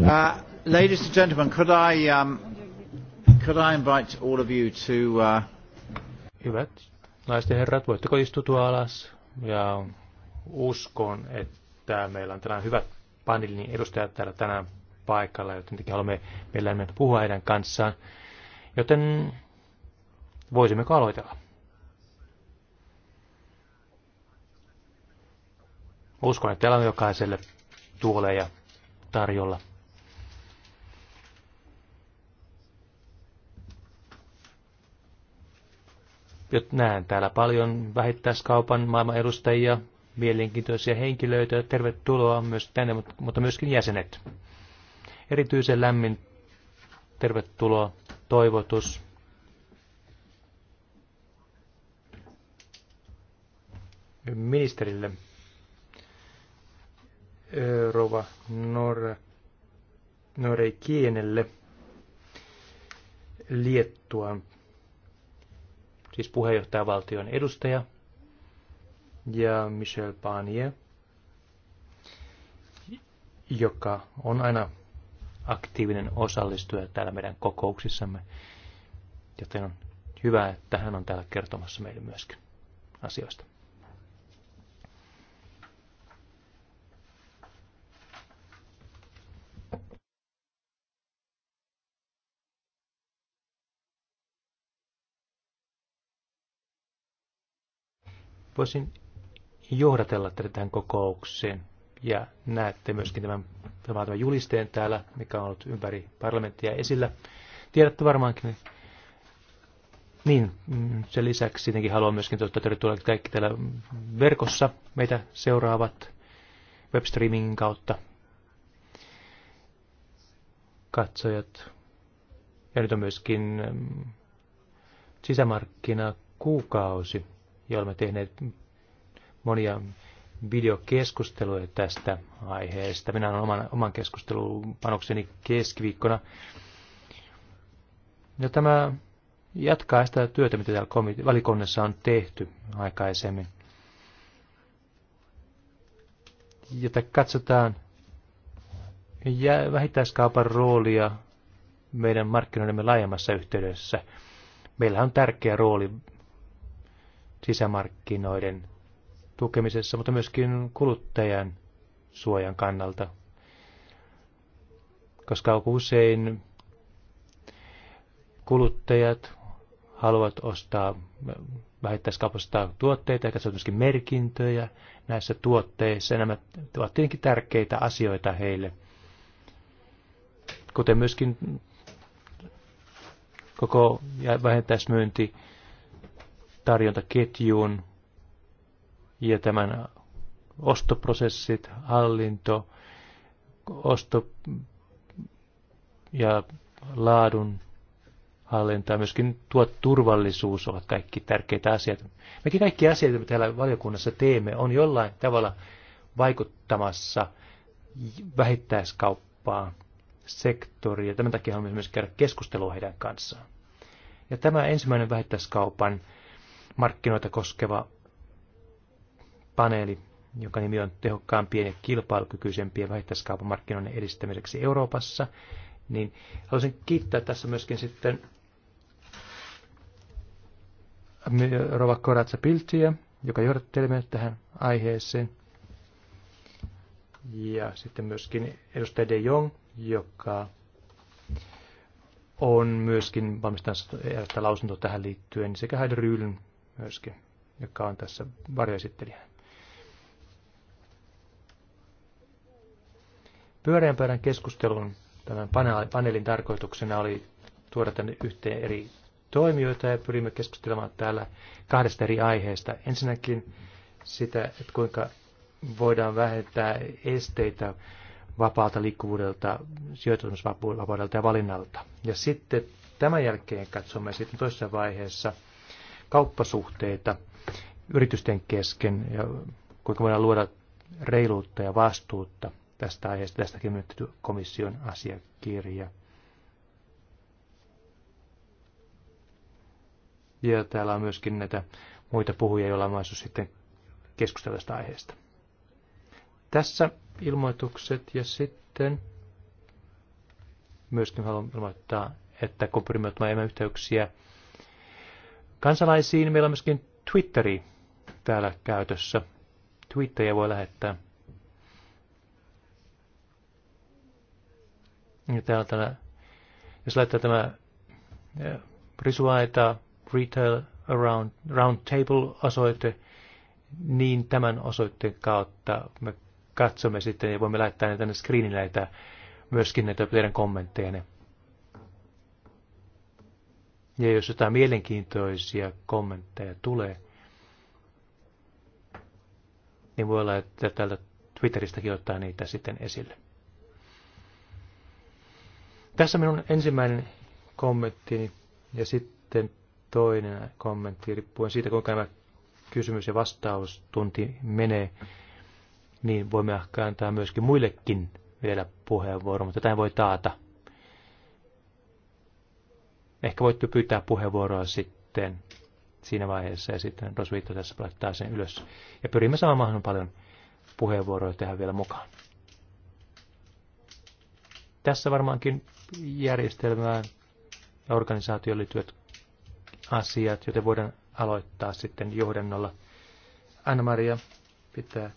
Uh, ladies and gentlemen, could I, um, could I invite all of you to... Uh... Hyvät naisten herrat, voitteko istutua alas? Ja uskon, että meillä on tällainen hyvät paneelin edustajat täällä tänään paikalla, joten haluamme mielellämme puhua heidän kanssaan. Joten voisimmeko aloitella? Uskon, että täällä on jokaiselle tuoleja tarjolla. näen täällä paljon vähittäiskaupan maailman edustajia, mielenkiintoisia henkilöitä. Tervetuloa myös tänne, mutta myöskin jäsenet. Erityisen lämmin tervetuloa toivotus. Ministerille Rova Nore, Nore Kienelle Liettuan siis puheenjohtajavaltion edustaja, ja Michel Barnier, joka on aina aktiivinen osallistuja täällä meidän kokouksissamme, joten on hyvä, että hän on täällä kertomassa meille myöskin asioista. voisin johdatella tätä tämän kokoukseen. Ja näette myöskin tämän, tämän, tämän julisteen täällä, mikä on ollut ympäri parlamenttia esillä. Tiedätte varmaankin. Niin, mm, sen lisäksi tietenkin haluan myöskin toivottaa tervetuloa kaikki täällä verkossa meitä seuraavat webstreamingin kautta katsojat. Ja nyt on myöskin mm, sisämarkkinakuukausi. kuukausi ja olemme tehneet monia videokeskusteluja tästä aiheesta. Minä olen oman, oman panokseni keskiviikkona. Ja tämä jatkaa sitä työtä, mitä täällä valikonnassa on tehty aikaisemmin. Jota katsotaan ja vähittäiskaupan roolia meidän markkinoidemme laajemmassa yhteydessä. Meillä on tärkeä rooli sisämarkkinoiden tukemisessa, mutta myöskin kuluttajan suojan kannalta. Koska usein kuluttajat haluavat ostaa vähittäiskaupasta tuotteita ja katsoa myöskin merkintöjä näissä tuotteissa. Nämä ovat tietenkin tärkeitä asioita heille, kuten myöskin koko vähentäismyynti tarjontaketjun ja tämän ostoprosessit, hallinto, osto ja laadun hallinta ja myöskin tuo turvallisuus ovat kaikki tärkeitä asioita. Mekin kaikki asiat, mitä täällä valiokunnassa teemme, on jollain tavalla vaikuttamassa vähittäiskauppaan, sektori ja tämän takia haluamme myös käydä keskustelua heidän kanssaan. Ja tämä ensimmäinen vähittäiskaupan markkinoita koskeva paneeli, joka nimi on tehokkaampien ja kilpailukykyisempien vähittäiskaupan markkinoiden edistämiseksi Euroopassa, niin haluaisin kiittää tässä myöskin sitten Rova Koratsa Piltiä, joka johdatteli meidät tähän aiheeseen. Ja sitten myöskin edustaja De Jong, joka on myöskin valmistanut lausunto tähän liittyen, sekä Heidi Ryylin myöskin, joka on tässä varjoesittelijänä. Pyöreän pöydän keskustelun tämän paneelin tarkoituksena oli tuoda tänne yhteen eri toimijoita ja pyrimme keskustelemaan täällä kahdesta eri aiheesta. Ensinnäkin sitä, että kuinka voidaan vähentää esteitä vapaalta liikkuvuudelta, sijoitusvapaudelta ja valinnalta. Ja sitten tämän jälkeen katsomme sitten toisessa vaiheessa – kauppasuhteita yritysten kesken ja kuinka voidaan luoda reiluutta ja vastuutta tästä aiheesta. Tästäkin on komission asiakirja. Ja täällä on myöskin näitä muita puhujia, joilla on mahdollisuus sitten keskustella tästä aiheesta. Tässä ilmoitukset ja sitten myöskin haluan ilmoittaa, että kun pyrimme ottamaan yhteyksiä kansalaisiin. Meillä on myöskin Twitteri täällä käytössä. Twittejä voi lähettää. Ja täällä tänä, jos laittaa tämä Risuaita Retail Around, round Table-osoite, niin tämän osoitteen kautta me katsomme sitten ja voimme laittaa ne tänne screenille myöskin näitä teidän kommentteja. Ja jos jotain mielenkiintoisia kommentteja tulee, niin voi olla, että täällä Twitteristäkin ottaa niitä sitten esille. Tässä minun ensimmäinen kommenttini ja sitten toinen kommentti, riippuen siitä, kuinka nämä kysymys- ja vastaustunti menee, niin voimme ehkä antaa myöskin muillekin vielä puheenvuoron, mutta tätä voi taata. Ehkä voitte pyytää puheenvuoroa sitten siinä vaiheessa ja sitten Rosviitto tässä laittaa sen ylös. Ja pyrimme saamaan mahdollisimman paljon puheenvuoroja tähän vielä mukaan. Tässä varmaankin järjestelmään ja organisaatioon liittyvät asiat, joten voidaan aloittaa sitten johdannolla. Anna-Maria pitää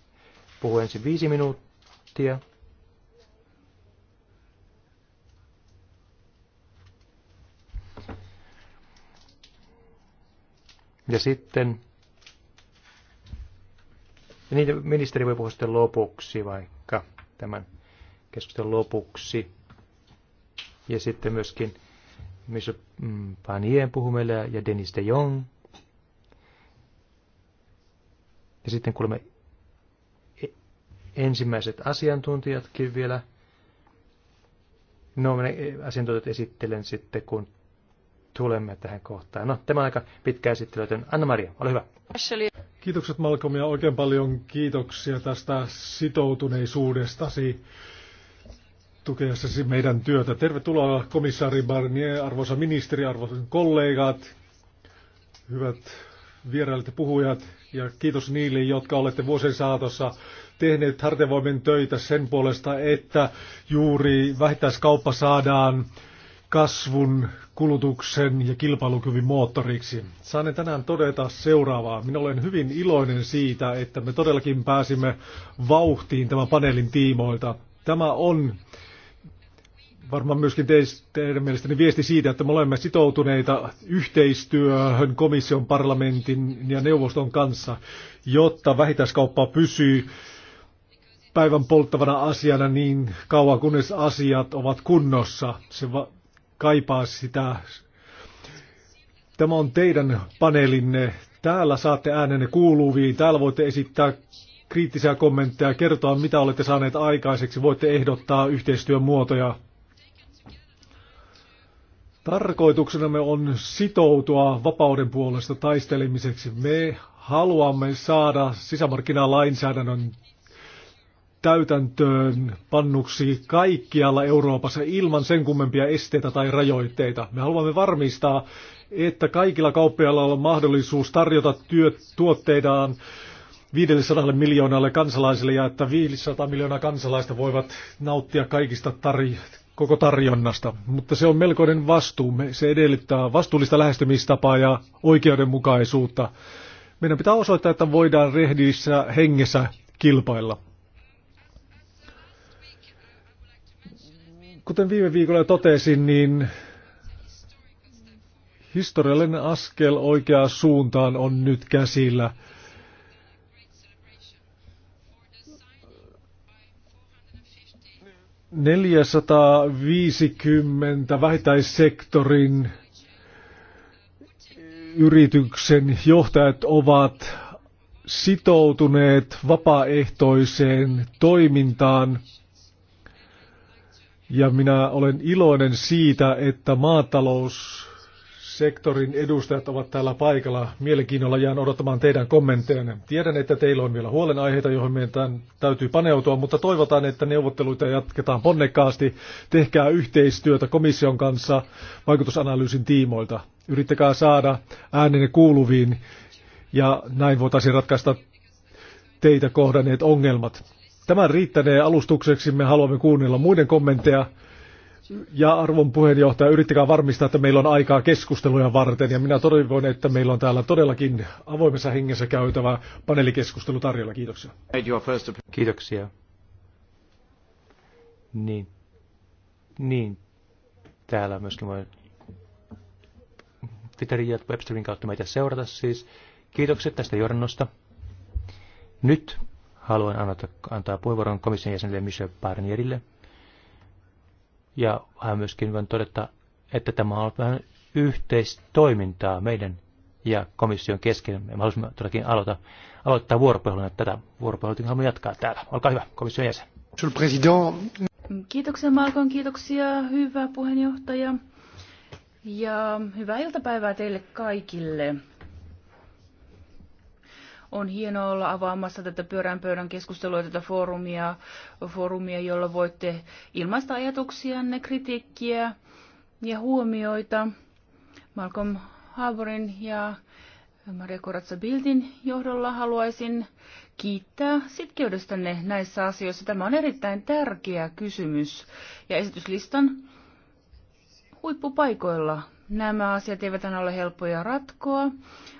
puhua ensin viisi minuuttia Ja sitten, ja niitä ministeri voi puhua sitten lopuksi vaikka tämän keskustelun lopuksi. Ja sitten myöskin missä Panien mm, puhuu meille ja Dennis de Jong. Ja sitten kuulemme e-, ensimmäiset asiantuntijatkin vielä. No, asiantuntijat esittelen sitten, kun tulemme tähän kohtaan. No, tämä on aika pitkä esittely, joten Anna-Maria, ole hyvä. Kiitokset Malcolm ja oikein paljon kiitoksia tästä sitoutuneisuudestasi tukeessasi meidän työtä. Tervetuloa komissaari Barnier, arvoisa ministeri, arvoisat kollegat, hyvät vierailijat ja puhujat ja kiitos niille, jotka olette vuosien saatossa tehneet hartevoimen töitä sen puolesta, että juuri vähittäiskauppa saadaan kasvun kulutuksen ja kilpailukyvyn moottoriksi. Saan tänään todeta seuraavaa. Minä olen hyvin iloinen siitä, että me todellakin pääsimme vauhtiin tämän paneelin tiimoilta. Tämä on varmaan myöskin teidän mielestäni viesti siitä, että me olemme sitoutuneita yhteistyöhön komission, parlamentin ja neuvoston kanssa, jotta vähittäiskauppa pysyy päivän polttavana asiana niin kauan, kunnes asiat ovat kunnossa. Se va- kaipaa sitä. Tämä on teidän paneelinne. Täällä saatte äänenne kuuluviin. Täällä voitte esittää kriittisiä kommentteja, kertoa mitä olette saaneet aikaiseksi. Voitte ehdottaa yhteistyön muotoja. Tarkoituksenamme on sitoutua vapauden puolesta taistelemiseksi. Me haluamme saada sisämarkkinalainsäädännön täytäntöön pannuksi kaikkialla Euroopassa ilman sen kummempia esteitä tai rajoitteita. Me haluamme varmistaa, että kaikilla kauppiailla on mahdollisuus tarjota työt, tuotteitaan 500 miljoonalle kansalaiselle ja että 500 miljoonaa kansalaista voivat nauttia kaikista tar- koko tarjonnasta. Mutta se on melkoinen vastuu. Se edellyttää vastuullista lähestymistapaa ja oikeudenmukaisuutta. Meidän pitää osoittaa, että voidaan rehdissä hengessä kilpailla. Kuten viime viikolla totesin, niin historiallinen askel oikeaan suuntaan on nyt käsillä. ...450 vähittäissektorin yrityksen johtajat ovat sitoutuneet vapaaehtoiseen toimintaan – ja minä olen iloinen siitä, että maataloussektorin edustajat ovat täällä paikalla. Mielenkiinnolla jään odottamaan teidän kommenttejanne. Tiedän, että teillä on vielä huolenaiheita, joihin meidän täytyy paneutua, mutta toivotaan, että neuvotteluita jatketaan ponnekkaasti. Tehkää yhteistyötä komission kanssa vaikutusanalyysin tiimoilta. Yrittäkää saada äänenne kuuluviin ja näin voitaisiin ratkaista teitä kohdanneet ongelmat. Tämän riittänee alustukseksi. Me haluamme kuunnella muiden kommentteja. Ja arvon puheenjohtaja, yrittäkää varmistaa, että meillä on aikaa keskusteluja varten. Ja minä toivon, että meillä on täällä todellakin avoimessa hengessä käytävä paneelikeskustelu tarjolla. Kiitoksia. Kiitoksia. Niin. Niin. Täällä myöskin voi Twitterin ja Webstreamin kautta meitä seurata siis. Kiitokset tästä johdannosta. Nyt haluan antaa, antaa puheenvuoron komission jäsenelle Michel Barnierille. Ja hän myöskin voin todeta, että tämä on vähän yhteistoimintaa meidän ja komission kesken. Me haluaisimme todellakin aloita, aloittaa vuoropuhelun, että tätä vuoropuhelua haluamme jatkaa täällä. Olkaa hyvä, komission jäsen. Kiitoksia Malkon, kiitoksia hyvä puheenjohtaja. Ja hyvää iltapäivää teille kaikille. On hienoa olla avaamassa tätä pyörän pöydän keskustelua, tätä foorumia, foorumia jolla voitte ilmaista ajatuksianne, kritiikkiä ja huomioita. Malcolm Harborin ja Maria Koratsa Bildin johdolla haluaisin kiittää sitkeydestänne näissä asioissa. Tämä on erittäin tärkeä kysymys ja esityslistan huippupaikoilla Nämä asiat eivät aina ole helppoja ratkoa,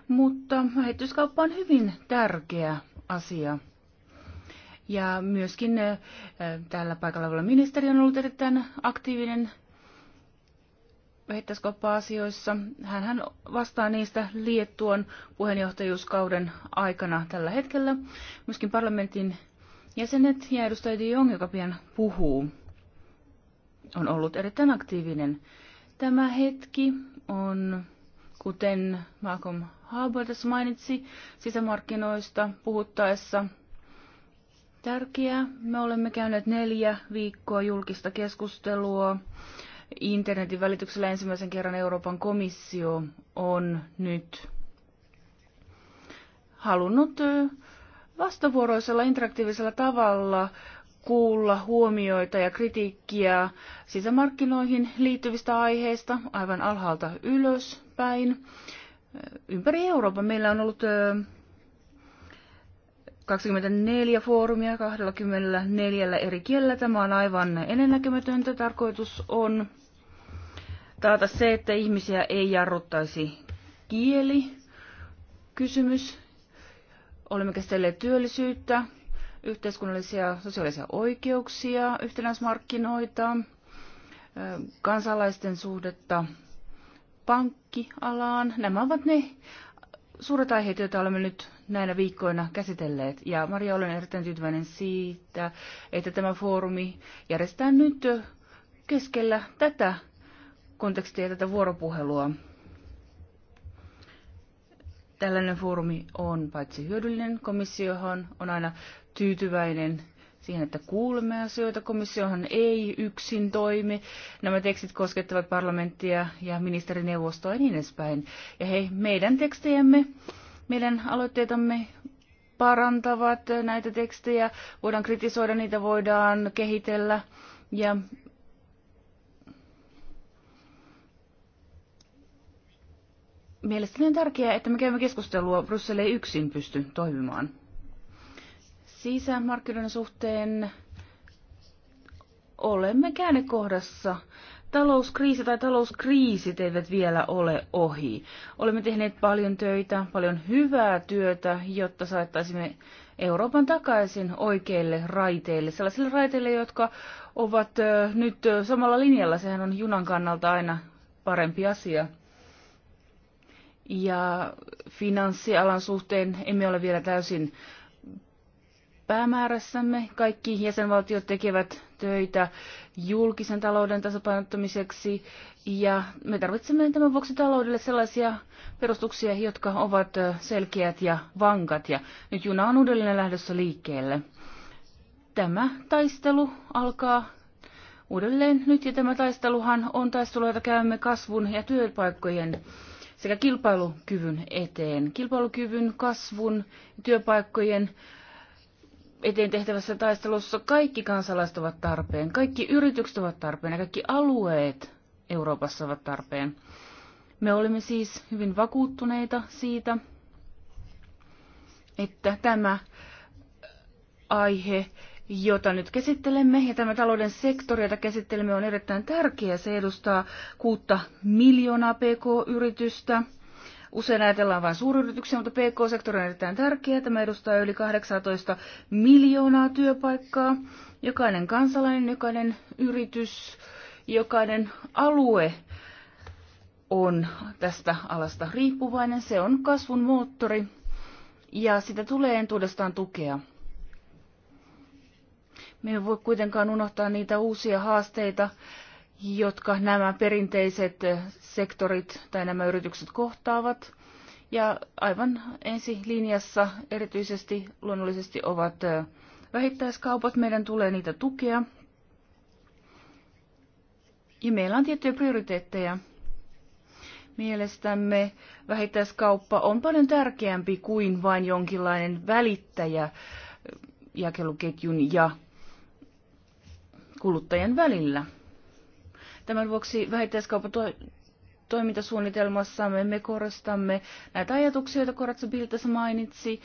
mutta lähetyskauppa on hyvin tärkeä asia. Ja myöskin eh, tällä paikalla oleva ministeri on ollut erittäin aktiivinen vähittäiskauppa-asioissa. Hän vastaa niistä Liettuon puheenjohtajuuskauden aikana tällä hetkellä. Myöskin parlamentin jäsenet ja edustaja Jong, joka pian puhuu, on ollut erittäin aktiivinen Tämä hetki on, kuten Malcolm Harbour tässä mainitsi sisämarkkinoista puhuttaessa, tärkeää. Me olemme käyneet neljä viikkoa julkista keskustelua. Internetin välityksellä ensimmäisen kerran Euroopan komissio on nyt halunnut vastavuoroisella interaktiivisella tavalla kuulla huomioita ja kritiikkiä sisämarkkinoihin liittyvistä aiheista aivan alhaalta ylöspäin. Ympäri Euroopan meillä on ollut 24 foorumia 24 eri kielellä. Tämä on aivan ennennäkemätöntä. Tarkoitus on taata se, että ihmisiä ei jarruttaisi kieli. Kysymys. Olemme käsitelleet työllisyyttä, yhteiskunnallisia sosiaalisia oikeuksia, yhtenäismarkkinoita, kansalaisten suhdetta pankkialaan. Nämä ovat ne suuret aiheet, joita olemme nyt näinä viikkoina käsitelleet. Ja Maria, olen erittäin tyytyväinen siitä, että tämä foorumi järjestetään nyt keskellä tätä kontekstia, tätä vuoropuhelua. Tällainen foorumi on paitsi hyödyllinen, komissiohan on aina tyytyväinen siihen, että kuulemme asioita. Komissiohan ei yksin toimi. Nämä tekstit koskettavat parlamenttia ja ministerineuvostoa ja niin edespäin. Ja hei, meidän tekstejämme, meidän aloitteitamme parantavat näitä tekstejä. Voidaan kritisoida, niitä voidaan kehitellä. Ja mielestäni on tärkeää, että me käymme keskustelua. Bryssel ei yksin pysty toimimaan sisämarkkinoiden suhteen olemme käännekohdassa. Talouskriisi tai talouskriisit eivät vielä ole ohi. Olemme tehneet paljon töitä, paljon hyvää työtä, jotta saattaisimme Euroopan takaisin oikeille raiteille, sellaisille raiteille, jotka ovat nyt samalla linjalla. Sehän on junan kannalta aina parempi asia. Ja finanssialan suhteen emme ole vielä täysin päämäärässämme. Kaikki jäsenvaltiot tekevät töitä julkisen talouden tasapainottamiseksi ja me tarvitsemme tämän vuoksi taloudelle sellaisia perustuksia, jotka ovat selkeät ja vankat ja nyt juna on uudelleen lähdössä liikkeelle. Tämä taistelu alkaa uudelleen nyt ja tämä taisteluhan on taistelu, jota käymme kasvun ja työpaikkojen sekä kilpailukyvyn eteen. Kilpailukyvyn, kasvun, työpaikkojen eteen tehtävässä taistelussa kaikki kansalaiset ovat tarpeen, kaikki yritykset ovat tarpeen ja kaikki alueet Euroopassa ovat tarpeen. Me olimme siis hyvin vakuuttuneita siitä, että tämä aihe, jota nyt käsittelemme, ja tämä talouden sektori, jota käsittelemme, on erittäin tärkeä. Se edustaa kuutta miljoonaa pk-yritystä Usein ajatellaan vain suuryrityksiä, mutta PK-sektori on erittäin tärkeä. Tämä edustaa yli 18 miljoonaa työpaikkaa. Jokainen kansalainen, jokainen yritys, jokainen alue on tästä alasta riippuvainen. Se on kasvun moottori ja sitä tulee entuudestaan tukea. Me ei voi kuitenkaan unohtaa niitä uusia haasteita, jotka nämä perinteiset sektorit tai nämä yritykset kohtaavat. Ja aivan ensi linjassa erityisesti luonnollisesti ovat vähittäiskaupat. Meidän tulee niitä tukea. Ja meillä on tiettyjä prioriteetteja. Mielestämme vähittäiskauppa on paljon tärkeämpi kuin vain jonkinlainen välittäjä jakeluketjun ja kuluttajan välillä. Tämän vuoksi vähittäiskaupan to- toimintasuunnitelmassamme me korostamme näitä ajatuksia, joita Koratsa Biltas mainitsi,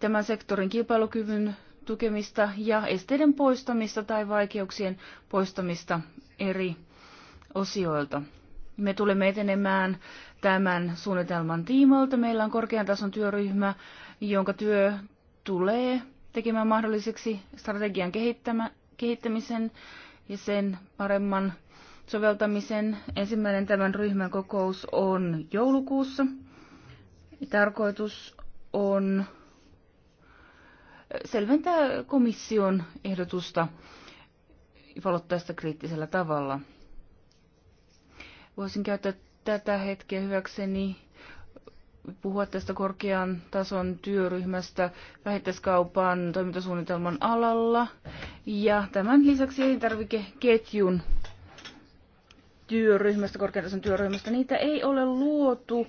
tämän sektorin kilpailukyvyn tukemista ja esteiden poistamista tai vaikeuksien poistamista eri osioilta. Me tulemme etenemään tämän suunnitelman tiimoilta. Meillä on korkean tason työryhmä, jonka työ tulee tekemään mahdolliseksi strategian kehittämisen ja sen paremman soveltamisen. Ensimmäinen tämän ryhmän kokous on joulukuussa. Tarkoitus on selventää komission ehdotusta ja valottaa sitä kriittisellä tavalla. Voisin käyttää tätä hetkeä hyväkseni puhua tästä korkean tason työryhmästä vähittäiskaupan toimintasuunnitelman alalla. Ja tämän lisäksi elintarvikeketjun työryhmästä, korkean tason työryhmästä, niitä ei ole luotu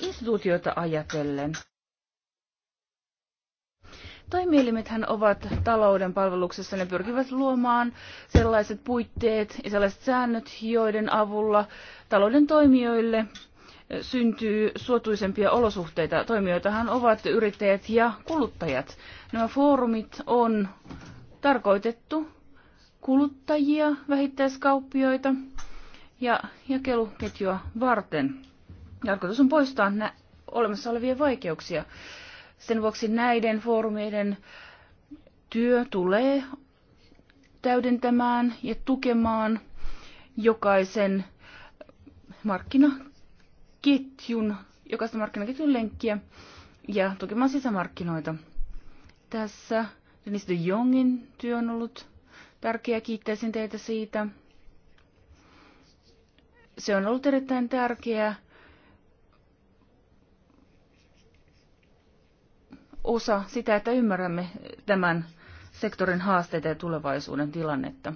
instituutioita ajatellen. Toimielimethän ovat talouden palveluksessa, ne pyrkivät luomaan sellaiset puitteet ja sellaiset säännöt, joiden avulla talouden toimijoille syntyy suotuisempia olosuhteita. Toimijoitahan ovat yrittäjät ja kuluttajat. Nämä foorumit on tarkoitettu kuluttajia, vähittäiskauppioita ja jakeluketjua varten. Tarkoitus on poistaa nä- olemassa olevia vaikeuksia. Sen vuoksi näiden foorumeiden työ tulee täydentämään ja tukemaan jokaisen markkina ketjun, jokaista markkinaketjun lenkkiä ja tukemaan sisämarkkinoita. Tässä Dennis de Jongin työ on ollut tärkeä. Kiittäisin teitä siitä. Se on ollut erittäin tärkeä osa sitä, että ymmärrämme tämän sektorin haasteita ja tulevaisuuden tilannetta.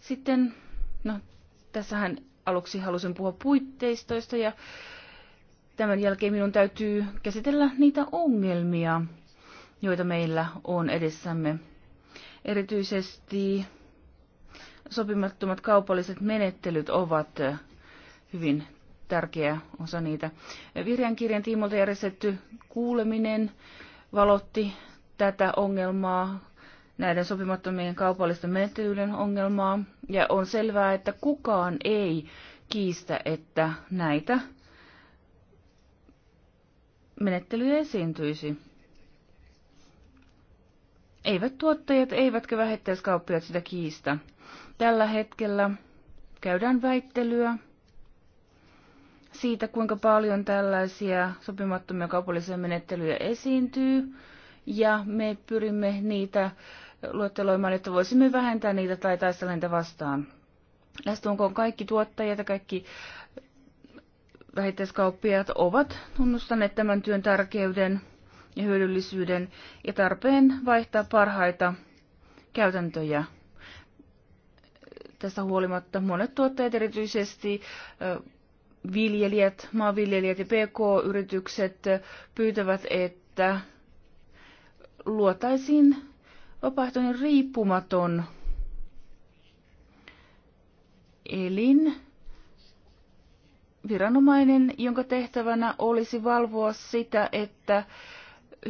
Sitten, no, tässähän aluksi halusin puhua puitteistoista ja tämän jälkeen minun täytyy käsitellä niitä ongelmia, joita meillä on edessämme. Erityisesti sopimattomat kaupalliset menettelyt ovat hyvin tärkeä osa niitä. Vihreän kirjan tiimolta järjestetty kuuleminen valotti tätä ongelmaa näiden sopimattomien kaupallisten menettelyiden ongelmaa. Ja on selvää, että kukaan ei kiistä, että näitä menettelyjä esiintyisi. Eivät tuottajat eivätkä vähittäiskauppiaat sitä kiistä. Tällä hetkellä käydään väittelyä siitä, kuinka paljon tällaisia sopimattomia kaupallisia menettelyjä esiintyy, ja me pyrimme niitä luetteloimaan, että voisimme vähentää niitä tai taistella niitä vastaan. Lähestulkoon kaikki tuottajat ja kaikki vähittäiskauppiaat ovat tunnustaneet tämän työn tärkeyden ja hyödyllisyyden ja tarpeen vaihtaa parhaita käytäntöjä. Tästä huolimatta monet tuottajat, erityisesti viljelijät, maanviljelijät ja pk-yritykset pyytävät, että luotaisiin vapaaehtoinen riippumaton elin, viranomainen, jonka tehtävänä olisi valvoa sitä, että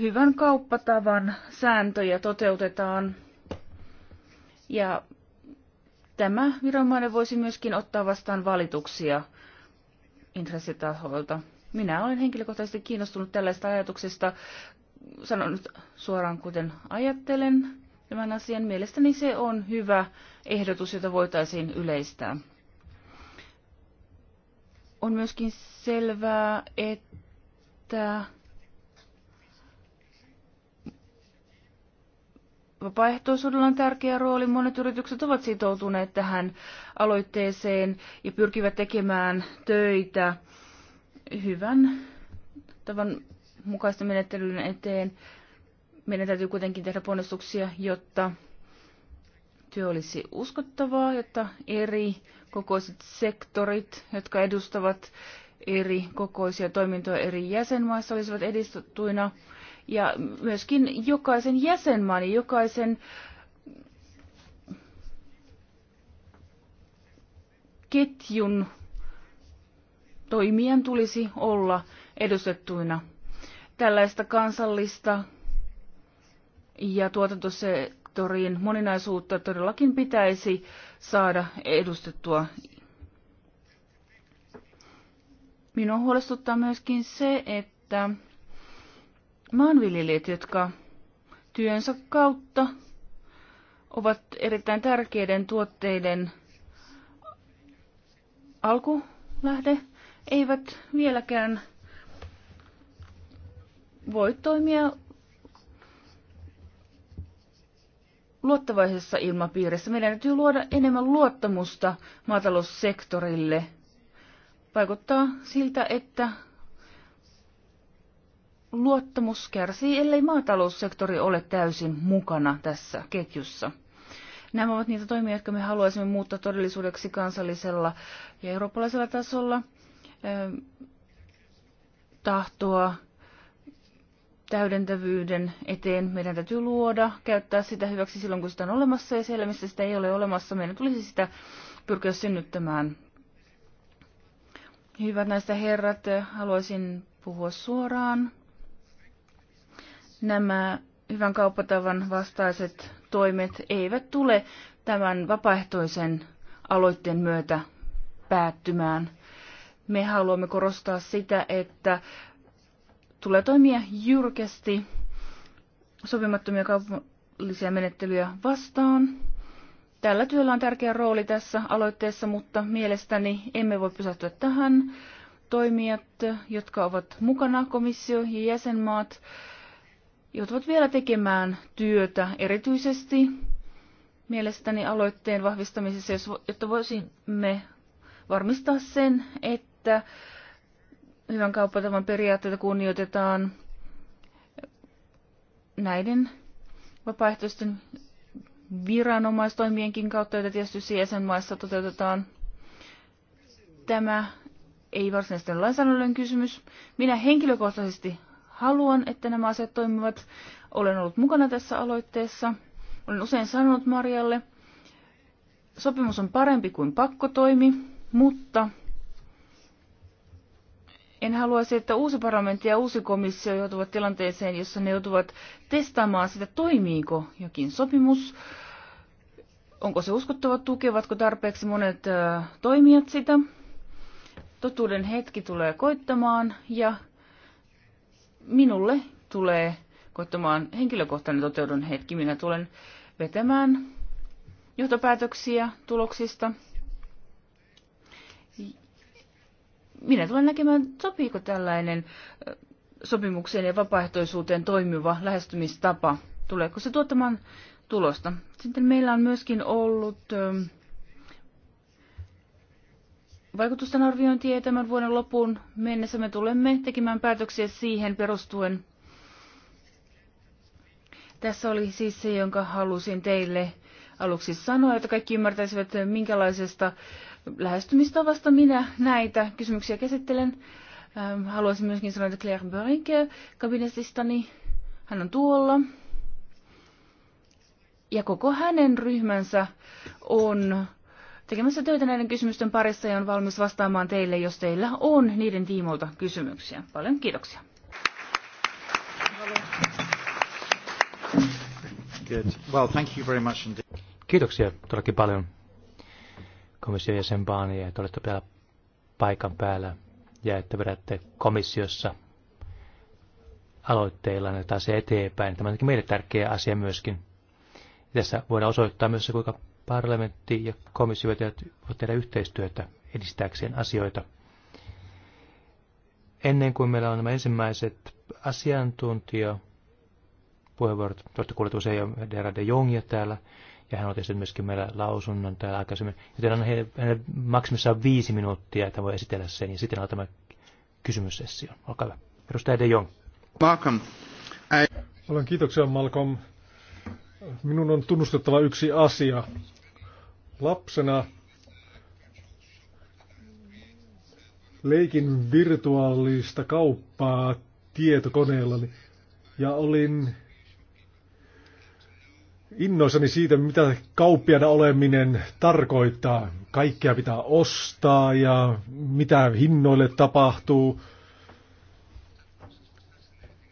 hyvän kauppatavan sääntöjä toteutetaan. Ja tämä viranomainen voisi myöskin ottaa vastaan valituksia intressitahoilta. Minä olen henkilökohtaisesti kiinnostunut tällaista ajatuksesta sanon nyt suoraan kuten ajattelen tämän asian. Mielestäni se on hyvä ehdotus, jota voitaisiin yleistää. On myöskin selvää, että vapaaehtoisuudella on tärkeä rooli. Monet yritykset ovat sitoutuneet tähän aloitteeseen ja pyrkivät tekemään töitä hyvän tavan mukaista menettelyyn eteen. Meidän täytyy kuitenkin tehdä ponnistuksia, jotta työ olisi uskottavaa, jotta eri kokoiset sektorit, jotka edustavat eri kokoisia toimintoja eri jäsenmaissa olisivat edistettuina. Ja myöskin jokaisen jäsenmaan ja jokaisen ketjun toimijan tulisi olla edustettuina tällaista kansallista ja tuotantosektorin moninaisuutta todellakin pitäisi saada edustettua. Minua huolestuttaa myöskin se, että maanviljelijät, jotka työnsä kautta ovat erittäin tärkeiden tuotteiden alkulähde, eivät vieläkään voi toimia luottavaisessa ilmapiirissä. Meidän täytyy luoda enemmän luottamusta maataloussektorille. Vaikuttaa siltä, että luottamus kärsii, ellei maataloussektori ole täysin mukana tässä ketjussa. Nämä ovat niitä toimia, jotka me haluaisimme muuttaa todellisuudeksi kansallisella ja eurooppalaisella tasolla. Ehm, tahtoa täydentävyyden eteen meidän täytyy luoda, käyttää sitä hyväksi silloin, kun sitä on olemassa, ja siellä, missä sitä ei ole olemassa, meidän tulisi sitä pyrkiä synnyttämään. Hyvät näistä herrat, haluaisin puhua suoraan. Nämä hyvän kauppatavan vastaiset toimet eivät tule tämän vapaaehtoisen aloitteen myötä päättymään. Me haluamme korostaa sitä, että tulee toimia jyrkästi sopimattomia kaupallisia menettelyjä vastaan. Tällä työllä on tärkeä rooli tässä aloitteessa, mutta mielestäni emme voi pysähtyä tähän. Toimijat, jotka ovat mukana, komissio ja jäsenmaat, joutuvat vielä tekemään työtä erityisesti mielestäni aloitteen vahvistamisessa, jotta voisimme varmistaa sen, että hyvän kauppatavan periaatteita kunnioitetaan näiden vapaaehtoisten viranomaistoimienkin kautta, joita tietysti jäsenmaissa toteutetaan. Tämä ei varsinaisesti ole lainsäädännöllinen kysymys. Minä henkilökohtaisesti haluan, että nämä asiat toimivat. Olen ollut mukana tässä aloitteessa. Olen usein sanonut Marjalle, sopimus on parempi kuin pakkotoimi, mutta en haluaisi, että uusi parlamentti ja uusi komissio joutuvat tilanteeseen, jossa ne joutuvat testaamaan sitä, toimiiko jokin sopimus, onko se uskottava, tukevatko tarpeeksi monet toimijat sitä. Totuuden hetki tulee koittamaan ja minulle tulee koittamaan henkilökohtainen toteudun hetki. Minä tulen vetämään johtopäätöksiä tuloksista minä tulen näkemään, sopiiko tällainen sopimukseen ja vapaaehtoisuuteen toimiva lähestymistapa. Tuleeko se tuottamaan tulosta? Sitten meillä on myöskin ollut vaikutusten arviointia ja tämän vuoden lopun mennessä me tulemme tekemään päätöksiä siihen perustuen. Tässä oli siis se, jonka halusin teille aluksi sanoa, että kaikki ymmärtäisivät, minkälaisesta lähestymistavasta minä näitä kysymyksiä käsittelen. Ähm, haluaisin myöskin sanoa, että Claire Börinke kabinetistani, hän on tuolla. Ja koko hänen ryhmänsä on tekemässä töitä näiden kysymysten parissa ja on valmis vastaamaan teille, jos teillä on niiden tiimoilta kysymyksiä. Paljon kiitoksia. Good. Well, thank you very much indeed. Kiitoksia todellakin paljon komission jäsen Baani, niin että olette täällä paikan päällä ja että vedätte komissiossa aloitteilla näitä asia eteenpäin. Tämä on meille tärkeä asia myöskin. Tässä voidaan osoittaa myös se, kuinka parlamentti ja komissio voivat tehdä yhteistyötä edistääkseen asioita. Ennen kuin meillä on nämä ensimmäiset asiantuntija puheenvuorot, tuosta kuulet usein jo Dera de Jongia täällä, ja hän otti sitten myöskin meillä lausunnon täällä aikaisemmin, joten on hänelle maksimissaan viisi minuuttia, että voi esitellä sen, ja sitten on tämä kysymyssessio. Olkaa hyvä. Edustaja De Jong. Malcolm. I... Olen kiitoksia, Malcolm. Minun on tunnustettava yksi asia. Lapsena leikin virtuaalista kauppaa tietokoneellani ja olin innoissani siitä, mitä kauppiaana oleminen tarkoittaa. Kaikkea pitää ostaa ja mitä hinnoille tapahtuu.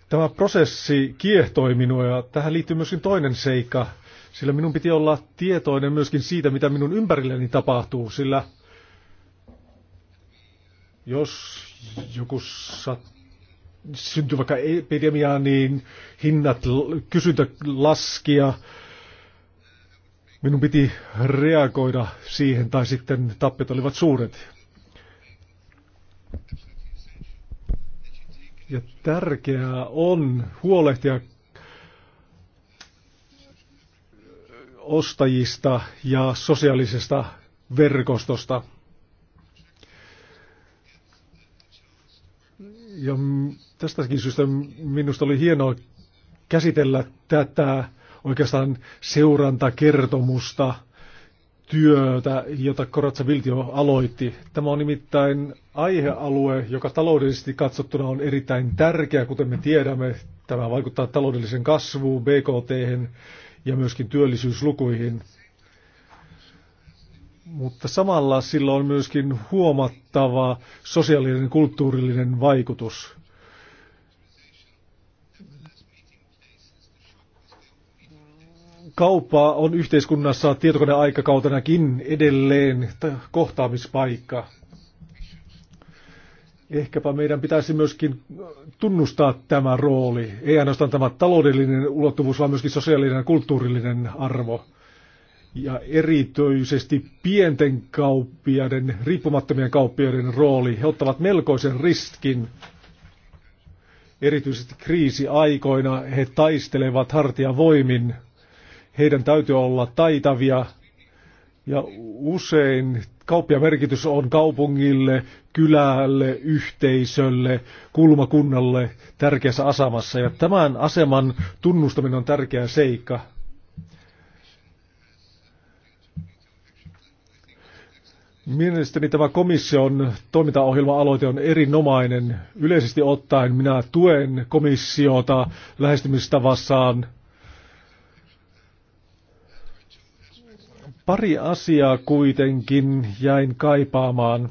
Tämä prosessi kiehtoi minua ja tähän liittyy myöskin toinen seikka, sillä minun piti olla tietoinen myöskin siitä, mitä minun ympärilleni tapahtuu, sillä jos joku syntyy vaikka epidemia, niin hinnat, kysyntä laskia, Minun piti reagoida siihen, tai sitten tappiot olivat suuret. Ja tärkeää on huolehtia ostajista ja sosiaalisesta verkostosta. Ja tästäkin syystä minusta oli hienoa käsitellä tätä oikeastaan seurantakertomusta työtä, jota Koratsa Viltio aloitti. Tämä on nimittäin aihealue, joka taloudellisesti katsottuna on erittäin tärkeä, kuten me tiedämme. Tämä vaikuttaa taloudellisen kasvuun, BKT ja myöskin työllisyyslukuihin. Mutta samalla sillä on myöskin huomattava sosiaalinen ja kulttuurillinen vaikutus. Kauppa on yhteiskunnassa tietokoneaikakautenakin edelleen kohtaamispaikka. Ehkäpä meidän pitäisi myöskin tunnustaa tämä rooli. Ei ainoastaan tämä taloudellinen ulottuvuus, vaan myöskin sosiaalinen ja kulttuurillinen arvo. Ja erityisesti pienten kauppiaiden, riippumattomien kauppiaiden rooli. He ottavat melkoisen riskin erityisesti kriisiaikoina he taistelevat hartia voimin heidän täytyy olla taitavia ja usein kauppia merkitys on kaupungille, kylälle, yhteisölle, kulmakunnalle tärkeässä asemassa. Ja tämän aseman tunnustaminen on tärkeä seikka. Mielestäni tämä komission toimintaohjelma-aloite on erinomainen. Yleisesti ottaen minä tuen komissiota lähestymistavassaan Pari asiaa kuitenkin jäin kaipaamaan.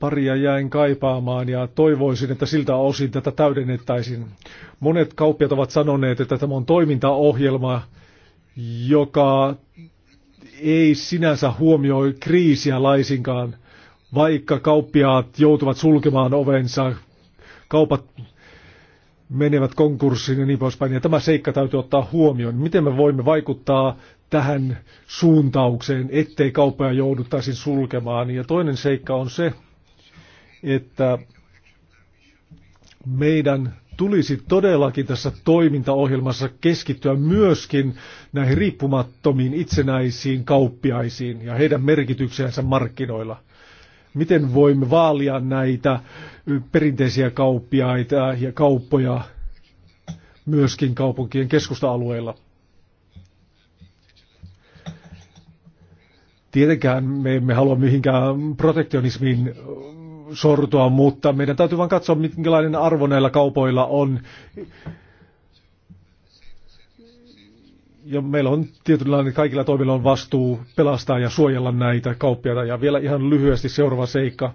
Paria jäin kaipaamaan ja toivoisin, että siltä osin tätä täydennettäisiin. Monet kauppiat ovat sanoneet, että tämä on toimintaohjelma, joka ei sinänsä huomioi kriisiä laisinkaan, vaikka kauppiaat joutuvat sulkemaan ovensa, kaupat menevät konkurssiin ja niin poispäin. Ja tämä seikka täytyy ottaa huomioon. Miten me voimme vaikuttaa tähän suuntaukseen, ettei kauppoja jouduttaisi sulkemaan. Ja toinen seikka on se, että meidän tulisi todellakin tässä toimintaohjelmassa keskittyä myöskin näihin riippumattomiin itsenäisiin kauppiaisiin ja heidän merkityksensä markkinoilla. Miten voimme vaalia näitä perinteisiä kauppiaita ja kauppoja myöskin kaupunkien keskusta-alueilla? Tietenkään me emme halua mihinkään protektionismiin sortua, mutta meidän täytyy vain katsoa, minkälainen arvo näillä kaupoilla on. Ja meillä on tietynlainen, kaikilla toimilla on vastuu pelastaa ja suojella näitä kauppiaita. Ja vielä ihan lyhyesti seuraava seikka.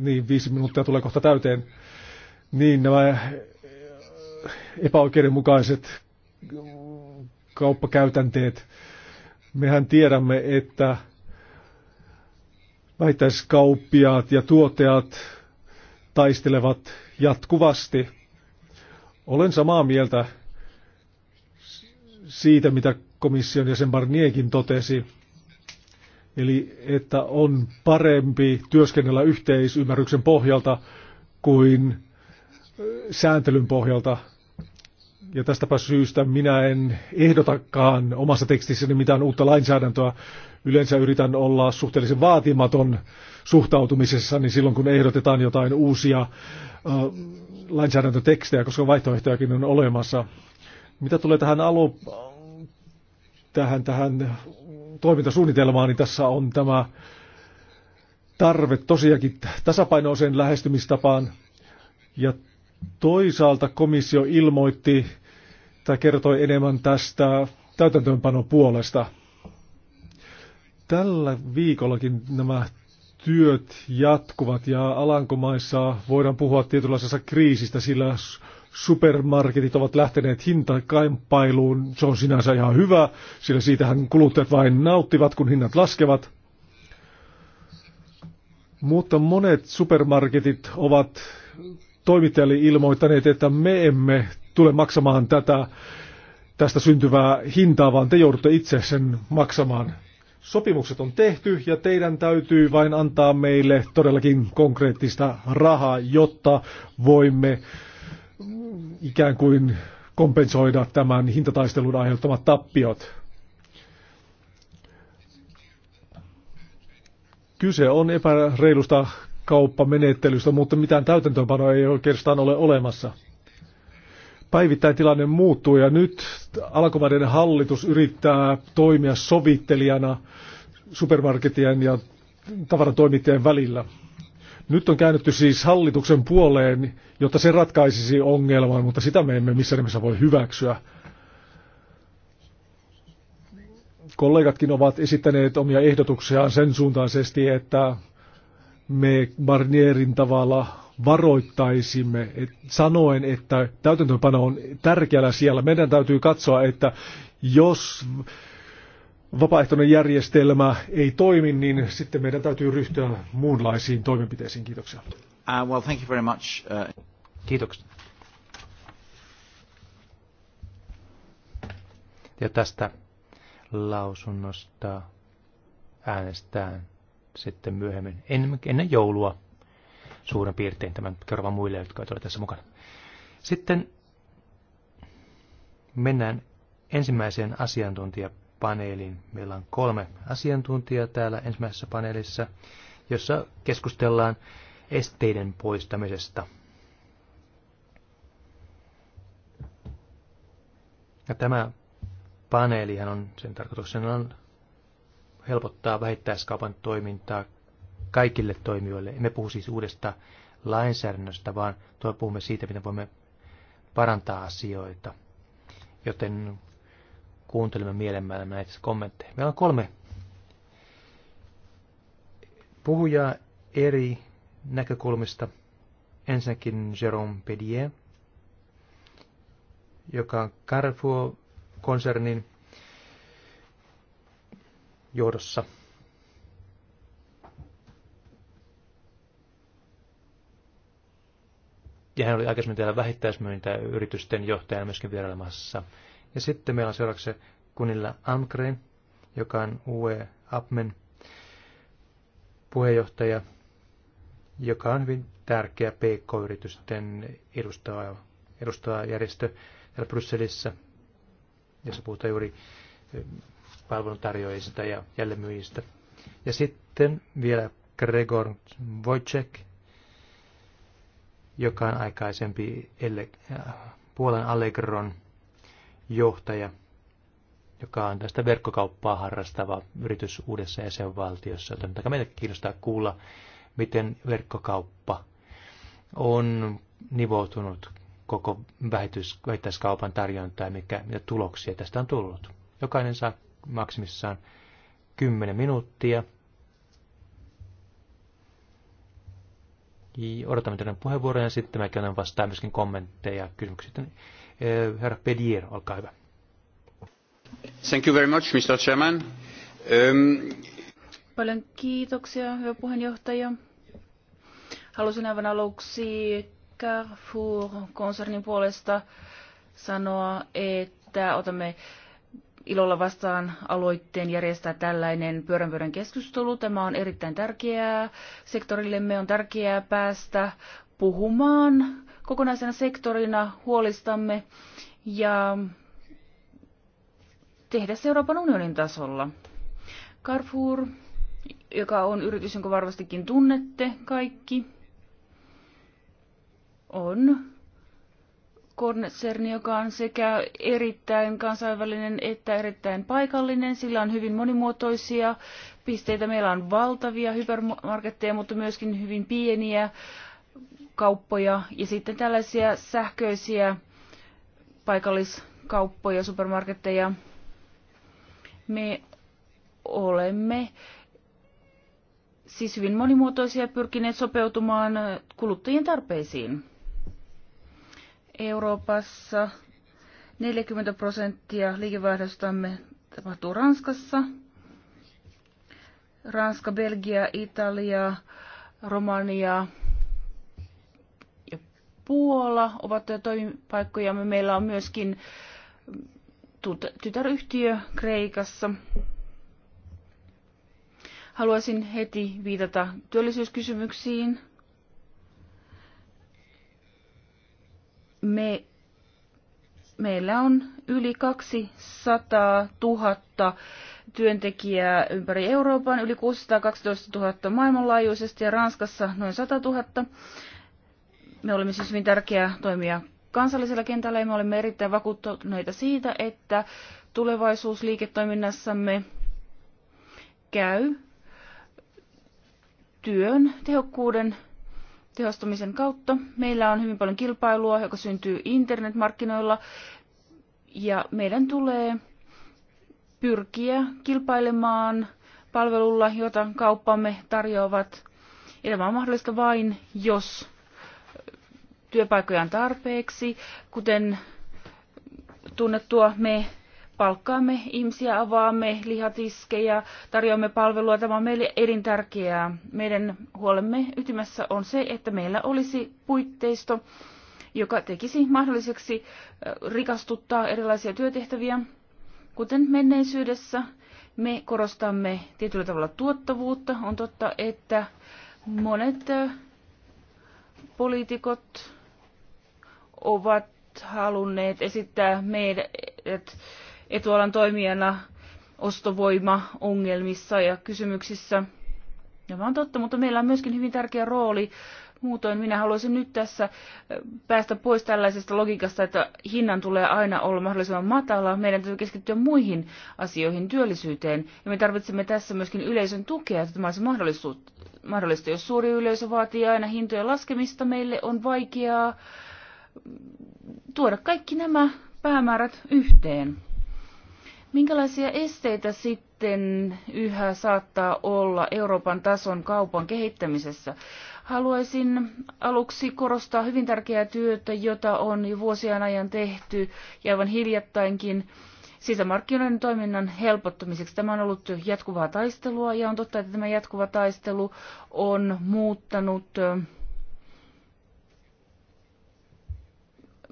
Niin, viisi minuuttia tulee kohta täyteen. Niin, nämä eh, epäoikeudenmukaiset kauppakäytänteet. Mehän tiedämme, että vähittäiskauppiaat ja tuoteat taistelevat jatkuvasti. Olen samaa mieltä siitä, mitä komission jäsen Barnierkin totesi, eli että on parempi työskennellä yhteisymmärryksen pohjalta kuin sääntelyn pohjalta – ja tästäpä syystä minä en ehdotakaan omassa tekstissäni mitään uutta lainsäädäntöä. Yleensä yritän olla suhteellisen vaatimaton suhtautumisessa niin silloin, kun ehdotetaan jotain uusia lainsäädäntötekstejä, koska vaihtoehtojakin on olemassa. Mitä tulee tähän alo, tähän, tähän toimintasuunnitelmaan, niin tässä on tämä tarve tosiaankin tasapainoiseen lähestymistapaan. Ja toisaalta komissio ilmoitti tämä kertoi enemmän tästä täytäntöönpanon puolesta. Tällä viikollakin nämä työt jatkuvat ja Alankomaissa voidaan puhua tietynlaisesta kriisistä, sillä supermarketit ovat lähteneet hintakaimpailuun. Se on sinänsä ihan hyvä, sillä siitähän kuluttajat vain nauttivat, kun hinnat laskevat. Mutta monet supermarketit ovat toimittajille ilmoittaneet, että me emme tule maksamaan tätä, tästä syntyvää hintaa, vaan te joudutte itse sen maksamaan. Sopimukset on tehty ja teidän täytyy vain antaa meille todellakin konkreettista rahaa, jotta voimme ikään kuin kompensoida tämän hintataistelun aiheuttamat tappiot. Kyse on epäreilusta kauppamenettelystä, mutta mitään täytäntöönpanoa ei oikeastaan ole olemassa päivittäin tilanne muuttuu ja nyt alkuvaiden hallitus yrittää toimia sovittelijana supermarketien ja tavaratoimittajien välillä. Nyt on käännytty siis hallituksen puoleen, jotta se ratkaisisi ongelman, mutta sitä me emme missään nimessä voi hyväksyä. Kollegatkin ovat esittäneet omia ehdotuksiaan sen suuntaisesti, että me Barnierin tavalla varoittaisimme et, sanoen, että täytäntöönpano on tärkeällä siellä. Meidän täytyy katsoa, että jos vapaaehtoinen järjestelmä ei toimi, niin sitten meidän täytyy ryhtyä muunlaisiin toimenpiteisiin. Kiitoksia. Uh, well, thank you very much. Uh... Kiitoksia. Ja tästä lausunnosta äänestään sitten myöhemmin, ennen, ennen joulua suurin piirtein tämän kerrovan muille, jotka ovat tässä mukana. Sitten mennään ensimmäiseen asiantuntijapaneeliin. Meillä on kolme asiantuntijaa täällä ensimmäisessä paneelissa, jossa keskustellaan esteiden poistamisesta. Ja tämä paneelihan on, sen tarkoituksena on helpottaa vähittäiskaupan toimintaa kaikille toimijoille. Emme puhu siis uudesta lainsäädännöstä, vaan tuo puhumme siitä, miten voimme parantaa asioita. Joten kuuntelemme mielemmällä näitä kommentteja. Meillä on kolme puhujaa eri näkökulmista. Ensinnäkin Jérôme Pedier, joka on Carrefour-konsernin johdossa – ja hän oli aikaisemmin täällä vähittäismyyntä yritysten johtajana myöskin vierailemassa. Ja sitten meillä on seuraavaksi Kunilla Amgren, joka on UE Apmen puheenjohtaja, joka on hyvin tärkeä PK-yritysten edustava, edustava järjestö täällä Brysselissä, jossa puhutaan juuri eh, palveluntarjoajista ja jälleenmyyjistä. Ja sitten vielä Gregor Wojciech, joka on aikaisempi Elle, äh, Puolan Allegron johtaja, joka on tästä verkkokauppaa harrastava yritys uudessa jäsenvaltiossa. Tämä meitä kiinnostaa kuulla, miten verkkokauppa on nivoutunut koko vähittäiskaupan tarjontaa ja mikä, mitä tuloksia tästä on tullut. Jokainen saa maksimissaan 10 minuuttia Odotamme teidän puheenvuoroja ja sitten mä käyn vastaan myöskin kommentteja ja kysymyksiä. Eh, herra Pedier, olkaa hyvä. Thank you very much, Mr. Chairman. Um... Paljon kiitoksia, hyvä puheenjohtaja. Halusin aivan aluksi Carrefour-konsernin puolesta sanoa, että otamme ilolla vastaan aloitteen järjestää tällainen pyöränpyörän keskustelu. Tämä on erittäin tärkeää. Sektorillemme on tärkeää päästä puhumaan kokonaisena sektorina huolistamme ja tehdä se Euroopan unionin tasolla. Carrefour, joka on yritys, jonka varmastikin tunnette kaikki, on konserni, joka on sekä erittäin kansainvälinen että erittäin paikallinen. Sillä on hyvin monimuotoisia pisteitä. Meillä on valtavia hypermarketteja, mutta myöskin hyvin pieniä kauppoja ja sitten tällaisia sähköisiä paikalliskauppoja, supermarketteja. Me olemme siis hyvin monimuotoisia pyrkineet sopeutumaan kuluttajien tarpeisiin. Euroopassa. 40 prosenttia liikevaihdostamme tapahtuu Ranskassa. Ranska, Belgia, Italia, Romania ja Puola ovat toimipaikkoja. Meillä on myöskin tytäryhtiö Kreikassa. Haluaisin heti viitata työllisyyskysymyksiin. me, meillä on yli 200 000 työntekijää ympäri Euroopan, yli 612 000 maailmanlaajuisesti ja Ranskassa noin 100 000. Me olemme siis hyvin tärkeä toimija kansallisella kentällä ja me olemme erittäin vakuuttuneita siitä, että tulevaisuusliiketoiminnassamme käy työn tehokkuuden tehostamisen kautta. Meillä on hyvin paljon kilpailua, joka syntyy internetmarkkinoilla, ja meidän tulee pyrkiä kilpailemaan palvelulla, jota kauppamme tarjoavat. Ja tämä on mahdollista vain, jos työpaikkoja on tarpeeksi. Kuten tunnettua, me palkkaamme ihmisiä, avaamme lihatiskejä, tarjoamme palvelua. Tämä on meille elintärkeää. Meidän huolemme ytimessä on se, että meillä olisi puitteisto, joka tekisi mahdolliseksi rikastuttaa erilaisia työtehtäviä. Kuten menneisyydessä, me korostamme tietyllä tavalla tuottavuutta. On totta, että monet poliitikot ovat halunneet esittää meidät etualan toimijana ostovoimaongelmissa ja kysymyksissä. Tämä on totta, mutta meillä on myöskin hyvin tärkeä rooli. Muutoin minä haluaisin nyt tässä äh, päästä pois tällaisesta logiikasta, että hinnan tulee aina olla mahdollisimman matala. Meidän täytyy keskittyä muihin asioihin, työllisyyteen. Ja me tarvitsemme tässä myöskin yleisön tukea, että tämä olisi mahdollista. Jos suuri yleisö vaatii aina hintojen laskemista, meille on vaikeaa tuoda kaikki nämä päämäärät yhteen. Minkälaisia esteitä sitten yhä saattaa olla Euroopan tason kaupan kehittämisessä? Haluaisin aluksi korostaa hyvin tärkeää työtä, jota on jo vuosien ajan tehty ja aivan hiljattainkin sisämarkkinoiden toiminnan helpottamiseksi. Tämä on ollut jatkuvaa taistelua ja on totta, että tämä jatkuva taistelu on muuttanut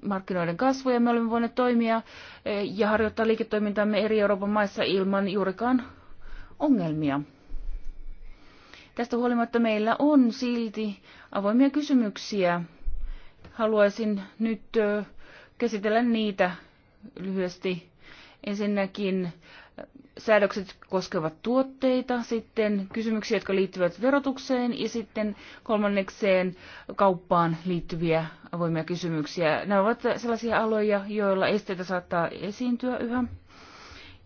markkinoiden kasvu ja me olemme voineet toimia eh, ja harjoittaa liiketoimintamme eri Euroopan maissa ilman juurikaan ongelmia. Tästä huolimatta meillä on silti avoimia kysymyksiä. Haluaisin nyt eh, käsitellä niitä lyhyesti. Ensinnäkin säädökset koskevat tuotteita, sitten kysymyksiä, jotka liittyvät verotukseen ja sitten kolmannekseen kauppaan liittyviä avoimia kysymyksiä. Nämä ovat sellaisia aloja, joilla esteitä saattaa esiintyä yhä.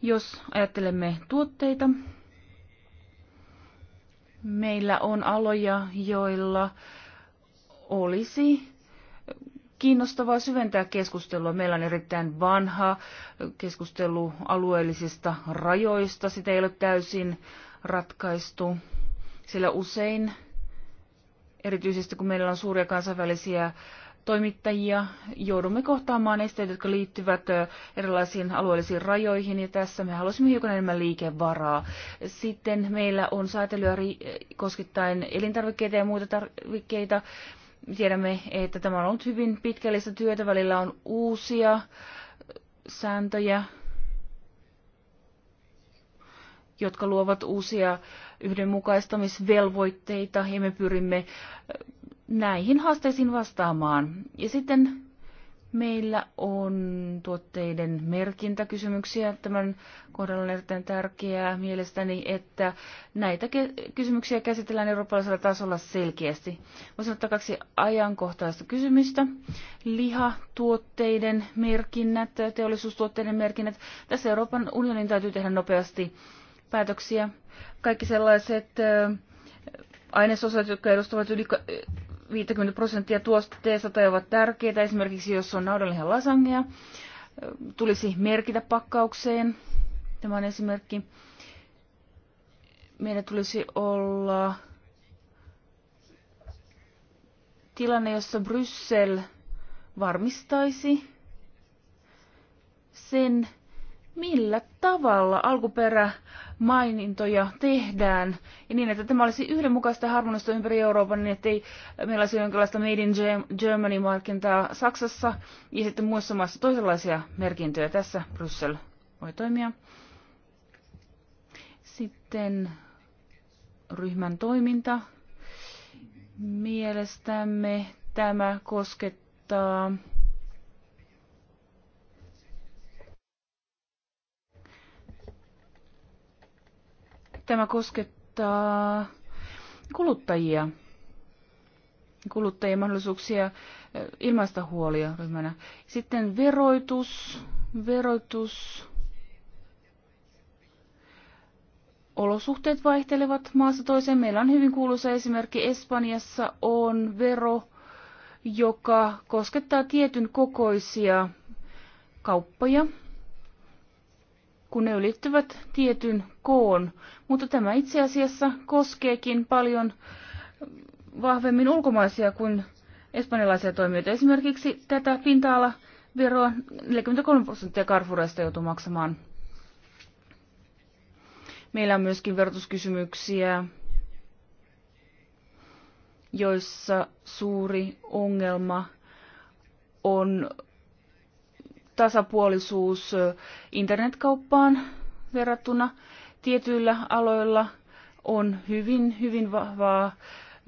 Jos ajattelemme tuotteita, meillä on aloja, joilla olisi kiinnostavaa syventää keskustelua. Meillä on erittäin vanha keskustelu alueellisista rajoista. Sitä ei ole täysin ratkaistu, sillä usein, erityisesti kun meillä on suuria kansainvälisiä toimittajia, joudumme kohtaamaan esteitä, jotka liittyvät erilaisiin alueellisiin rajoihin, ja tässä me haluaisimme hiukan enemmän liikevaraa. Sitten meillä on säätelyä koskittain elintarvikkeita ja muita tarvikkeita, Tiedämme, että tämä on ollut hyvin pitkällistä työtä. Välillä on uusia sääntöjä, jotka luovat uusia yhdenmukaistamisvelvoitteita ja me pyrimme äh, näihin haasteisiin vastaamaan. Ja sitten meillä on tuotteiden merkintäkysymyksiä tämän kohdalla on erittäin tärkeää mielestäni, että näitä kysymyksiä käsitellään eurooppalaisella tasolla selkeästi. Voisin ottaa kaksi ajankohtaista kysymystä. Lihatuotteiden merkinnät, teollisuustuotteiden merkinnät. Tässä Euroopan unionin täytyy tehdä nopeasti päätöksiä. Kaikki sellaiset ainesosat, jotka edustavat yli 50 prosenttia tuotteesta tai ovat tärkeitä, esimerkiksi jos on naudanlihan lasangea, tulisi merkitä pakkaukseen. Tämä on esimerkki. Meidän tulisi olla tilanne, jossa Bryssel varmistaisi sen, millä tavalla alkuperämainintoja tehdään, ja niin, että tämä olisi yhdenmukaista harmonista ympäri Euroopan, niin ettei meillä olisi jonkinlaista Made in germany markintaa Saksassa, ja sitten muissa maissa toisenlaisia merkintöjä. Tässä Bryssel voi toimia. Sitten ryhmän toiminta. Mielestämme tämä koskettaa tämä koskettaa kuluttajia, kuluttajien mahdollisuuksia eh, ilmaista huolia ryhmänä. Sitten veroitus, veroitus. olosuhteet vaihtelevat maassa toiseen. Meillä on hyvin kuuluisa esimerkki. Espanjassa on vero, joka koskettaa tietyn kokoisia kauppoja, kun ne ylittyvät tietyn koon. Mutta tämä itse asiassa koskeekin paljon vahvemmin ulkomaisia kuin espanjalaisia toimijoita. Esimerkiksi tätä pinta-alaveroa 43 prosenttia Carrefourista joutuu maksamaan – Meillä on myöskin verotuskysymyksiä, joissa suuri ongelma on tasapuolisuus internetkauppaan verrattuna. Tietyillä aloilla on hyvin, hyvin vahvaa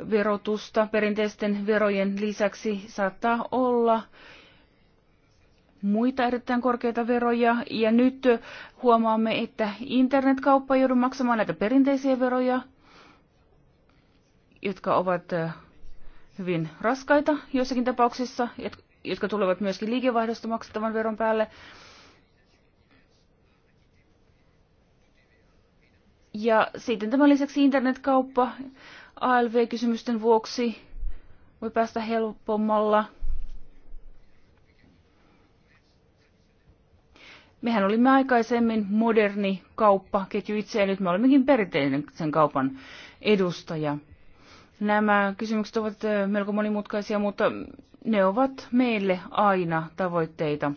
verotusta. Perinteisten verojen lisäksi saattaa olla muita erittäin korkeita veroja. Ja nyt huomaamme, että internetkauppa joudu maksamaan näitä perinteisiä veroja, jotka ovat hyvin raskaita joissakin tapauksissa, jotka tulevat myöskin liikevaihdosta maksettavan veron päälle. Ja sitten tämän lisäksi internetkauppa ALV-kysymysten vuoksi voi päästä helpommalla Mehän olimme aikaisemmin moderni kauppaketju itse, ja nyt me olemmekin perinteinen sen kaupan edustaja. Nämä kysymykset ovat melko monimutkaisia, mutta ne ovat meille aina tavoitteita.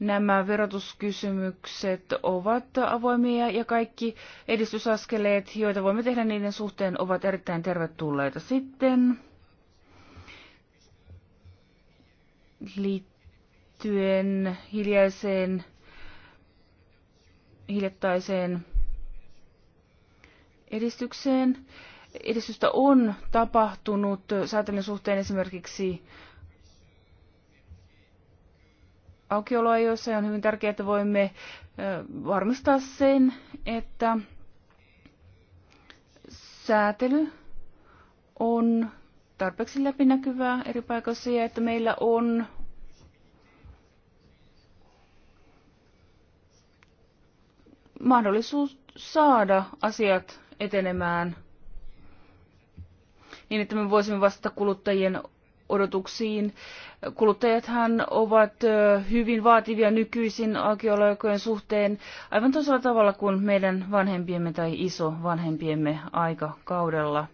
Nämä verotuskysymykset ovat avoimia ja kaikki edistysaskeleet, joita voimme tehdä niiden suhteen, ovat erittäin tervetulleita. Sitten liittyen hiljaiseen hiljattaiseen edistykseen. Edistystä on tapahtunut säätelyn suhteen esimerkiksi aukioloajoissa ja on hyvin tärkeää, että voimme varmistaa sen, että säätely on tarpeeksi läpinäkyvää eri paikoissa ja että meillä on mahdollisuus saada asiat etenemään niin, että me voisimme vastata kuluttajien odotuksiin. Kuluttajathan ovat hyvin vaativia nykyisin aukioloaikojen suhteen aivan toisella tavalla kuin meidän vanhempiemme tai iso vanhempiemme aikakaudella.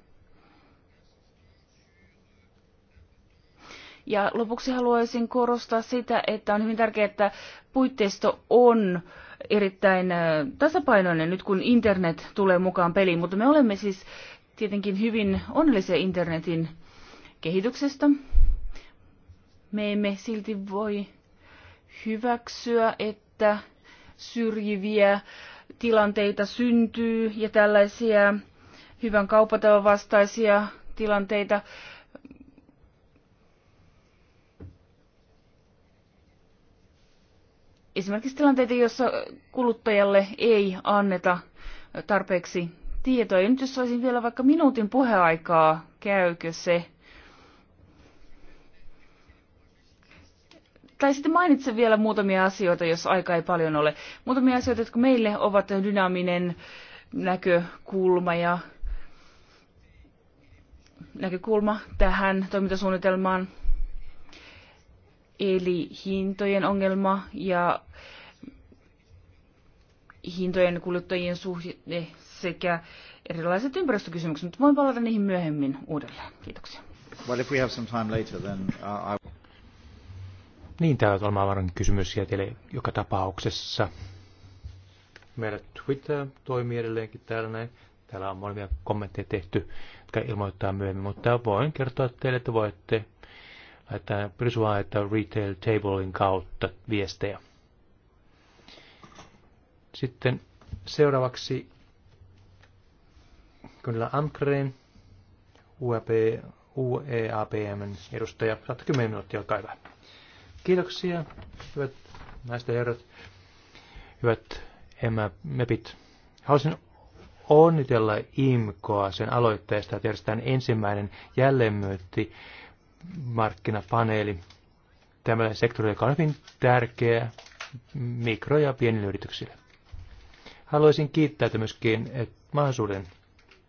Ja lopuksi haluaisin korostaa sitä, että on hyvin tärkeää, että puitteisto on äh, erittäin tasapainoinen nyt, kun internet tulee mukaan peliin, mutta me olemme siis tietenkin hyvin onnellisia internetin kehityksestä. Me emme silti voi hyväksyä, että syrjiviä tilanteita syntyy ja tällaisia hyvän kaupatavan vastaisia tilanteita esimerkiksi tilanteita, joissa kuluttajalle ei anneta tarpeeksi tietoa. Ja nyt jos olisin vielä vaikka minuutin puheaikaa, käykö se? Tai sitten mainitsen vielä muutamia asioita, jos aika ei paljon ole. Muutamia asioita, jotka meille ovat dynaaminen näkökulma ja näkökulma tähän toimintasuunnitelmaan – eli hintojen ongelma ja hintojen kuluttajien suhde sekä erilaiset ympäristökysymykset, mutta voin palata niihin myöhemmin uudelleen. Kiitoksia. Well, if we have some time later, then, uh, I... Niin, täällä on olemaan varmaan kysymys teille joka tapauksessa. Meillä Twitter toimii edelleenkin täällä näin. Täällä on monia kommentteja tehty, jotka ilmoittaa myöhemmin, mutta voin kertoa teille, että voitte laittaa Prisua että Retail Tablein kautta viestejä. Sitten seuraavaksi kyllä Amkreen, UAP e UEAPM edustaja, 110 minuuttia, olkaa hyvä. Kiitoksia, hyvät naiset ja herrat, hyvät emä, mepit. Haluaisin onnitella IMKOa sen aloitteesta, että järjestetään ensimmäinen jälleenmyynti markkinapaneeli Tämmöinen sektori, joka on hyvin tärkeä mikro- ja pienille yrityksille. Haluaisin kiittää myöskin että mahdollisuuden,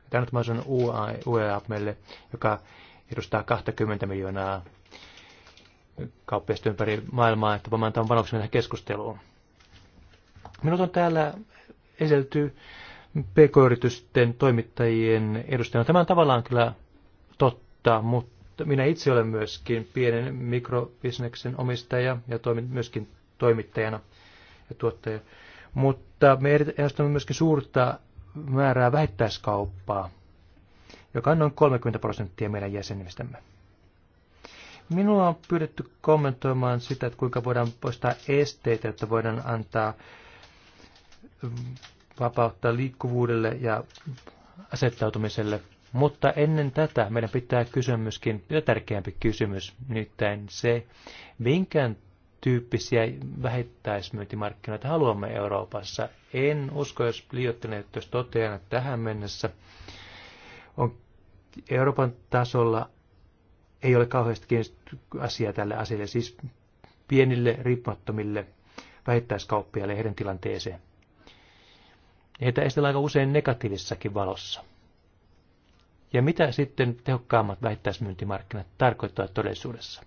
tämän mahdollisuuden e, e meille, joka edustaa 20 miljoonaa kauppiaista ympäri maailmaa, että voimme antaa panoksen tähän keskusteluun. Minut on täällä esitelty PK-yritysten toimittajien edustajana. Tämä on tavallaan kyllä totta, mutta minä itse olen myöskin pienen mikrobisneksen omistaja ja toimin myöskin toimittajana ja tuottaja. Mutta me edustamme myöskin suurta määrää vähittäiskauppaa, joka on noin 30 prosenttia meidän jäsenistämme. Minua on pyydetty kommentoimaan sitä, että kuinka voidaan poistaa esteitä, että voidaan antaa vapautta liikkuvuudelle ja asettautumiselle mutta ennen tätä meidän pitää kysyä myöskin tärkeämpi kysymys, nimittäin se, minkä tyyppisiä vähittäismyyntimarkkinoita haluamme Euroopassa. En usko, jos liioittelen, jos totean, että tähän mennessä on Euroopan tasolla ei ole kauheasti asiaa tälle asialle, siis pienille riippumattomille vähittäiskauppiaille heidän tilanteeseen. Heitä esitellään aika usein negatiivissakin valossa ja mitä sitten tehokkaammat vähittäismyyntimarkkinat tarkoittavat todellisuudessa.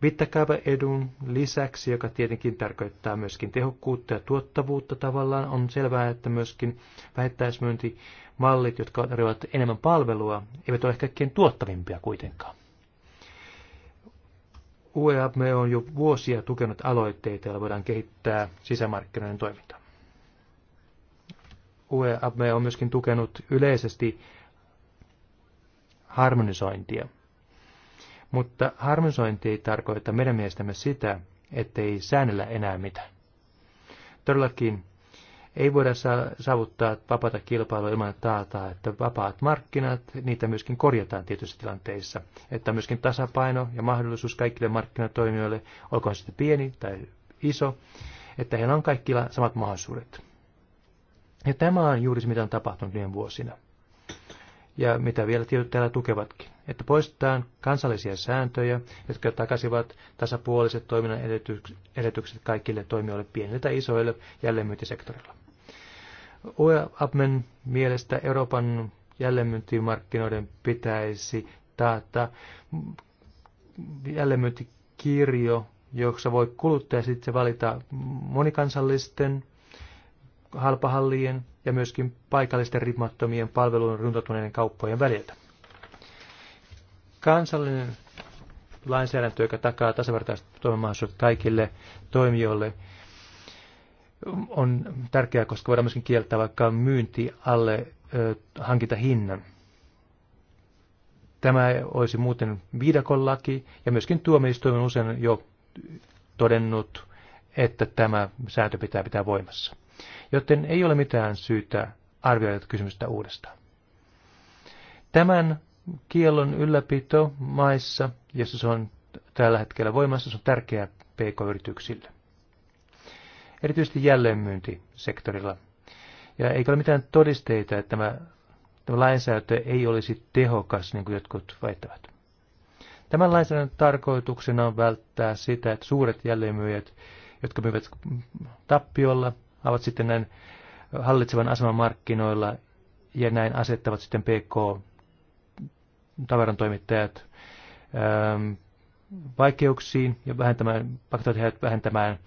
Mittakaava edun lisäksi, joka tietenkin tarkoittaa myöskin tehokkuutta ja tuottavuutta tavallaan, on selvää, että myöskin vähittäismyyntimallit, jotka tarjoavat enemmän palvelua, eivät ole kaikkein tuottavimpia kuitenkaan. me e on jo vuosia tukenut aloitteita, joilla voidaan kehittää sisämarkkinoiden toimintaa. UE on myöskin tukenut yleisesti harmonisointia. Mutta harmonisointi ei tarkoita meidän mielestämme sitä, ettei säännellä enää mitään. Todellakin ei voida saavuttaa vapaata kilpailua ilman taataa, että vapaat markkinat, niitä myöskin korjataan tietyissä tilanteissa. Että myöskin tasapaino ja mahdollisuus kaikille markkinatoimijoille, olkoon sitten pieni tai iso, että heillä on kaikilla samat mahdollisuudet. Ja tämä on juuri se, mitä on tapahtunut viime vuosina. Ja mitä vielä tietyt täällä tukevatkin. Että poistetaan kansallisia sääntöjä, jotka takaisivat tasapuoliset toiminnan edellytykset kaikille toimijoille, pienille tai isoille, jälleenmyyntisektorilla. Uwe mielestä Euroopan jälleenmyyntimarkkinoiden pitäisi taata jälleenmyyntikirjo, jossa voi kuluttaja sitten valita monikansallisten halpahallien ja myöskin paikallisten riippumattomien palvelujen runtatuneiden kauppojen väliltä. Kansallinen lainsäädäntö, joka takaa tasavertaiset toimimahdollisuudet kaikille toimijoille, on tärkeää, koska voidaan myöskin kieltää vaikka myynti alle ö, hankintahinnan. Tämä olisi muuten viidakon laki, ja myöskin tuomioistuin usein jo todennut, että tämä sääntö pitää pitää voimassa joten ei ole mitään syytä arvioida kysymystä uudestaan. Tämän kiellon ylläpito maissa, jossa se on tällä hetkellä voimassa, se on tärkeää pk-yrityksille. Erityisesti jälleenmyyntisektorilla. Ja eikä ole mitään todisteita, että tämä, tämä lainsäädäntö ei olisi tehokas, niin kuin jotkut väittävät. Tämän lainsäädännön tarkoituksena on välttää sitä, että suuret jälleenmyyjät, jotka myyvät tappiolla, ovat sitten näin hallitsevan aseman markkinoilla ja näin asettavat sitten PK tavarantoimittajat ähm, vaikeuksiin ja vähentämään, pakottavat vähentämään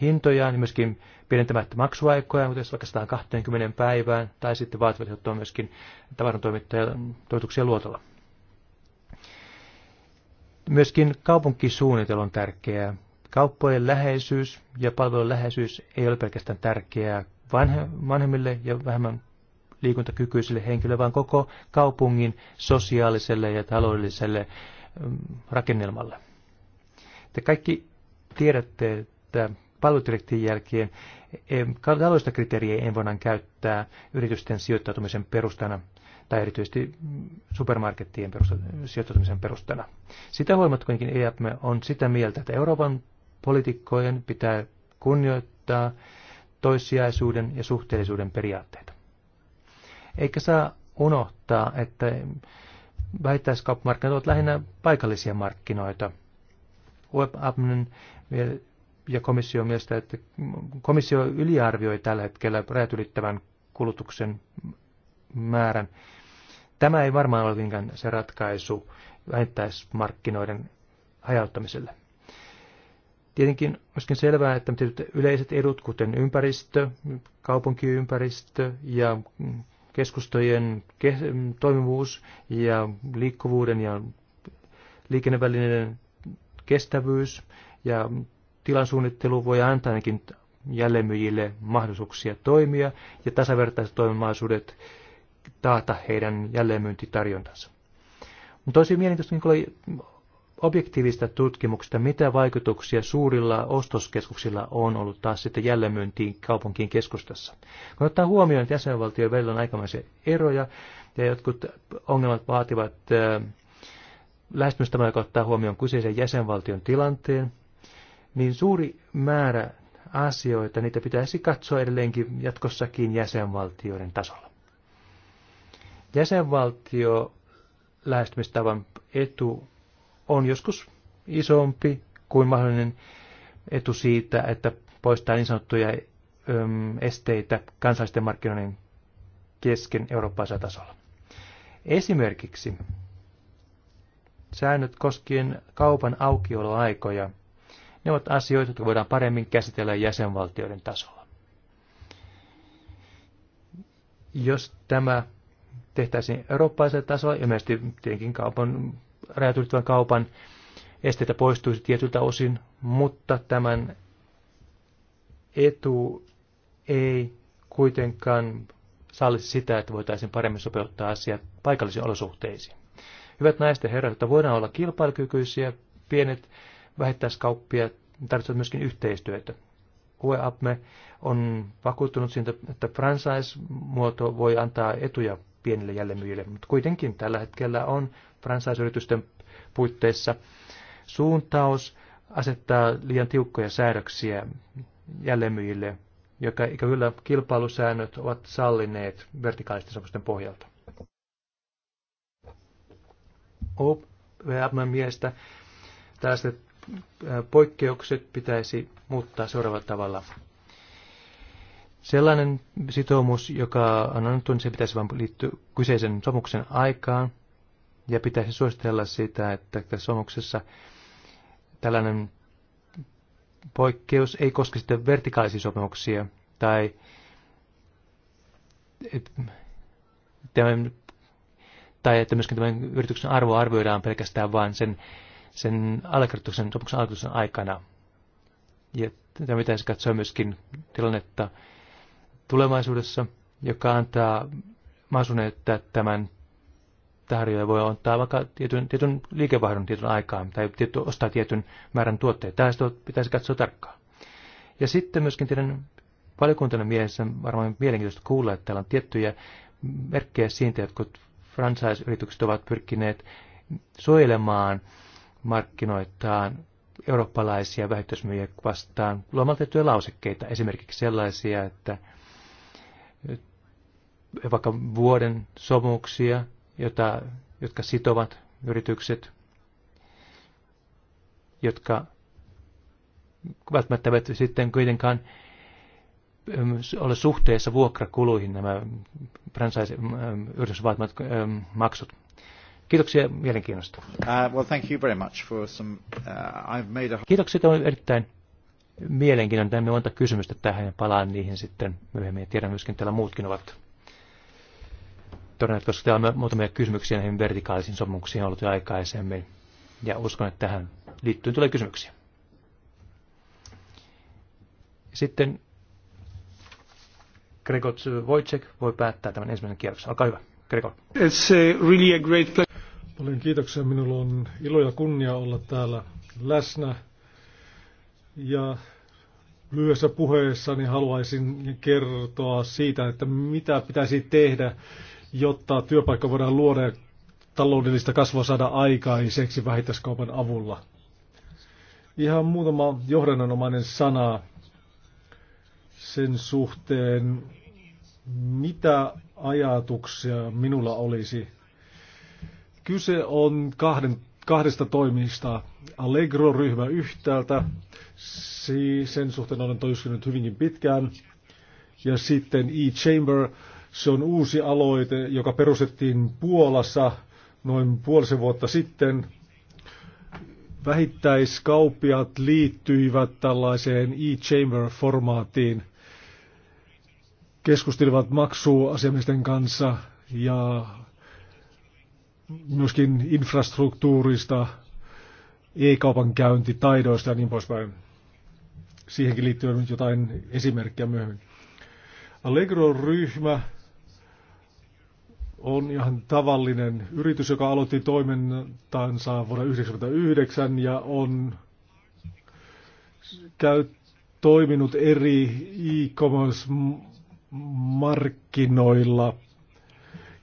hintojaan ja myöskin pidentämättä maksuaikoja, jos vaikka 120 päivään, tai sitten vaativat ottaa myöskin tavarantoimittajan luotolla. Myöskin kaupunkisuunnitelma on tärkeää. Kauppojen läheisyys ja palvelun läheisyys ei ole pelkästään tärkeää vanhemmille ja vähemmän liikuntakykyisille henkilöille, vaan koko kaupungin sosiaaliselle ja taloudelliselle mm, rakennelmalle. Te kaikki tiedätte, että palveludirektiivin jälkeen taloudellista kriteeriä ei voida käyttää yritysten sijoittautumisen perustana tai erityisesti mm, supermarkettien perusta, sijoittautumisen perustana. Sitä huolimatta kuitenkin EAPME on sitä mieltä, että Euroopan poliitikkojen pitää kunnioittaa toissijaisuuden ja suhteellisuuden periaatteita. Eikä saa unohtaa, että vähittäiskauppamarkkinat ovat lähinnä paikallisia markkinoita. Web ja komissio mielestä, että komissio yliarvioi tällä hetkellä rajat ylittävän kulutuksen määrän. Tämä ei varmaan ole se ratkaisu vähittäismarkkinoiden hajauttamiselle tietenkin myöskin selvää, että tietyt yleiset edut, kuten ympäristö, kaupunkiympäristö ja keskustojen toimivuus ja liikkuvuuden ja liikennevälinen kestävyys ja tilansuunnittelu voi antaa ainakin jälleenmyyjille mahdollisuuksia toimia ja tasavertaiset toimimaisuudet taata heidän jälleenmyyntitarjontansa. Mutta olisi mielenkiintoista objektiivista tutkimuksesta, mitä vaikutuksia suurilla ostoskeskuksilla on ollut taas sitten jälleenmyyntiin kaupunkiin keskustassa. Kun ottaa huomioon, että jäsenvaltioiden välillä on aikamoisia eroja ja jotkut ongelmat vaativat äh, lähestymistavan, joka ottaa huomioon kyseisen jäsenvaltion tilanteen, niin suuri määrä asioita, niitä pitäisi katsoa edelleenkin jatkossakin jäsenvaltioiden tasolla. Jäsenvaltio lähestymistavan etu on joskus isompi kuin mahdollinen etu siitä, että poistaa niin sanottuja esteitä kansallisten markkinoiden kesken eurooppalaisella tasolla. Esimerkiksi säännöt koskien kaupan aukioloaikoja, ne ovat asioita, jotka voidaan paremmin käsitellä jäsenvaltioiden tasolla. Jos tämä tehtäisiin eurooppalaisella tasolla, ilmeisesti tietenkin kaupan rajat ylittävän kaupan esteitä poistuisi tietyltä osin, mutta tämän etu ei kuitenkaan sallisi sitä, että voitaisiin paremmin sopeuttaa asiat paikallisiin olosuhteisiin. Hyvät naiset ja herrat, että voidaan olla kilpailukykyisiä, pienet vähittäiskauppia tarvitsevat myöskin yhteistyötä. UEAPME on vakuuttunut siitä, että franchise-muoto voi antaa etuja pienille jälleenmyyjille, mutta kuitenkin tällä hetkellä on franchise-yritysten puitteissa. Suuntaus asettaa liian tiukkoja säädöksiä jälleenmyyjille, joka kyllä kilpailusäännöt ovat sallineet vertikaalisten sopimusten pohjalta. OVM mielestä tällaiset poikkeukset pitäisi muuttaa seuraavalla tavalla. Sellainen sitoumus, joka on annettu, niin se pitäisi vain liittyä kyseisen sopimuksen aikaan. Ja pitäisi suositella sitä, että tässä sopimuksessa tällainen poikkeus ei koske sitten vertikaalisia sopimuksia tai tämän, tai että myöskin tämän yrityksen arvo arvioidaan pelkästään vain sen, sen allekirjoituksen, sopimuksen allekirjoituksen aikana. Ja tämä pitäisi katsoa myöskin tilannetta tulevaisuudessa, joka antaa mahdollisuuden, että tämän tarjoaja voi ottaa vaikka tietyn, tietyn liikevaihdon tietyn aikaan tai tietty, ostaa tietyn määrän tuotteita. Tästä pitäisi katsoa tarkkaan. Ja sitten myöskin teidän valiokuntanne mielessä varmaan mielenkiintoista kuulla, että täällä on tiettyjä merkkejä siitä, kun franchise-yritykset ovat pyrkineet suojelemaan markkinoitaan eurooppalaisia vähittäismyyjiä vastaan luomaan tiettyjä lausekkeita, esimerkiksi sellaisia, että vaikka vuoden sopimuksia jota, jotka sitovat yritykset, jotka välttämättä sitten kuitenkaan ähm, ole suhteessa vuokrakuluihin nämä ähm, yritysvaatimat ähm, maksut. Kiitoksia mielenkiinnosta. Uh, uh, Kiitoksia, tämä on erittäin mielenkiintoinen. Tämä on monta kysymystä tähän ja palaan niihin sitten myöhemmin. tiedän myöskin, että täällä muutkin ovat koordinaattorina, koska täällä on muutamia kysymyksiä näihin vertikaalisiin sopimuksiin ollut jo aikaisemmin. Ja uskon, että tähän liittyy tulee kysymyksiä. Sitten Gregor Wojciech voi päättää tämän ensimmäisen kierroksen. Olkaa hyvä, Gregor. It's a uh, really a great pleasure. Paljon kiitoksia. Minulla on ilo ja kunnia olla täällä läsnä. Ja lyhyessä puheessani haluaisin kertoa siitä, että mitä pitäisi tehdä, jotta työpaikka voidaan luoda ja taloudellista kasvua saada aikaiseksi vähittäiskaupan avulla. Ihan muutama johdannonomainen sana sen suhteen, mitä ajatuksia minulla olisi. Kyse on kahden, kahdesta toimista. Allegro-ryhmä yhtäältä, sen suhteen olen toiskinut hyvinkin pitkään, ja sitten E-Chamber, se on uusi aloite, joka perustettiin Puolassa noin puolisen vuotta sitten. Vähittäiskauppiat liittyivät tällaiseen e-chamber-formaattiin, keskustelivat maksuasiamiesten kanssa ja myöskin infrastruktuurista, e-kaupan käyntitaidoista ja niin poispäin. Siihenkin liittyy nyt jotain esimerkkiä myöhemmin. Allegro-ryhmä on ihan tavallinen yritys, joka aloitti toimintansa vuonna 1999 ja on käy, toiminut eri e-commerce-markkinoilla.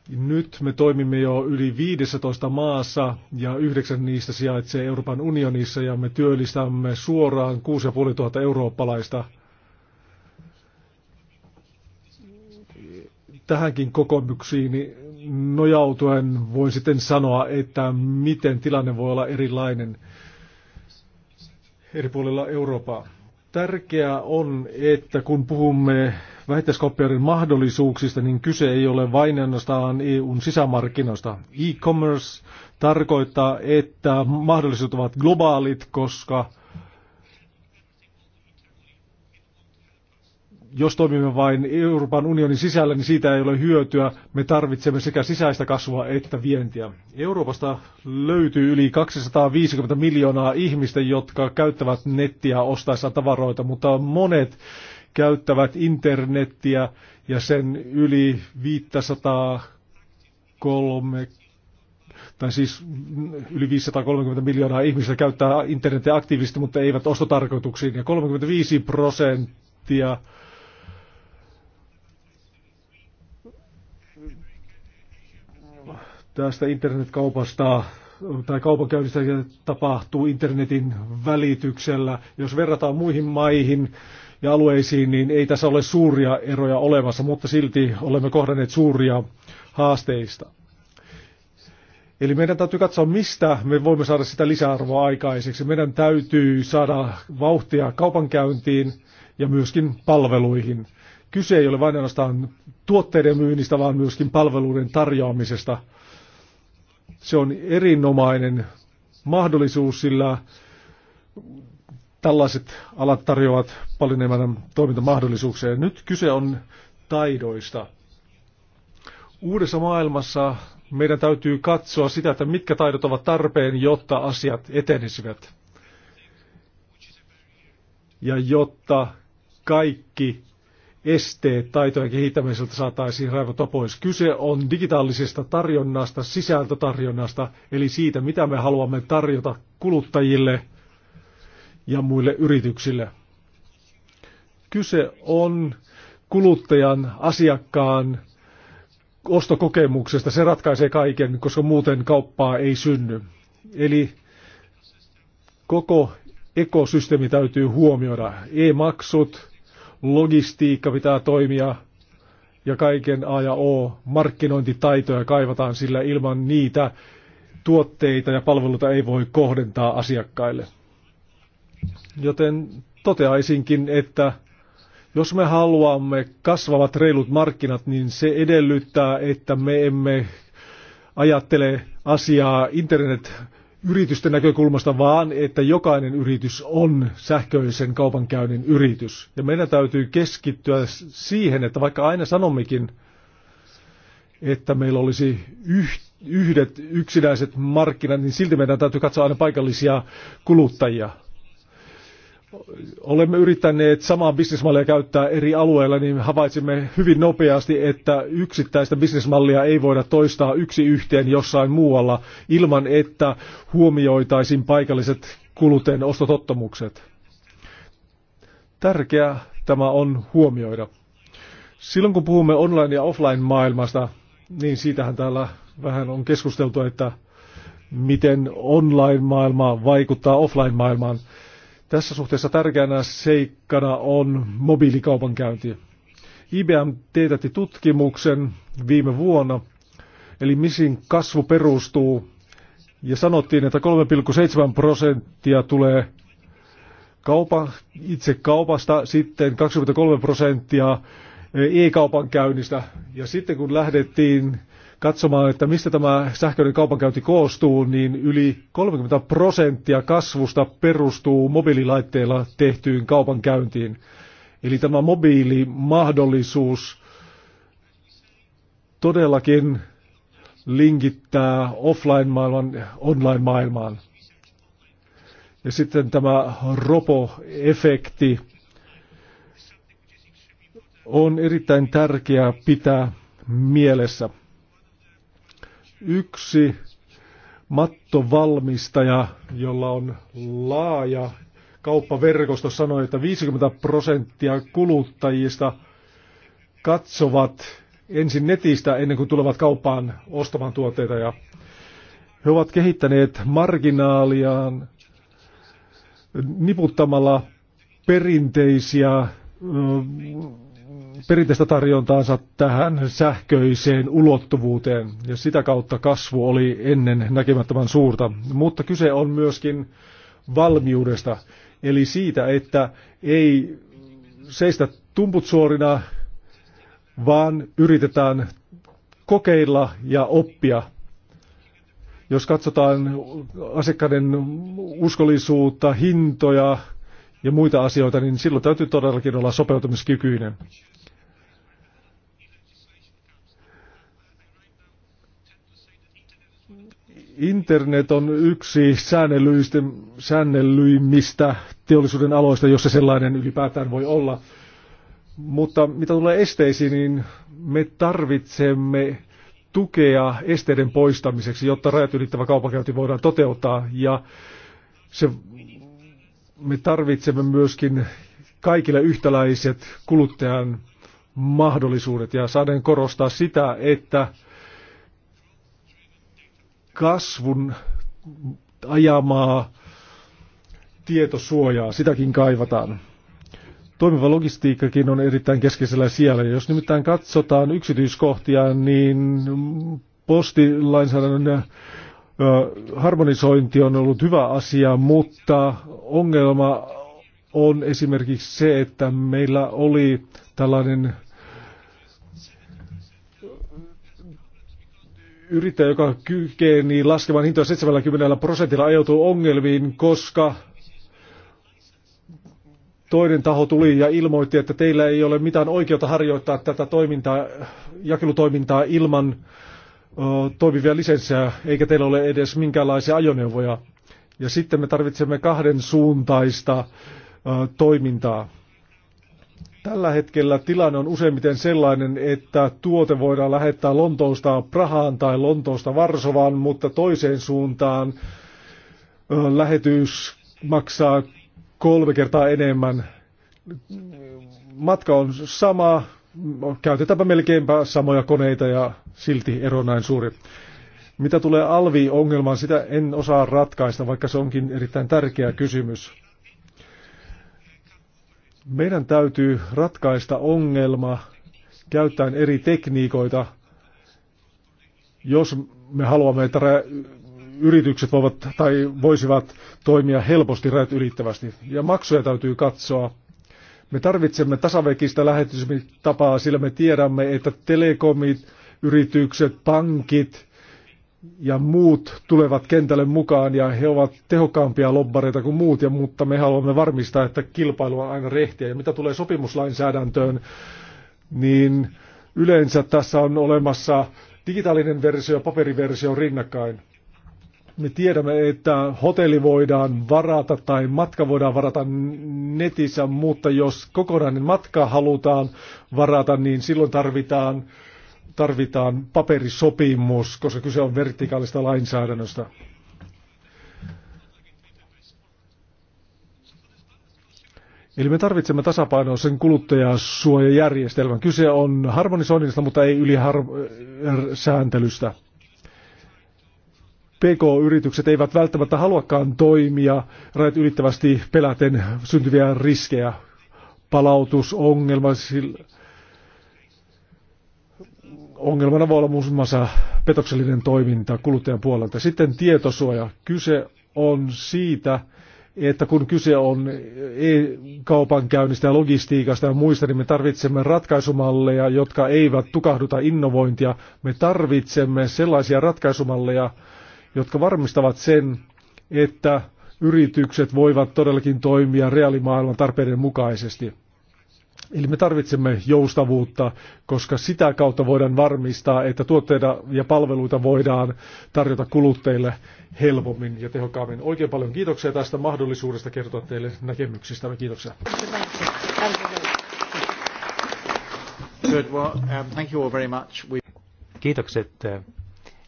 Nyt me toimimme jo yli 15 maassa ja yhdeksän niistä sijaitsee Euroopan unionissa ja me työllistämme suoraan 6500 eurooppalaista tähänkin kokouksiin nojautuen voin sitten sanoa, että miten tilanne voi olla erilainen eri puolilla Eurooppaa. Tärkeää on, että kun puhumme vähittäiskauppiaiden mahdollisuuksista, niin kyse ei ole vain ainoastaan EUn sisämarkkinoista. E-commerce tarkoittaa, että mahdollisuudet ovat globaalit, koska jos toimimme vain Euroopan unionin sisällä, niin siitä ei ole hyötyä. Me tarvitsemme sekä sisäistä kasvua että vientiä. Euroopasta löytyy yli 250 miljoonaa ihmistä, jotka käyttävät nettiä ostaessa tavaroita, mutta monet käyttävät internettiä ja sen yli 503 tai siis yli 530 miljoonaa ihmistä käyttää internetiä aktiivisesti, mutta eivät ostotarkoituksiin. Ja 35 prosenttia prosenttia tästä internetkaupasta tai kaupankäynnistä tapahtuu internetin välityksellä. Jos verrataan muihin maihin ja alueisiin, niin ei tässä ole suuria eroja olemassa, mutta silti olemme kohdanneet suuria haasteista. Eli meidän täytyy katsoa, mistä me voimme saada sitä lisäarvoa aikaiseksi. Meidän täytyy saada vauhtia kaupankäyntiin ja myöskin palveluihin. Kyse ei ole vain ainoastaan tuotteiden myynnistä, vaan myöskin palveluiden tarjoamisesta – se on erinomainen mahdollisuus, sillä tällaiset alat tarjoavat paljon enemmän toimintamahdollisuuksia. Nyt kyse on taidoista. Uudessa maailmassa meidän täytyy katsoa sitä, että mitkä taidot ovat tarpeen, jotta asiat etenisivät. Ja jotta kaikki esteet taitojen kehittämiseltä saataisiin raivota pois. Kyse on digitaalisesta tarjonnasta, sisältötarjonnasta, eli siitä, mitä me haluamme tarjota kuluttajille ja muille yrityksille. Kyse on kuluttajan, asiakkaan ostokokemuksesta. Se ratkaisee kaiken, koska muuten kauppaa ei synny. Eli koko ekosysteemi täytyy huomioida. E-maksut, logistiikka pitää toimia ja kaiken A ja O. Markkinointitaitoja kaivataan, sillä ilman niitä tuotteita ja palveluita ei voi kohdentaa asiakkaille. Joten toteaisinkin, että jos me haluamme kasvavat reilut markkinat, niin se edellyttää, että me emme ajattele asiaa internet yritysten näkökulmasta, vaan että jokainen yritys on sähköisen kaupankäynnin yritys. Ja meidän täytyy keskittyä siihen, että vaikka aina sanommekin, että meillä olisi yhdet yksinäiset markkinat, niin silti meidän täytyy katsoa aina paikallisia kuluttajia olemme yrittäneet samaa bisnesmallia käyttää eri alueilla, niin havaitsimme hyvin nopeasti, että yksittäistä bisnesmallia ei voida toistaa yksi yhteen jossain muualla ilman, että huomioitaisiin paikalliset kuluteen ostotottumukset. Tärkeää tämä on huomioida. Silloin kun puhumme online- ja offline-maailmasta, niin siitähän täällä vähän on keskusteltu, että miten online-maailma vaikuttaa offline-maailmaan. Tässä suhteessa tärkeänä seikkana on mobiilikaupankäynti. IBM teetätti tutkimuksen viime vuonna, eli misin kasvu perustuu, ja sanottiin, että 3,7 prosenttia tulee kaupa, itse kaupasta, sitten 23 prosenttia e kaupankäynnistä Ja sitten kun lähdettiin katsomaan, että mistä tämä sähköinen kaupankäynti koostuu, niin yli 30 prosenttia kasvusta perustuu mobiililaitteilla tehtyyn kaupankäyntiin. Eli tämä mobiilimahdollisuus todellakin linkittää offline-maailman online-maailmaan. Ja sitten tämä ropo-efekti on erittäin tärkeää pitää mielessä yksi mattovalmistaja, jolla on laaja kauppaverkosto, sanoi, että 50 prosenttia kuluttajista katsovat ensin netistä ennen kuin tulevat kauppaan ostamaan tuotteita ja he ovat kehittäneet marginaaliaan niputtamalla perinteisiä perinteistä tarjontaansa tähän sähköiseen ulottuvuuteen ja sitä kautta kasvu oli ennen näkemättömän suurta. Mutta kyse on myöskin valmiudesta, eli siitä, että ei seistä tumput suorina, vaan yritetään kokeilla ja oppia. Jos katsotaan asiakkaiden uskollisuutta, hintoja, ja muita asioita, niin silloin täytyy todellakin olla sopeutumiskykyinen. Internet on yksi säännellyimmistä teollisuuden aloista, jossa sellainen ylipäätään voi olla. Mutta mitä tulee esteisiin, niin me tarvitsemme tukea esteiden poistamiseksi, jotta rajat ylittävä kaupankäynti voidaan toteuttaa. Ja se, me tarvitsemme myöskin kaikille yhtäläiset kuluttajan mahdollisuudet. Ja saadaan korostaa sitä, että kasvun ajamaa tietosuojaa, sitäkin kaivataan. Toimiva logistiikkakin on erittäin keskeisellä siellä. Jos nimittäin katsotaan yksityiskohtia, niin postilainsäädännön harmonisointi on ollut hyvä asia, mutta ongelma on esimerkiksi se, että meillä oli tällainen yrittäjä, joka kykeni laskemaan hintoja 70 prosentilla, ajautuu ongelmiin, koska toinen taho tuli ja ilmoitti, että teillä ei ole mitään oikeutta harjoittaa tätä toimintaa, jakelutoimintaa ilman ö, toimivia lisenssejä, eikä teillä ole edes minkäänlaisia ajoneuvoja. Ja sitten me tarvitsemme kahden suuntaista ö, toimintaa. Tällä hetkellä tilanne on useimmiten sellainen, että tuote voidaan lähettää Lontoosta Prahaan tai Lontoosta Varsovaan, mutta toiseen suuntaan lähetys maksaa kolme kertaa enemmän. Matka on sama, käytetäänpä melkeinpä samoja koneita ja silti ero näin suuri. Mitä tulee alvi-ongelmaan, sitä en osaa ratkaista, vaikka se onkin erittäin tärkeä kysymys meidän täytyy ratkaista ongelma käyttäen eri tekniikoita, jos me haluamme, että yritykset voivat tai voisivat toimia helposti rajat ylittävästi. Ja maksuja täytyy katsoa. Me tarvitsemme tasavekistä lähetysmitapaa, sillä me tiedämme, että telekomit, yritykset, pankit ja muut tulevat kentälle mukaan ja he ovat tehokkaampia lobbareita kuin muut, ja, mutta me haluamme varmistaa, että kilpailu on aina rehtiä. Ja mitä tulee sopimuslainsäädäntöön, niin yleensä tässä on olemassa digitaalinen versio ja paperiversio rinnakkain. Me tiedämme, että hotelli voidaan varata tai matka voidaan varata netissä, mutta jos kokonainen matka halutaan varata, niin silloin tarvitaan tarvitaan paperisopimus, koska kyse on vertikaalista lainsäädännöstä. Eli me tarvitsemme tasapainoisen kuluttajasuojajärjestelmän. Kyse on harmonisoinnista, mutta ei yli er- sääntelystä. PK-yritykset eivät välttämättä haluakaan toimia rajat ylittävästi peläten syntyviä riskejä, palautusongelma, ongelmana voi olla muun muassa petoksellinen toiminta kuluttajan puolelta. Sitten tietosuoja. Kyse on siitä, että kun kyse on e-kaupankäynnistä ja logistiikasta ja muista, niin me tarvitsemme ratkaisumalleja, jotka eivät tukahduta innovointia. Me tarvitsemme sellaisia ratkaisumalleja, jotka varmistavat sen, että yritykset voivat todellakin toimia reaalimaailman tarpeiden mukaisesti. Eli me tarvitsemme joustavuutta, koska sitä kautta voidaan varmistaa, että tuotteita ja palveluita voidaan tarjota kuluttajille helpommin ja tehokkaammin. Oikein paljon kiitoksia tästä mahdollisuudesta kertoa teille näkemyksistä. Kiitoksia. Um, Kiitokset.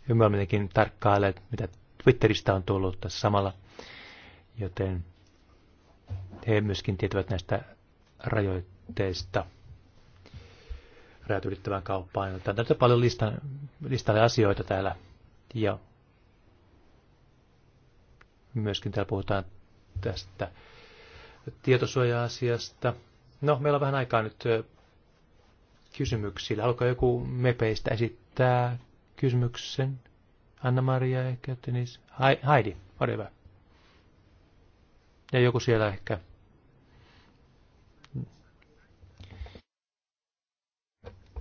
Ymmärrämmekin tarkkailee, mitä Twitteristä on tullut tässä samalla, joten he myöskin tietävät näistä rajoitteista aloitteista rajat ylittävän kauppaan. Tämä on paljon listan, listalle asioita täällä ja myöskin täällä puhutaan tästä tietosuoja-asiasta. No, meillä on vähän aikaa nyt kysymyksillä. Haluatko joku mepeistä esittää kysymyksen? Anna-Maria ehkä, Denise. Heidi, ole hyvä. Ja joku siellä ehkä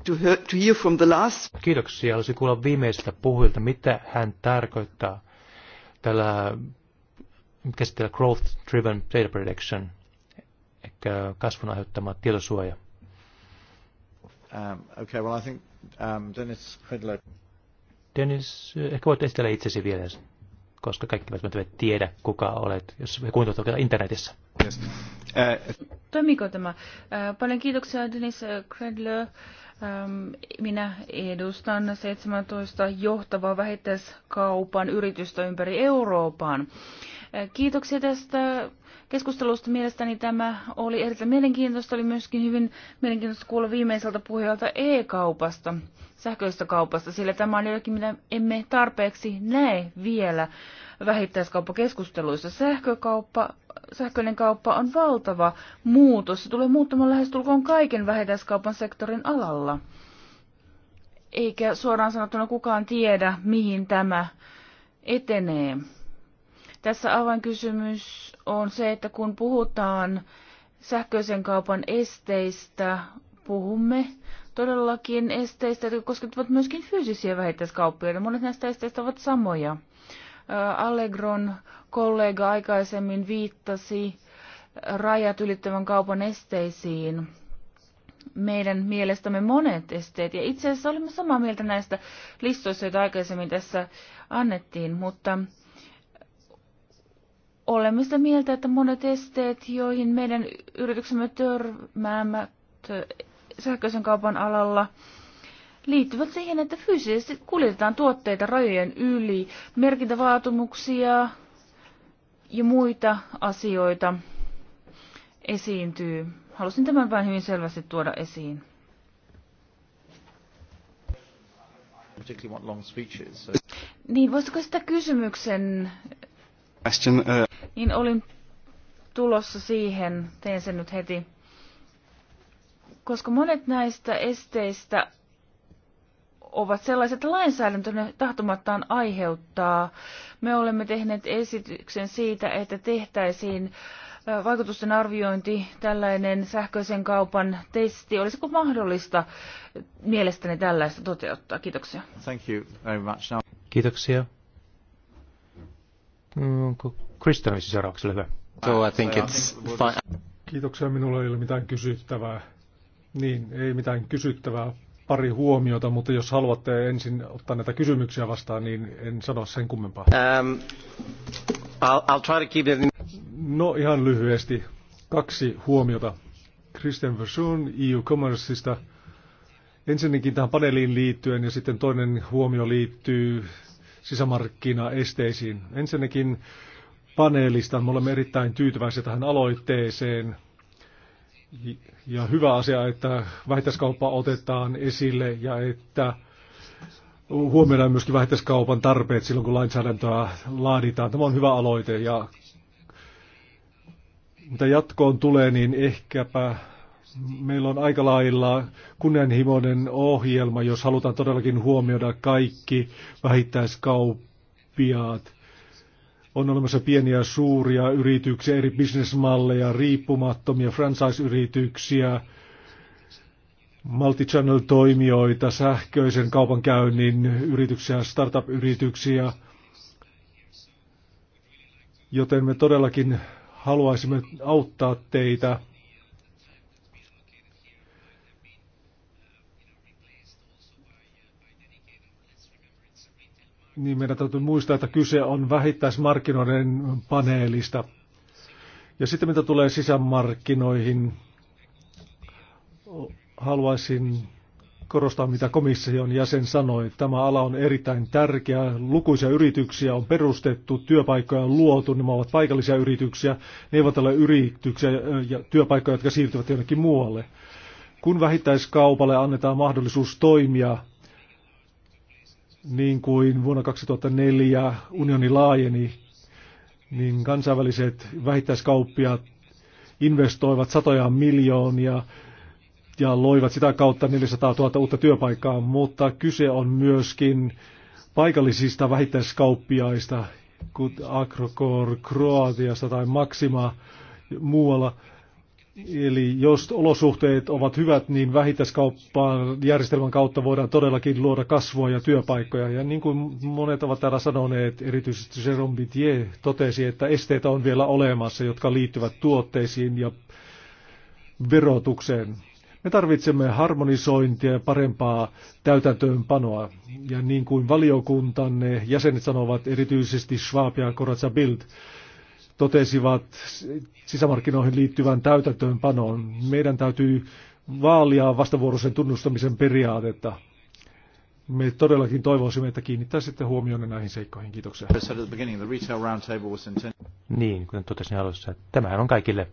to hear, from the last. Kiitoksia. Haluaisin kuulla viimeisiltä puhujilta, mitä hän tarkoittaa tällä käsitellä Growth Driven Data Protection, eli kasvun aiheuttama tietosuoja. Um, okay, well I think um, Dennis Quidlow... Dennis, ehkä voit esitellä itsesi vielä, koska kaikki välttämättä tiedä, kuka olet, jos he kuuntelevat internetissä. Yes. Uh, Toimiko tämä? Uh, paljon kiitoksia Dennis Credler. Uh, Ähm, minä edustan 17 johtavaa vähittäiskaupan yritystä ympäri Euroopan. Äh, kiitoksia tästä keskustelusta. Mielestäni tämä oli erittäin mielenkiintoista. Oli myöskin hyvin mielenkiintoista kuulla viimeiseltä puhujalta e-kaupasta sähköisestä kaupasta, sillä tämä on jotakin, mitä emme tarpeeksi näe vielä vähittäiskauppakeskusteluissa. Sähkökauppa, sähköinen kauppa on valtava muutos. Se tulee muuttamaan lähestulkoon kaiken vähittäiskaupan sektorin alalla. Eikä suoraan sanottuna kukaan tiedä, mihin tämä etenee. Tässä avainkysymys on se, että kun puhutaan sähköisen kaupan esteistä, puhumme todellakin esteistä, jotka koskettavat myöskin fyysisiä vähittäiskauppiaita. Monet näistä esteistä ovat samoja. Allegron kollega aikaisemmin viittasi rajat ylittävän kaupan esteisiin. Meidän mielestämme monet esteet, ja itse asiassa olimme samaa mieltä näistä listoista, joita aikaisemmin tässä annettiin, mutta olemme sitä mieltä, että monet esteet, joihin meidän yrityksemme törmäämät sähköisen kaupan alalla liittyvät siihen, että fyysisesti kuljetetaan tuotteita rajojen yli, merkintävaatimuksia ja muita asioita esiintyy. Halusin tämän vain hyvin selvästi tuoda esiin. Niin, voisitko sitä kysymyksen? Question, uh... Niin, olin tulossa siihen. Teen sen nyt heti koska monet näistä esteistä ovat sellaiset, että lainsäädäntö ne tahtomattaan aiheuttaa. Me olemme tehneet esityksen siitä, että tehtäisiin vaikutusten arviointi, tällainen sähköisen kaupan testi. Olisiko mahdollista mielestäni tällaista toteuttaa? Kiitoksia. Thank you very much. Now... Kiitoksia. Mm, onko Kristian seuraavaksi hyvä? So I think it's fine. Kiitoksia, minulla ei ole mitään kysyttävää. Niin, ei mitään kysyttävää. Pari huomiota, mutta jos haluatte ensin ottaa näitä kysymyksiä vastaan, niin en sano sen kummempaa. Um, I'll, I'll try to keep it... No ihan lyhyesti. Kaksi huomiota. Christian Versoon EU-commerceista. Ensinnäkin tähän paneeliin liittyen ja sitten toinen huomio liittyy sisämarkkinaesteisiin. Ensinnäkin paneelista me olemme erittäin tyytyväisiä tähän aloitteeseen – ja hyvä asia, että vähittäiskauppa otetaan esille ja että huomioidaan myöskin vähittäiskaupan tarpeet silloin, kun lainsäädäntöä laaditaan. Tämä on hyvä aloite ja mitä jatkoon tulee, niin ehkäpä meillä on aika lailla kunnianhimoinen ohjelma, jos halutaan todellakin huomioida kaikki vähittäiskauppiaat. On olemassa pieniä ja suuria yrityksiä, eri bisnesmalleja, riippumattomia franchise-yrityksiä, multichannel-toimijoita, sähköisen kaupankäynnin yrityksiä, startup-yrityksiä. Joten me todellakin haluaisimme auttaa teitä niin meidän täytyy muistaa, että kyse on vähittäismarkkinoiden paneelista. Ja sitten mitä tulee sisämarkkinoihin, haluaisin korostaa, mitä komission jäsen sanoi. Tämä ala on erittäin tärkeä. Lukuisia yrityksiä on perustettu, työpaikkoja on luotu, ne ovat paikallisia yrityksiä. Ne eivät ole yrityksiä ja työpaikkoja, jotka siirtyvät jonnekin muualle. Kun vähittäiskaupalle annetaan mahdollisuus toimia niin kuin vuonna 2004 unioni laajeni, niin kansainväliset vähittäiskauppiaat investoivat satoja miljoonia ja loivat sitä kautta 400 000 uutta työpaikkaa, mutta kyse on myöskin paikallisista vähittäiskauppiaista, kuten Agrokor Kroatiasta tai Maxima muualla, Eli jos olosuhteet ovat hyvät, niin vähittäiskauppaan järjestelmän kautta voidaan todellakin luoda kasvua ja työpaikkoja. Ja niin kuin monet ovat täällä sanoneet, erityisesti Jerome Bittier totesi, että esteitä on vielä olemassa, jotka liittyvät tuotteisiin ja verotukseen. Me tarvitsemme harmonisointia ja parempaa täytäntöönpanoa. Ja niin kuin valiokuntanne jäsenet sanovat, erityisesti Schwab ja Corazza Bild, totesivat sisämarkkinoihin liittyvän täytäntöönpanoon. Meidän täytyy vaalia vastavuoroisen tunnustamisen periaatetta. Me todellakin toivoisimme, että kiinnittäisitte huomioon näihin seikkoihin. Kiitoksia. Niin, kuten totesin alussa, että tämähän on kaikille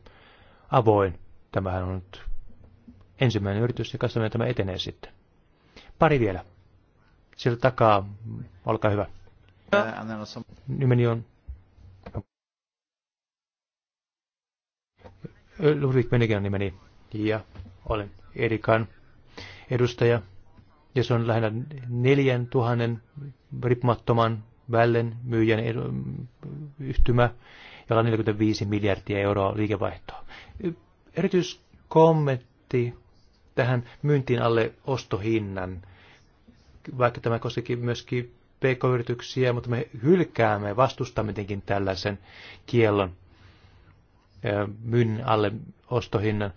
avoin. Tämähän on nyt ensimmäinen yritys ja katsomme, tämä etenee sitten. Pari vielä. Sieltä takaa, olkaa hyvä. Nimeni on Ludwig Menigan nimeni ja olen Erikan edustaja. Ja se on lähinnä neljän tuhannen riippumattoman vällen myyjän yhtymä, jolla on 45 miljardia euroa liikevaihtoa. Erityiskommentti tähän myyntiin alle ostohinnan, vaikka tämä koskikin myöskin pk-yrityksiä, mutta me hylkäämme, vastustamme tietenkin tällaisen kiellon myynnin alle ostohinnan,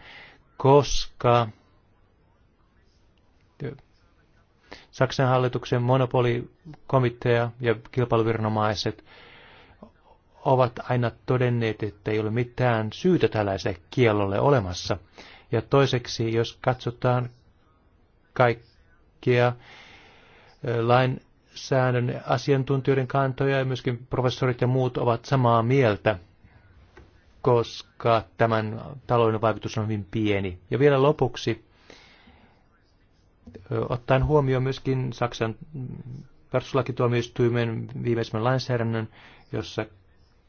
koska Saksan hallituksen monopolikomitea ja kilpailuviranomaiset ovat aina todenneet, että ei ole mitään syytä tällaiselle kiellolle olemassa. Ja toiseksi, jos katsotaan kaikkia lainsäädännön asiantuntijoiden kantoja ja myöskin professorit ja muut ovat samaa mieltä koska tämän talouden vaikutus on hyvin pieni. Ja vielä lopuksi, ottaen huomioon myöskin Saksan perustuslakituomioistuimen viimeisimmän lainsäädännön, jossa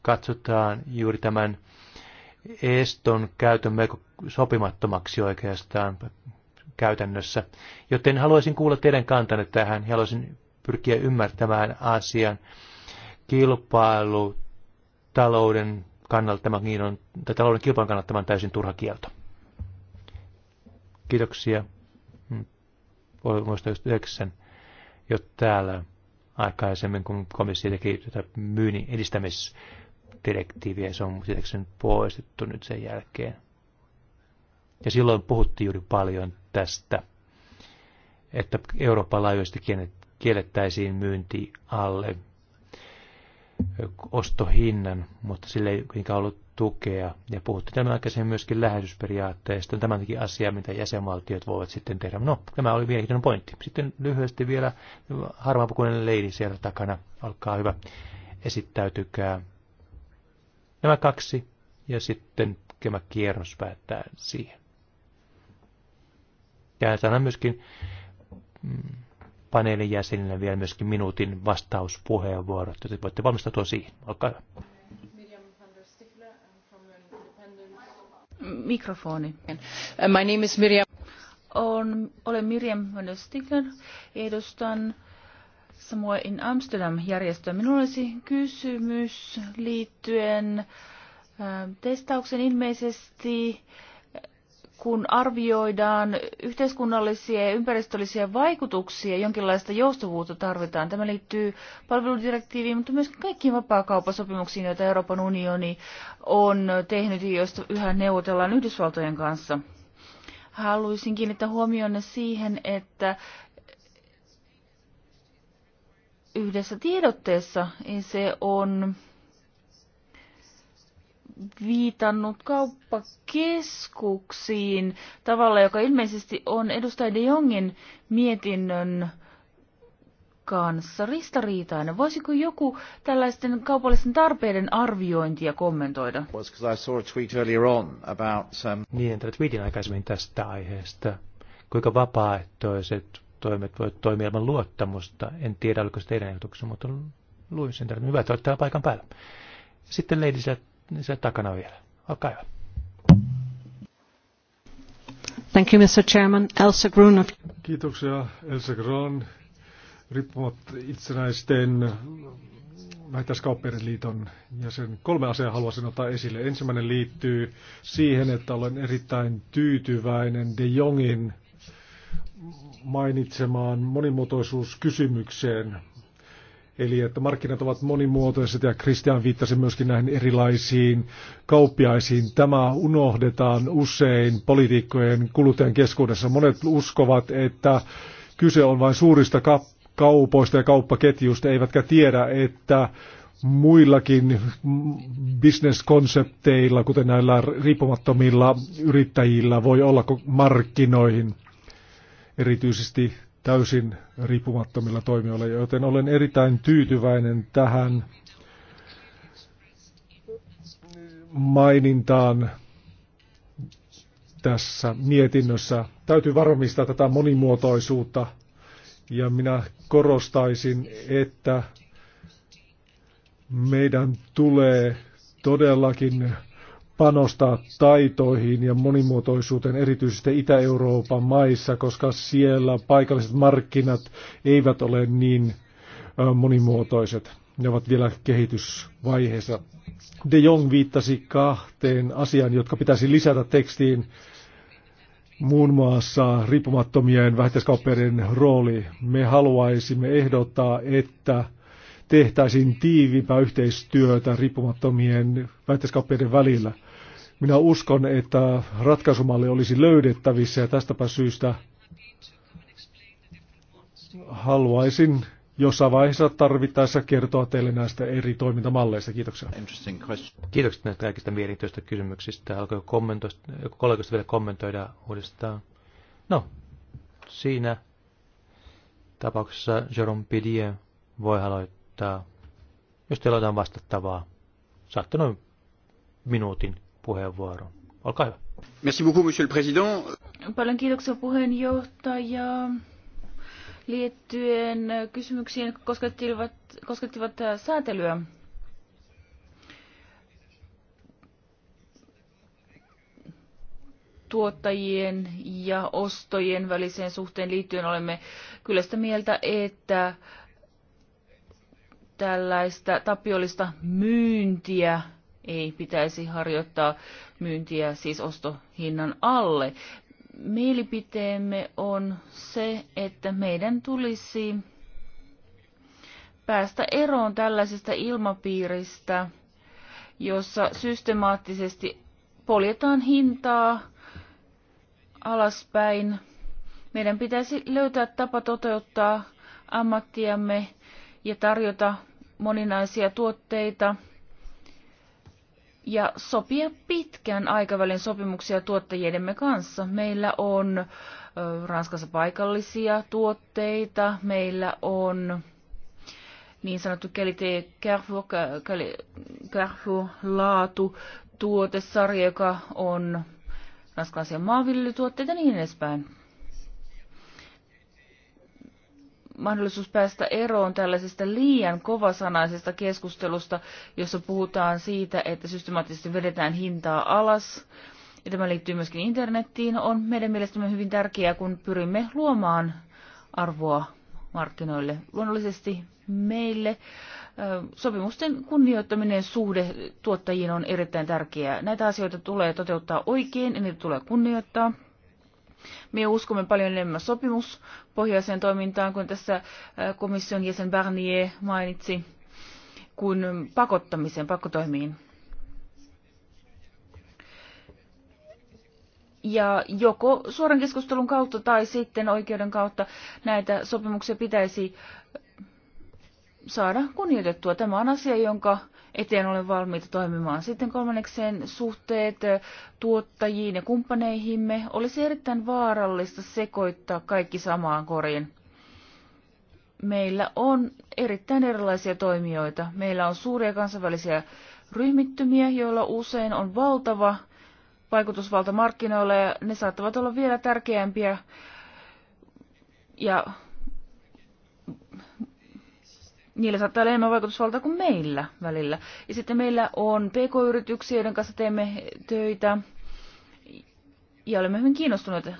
katsotaan juuri tämän eston käytön melko sopimattomaksi oikeastaan käytännössä. Joten haluaisin kuulla teidän kantanne tähän ja haluaisin pyrkiä ymmärtämään asian kilpailu talouden kannalta tämäkin niin on, tai talouden kilpailun kannalta tämä on täysin turha kielto. Kiitoksia. Hmm. Vuodesta yhdeksän jo täällä aikaisemmin, kun komissio teki tätä myynnin edistämisdirektiiviä, se on tietenkin poistettu nyt sen jälkeen. Ja silloin puhuttiin juuri paljon tästä, että Euroopan laajuisesti kiellettäisiin myynti alle ostohinnan, mutta sille ei kuitenkaan ollut tukea. Ja puhuttiin tämän aikaisemmin myöskin läheisyysperiaatteesta. Tämä on asia, mitä jäsenvaltiot voivat sitten tehdä. No, tämä oli mielenkiintoinen pointti. Sitten lyhyesti vielä harmaapukuinen leidi siellä takana. Alkaa hyvä. Esittäytykää. Nämä kaksi ja sitten kemä kierros päättää siihen. Ja saadaan myöskin mm, paneelin jäsenille vielä myöskin minuutin vastauspuheenvuorot, joten voitte valmistautua siihen. Olkaa hyvä. Mikrofoni. My name is Miriam. On, olen Miriam van der Stigler. Edustan Samoin in Amsterdam-järjestöä. Minulla olisi kysymys liittyen testauksen ilmeisesti kun arvioidaan yhteiskunnallisia ja ympäristöllisiä vaikutuksia, jonkinlaista joustavuutta tarvitaan. Tämä liittyy palveludirektiiviin, mutta myös kaikkiin vapaakauppasopimuksiin, joita Euroopan unioni on tehnyt ja joista yhä neuvotellaan Yhdysvaltojen kanssa. Haluaisin kiinnittää huomionne siihen, että yhdessä tiedotteessa se on viitannut kauppakeskuksiin tavalla, joka ilmeisesti on edustaja De Jongin mietinnön kanssa ristariitainen. Voisiko joku tällaisten kaupallisten tarpeiden arviointia kommentoida? Um, niin, että tweetin aikaisemmin tästä aiheesta. Kuinka vapaaehtoiset toimet voivat toimia ilman luottamusta. En tiedä, oliko se teidän ehdotuksenne, mutta luin sen täällä. Hyvä, että olette paikan päällä. Sitten Ladies niin se takana vielä. Olkaa hyvä. Thank you, Mr. Chairman. Elsa Grun. Kiitoksia, Elsa Grun. Riippumatta itsenäisten vähittäiskauppiaiden liiton jäsen. Kolme asiaa haluaisin ottaa esille. Ensimmäinen liittyy siihen, että olen erittäin tyytyväinen De Jongin mainitsemaan monimuotoisuuskysymykseen. Eli että markkinat ovat monimuotoiset ja Christian viittasi myöskin näihin erilaisiin kauppiaisiin. Tämä unohdetaan usein poliitikkojen kuluttajan keskuudessa. Monet uskovat, että kyse on vain suurista kaupoista ja kauppaketjuista, eivätkä tiedä, että muillakin bisneskonsepteilla, kuten näillä riippumattomilla yrittäjillä, voi olla markkinoihin. Erityisesti täysin riippumattomilla toimijoilla, joten olen erittäin tyytyväinen tähän mainintaan tässä mietinnössä. Täytyy varmistaa tätä monimuotoisuutta ja minä korostaisin, että meidän tulee todellakin panostaa taitoihin ja monimuotoisuuteen erityisesti Itä-Euroopan maissa, koska siellä paikalliset markkinat eivät ole niin monimuotoiset. Ne ovat vielä kehitysvaiheessa. De Jong viittasi kahteen asiaan, jotka pitäisi lisätä tekstiin. Muun muassa riippumattomien vähittäiskauppiaiden rooli. Me haluaisimme ehdottaa, että tehtäisiin tiiviimpää yhteistyötä riippumattomien väitöskauppiaiden välillä. Minä uskon, että ratkaisumalli olisi löydettävissä ja tästäpä syystä haluaisin jossain vaiheessa tarvittaessa kertoa teille näistä eri toimintamalleista. Kiitoksia. Kiitokset näistä kaikista mielenkiintoista kysymyksistä. Alkoiko kollegoista vielä kommentoida uudestaan? No, siinä tapauksessa Jerome Pidie voi aloittaa. Jos teillä on vastattavaa, saatte noin minuutin puheenvuoron. Olkaa hyvä. Merci beaucoup, monsieur le président. Paljon kiitoksia puheenjohtaja. Liittyen kysymyksiin, jotka koskettivat, koskettivat äh, säätelyä. tuottajien ja ostojen väliseen suhteen liittyen olemme kyllä sitä mieltä, että tällaista tapiollista myyntiä ei pitäisi harjoittaa myyntiä siis ostohinnan alle. Mielipiteemme on se, että meidän tulisi päästä eroon tällaisesta ilmapiiristä, jossa systemaattisesti poljetaan hintaa alaspäin. Meidän pitäisi löytää tapa toteuttaa ammattiamme ja tarjota moninaisia tuotteita – ja sopia pitkän aikavälin sopimuksia tuottajiemme kanssa. Meillä on Ranskassa paikallisia tuotteita, meillä on niin sanottu Kelite Carrefour, laatu tuotesarja, joka on ranskalaisia maanviljelytuotteita ja niin edespäin. mahdollisuus päästä eroon tällaisesta liian kovasanaisesta keskustelusta, jossa puhutaan siitä, että systemaattisesti vedetään hintaa alas. Ja tämä liittyy myöskin internettiin. On meidän mielestämme hyvin tärkeää, kun pyrimme luomaan arvoa markkinoille. Luonnollisesti meille sopimusten kunnioittaminen suhde tuottajiin on erittäin tärkeää. Näitä asioita tulee toteuttaa oikein ja niitä tulee kunnioittaa. Me uskomme paljon enemmän sopimuspohjaiseen toimintaan kuin tässä äh, komission jäsen Barnier mainitsi kuin pakottamiseen, pakkotoimiin. Ja joko suoran keskustelun kautta tai sitten oikeuden kautta näitä sopimuksia pitäisi saada kunnioitettua. Tämä on asia, jonka eteen ole valmiita toimimaan. Sitten kolmannekseen suhteet tuottajiin ja kumppaneihimme. Olisi erittäin vaarallista sekoittaa kaikki samaan koriin. Meillä on erittäin erilaisia toimijoita. Meillä on suuria kansainvälisiä ryhmittymiä, joilla usein on valtava vaikutusvalta markkinoilla ja ne saattavat olla vielä tärkeämpiä ja niillä saattaa olla enemmän vaikutusvaltaa kuin meillä välillä. Ja sitten meillä on pk-yrityksiä, joiden kanssa teemme töitä ja olemme hyvin kiinnostuneita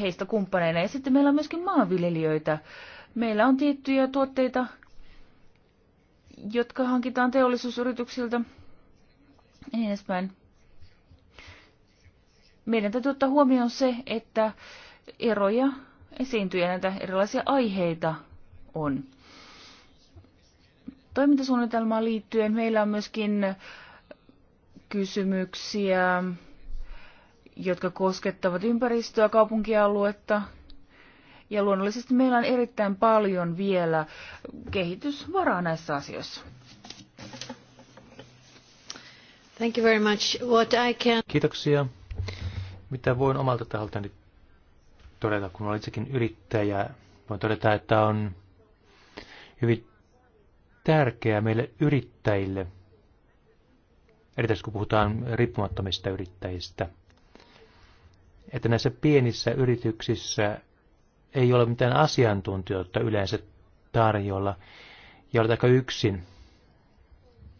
heistä kumppaneina. Ja sitten meillä on myöskin maanviljelijöitä. Meillä on tiettyjä tuotteita, jotka hankitaan teollisuusyrityksiltä niin edespäin. Meidän täytyy ottaa huomioon se, että eroja esiintyy ja näitä erilaisia aiheita on toimintasuunnitelmaan liittyen meillä on myöskin kysymyksiä, jotka koskettavat ympäristöä, kaupunkialuetta. Ja luonnollisesti meillä on erittäin paljon vielä kehitysvaraa näissä asioissa. Thank you very much. What I can... Kiitoksia. Mitä voin omalta taholtani todeta, kun olen itsekin yrittäjä, voin todeta, että on hyvin tärkeää meille yrittäjille, erityisesti kun puhutaan riippumattomista yrittäjistä, että näissä pienissä yrityksissä ei ole mitään asiantuntijoita yleensä tarjolla ja olet aika yksin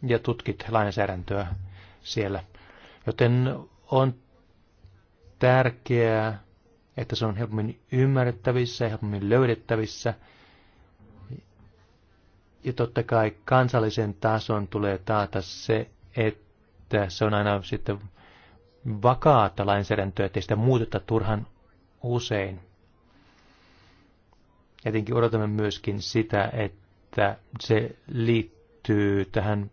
ja tutkit lainsäädäntöä siellä. Joten on tärkeää, että se on helpommin ymmärrettävissä ja helpommin löydettävissä – ja totta kai kansallisen tason tulee taata se, että se on aina sitten vakaata lainsäädäntöä, ettei sitä muuteta turhan usein. Jotenkin odotamme myöskin sitä, että se liittyy tähän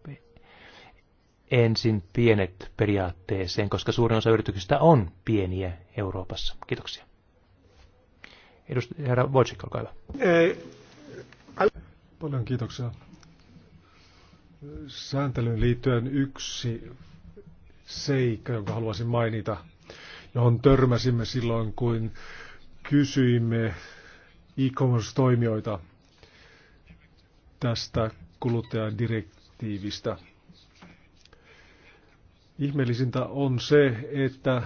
ensin pienet periaatteeseen, koska suurin osa yrityksistä on pieniä Euroopassa. Kiitoksia. Edustaja herra Wojcik, olkaa hyvä. Eh, Paljon kiitoksia. Sääntelyyn liittyen yksi seikka, jonka haluaisin mainita, johon törmäsimme silloin, kun kysyimme e-commerce-toimijoita tästä kuluttajadirektiivistä. Ihmeellisintä on se, että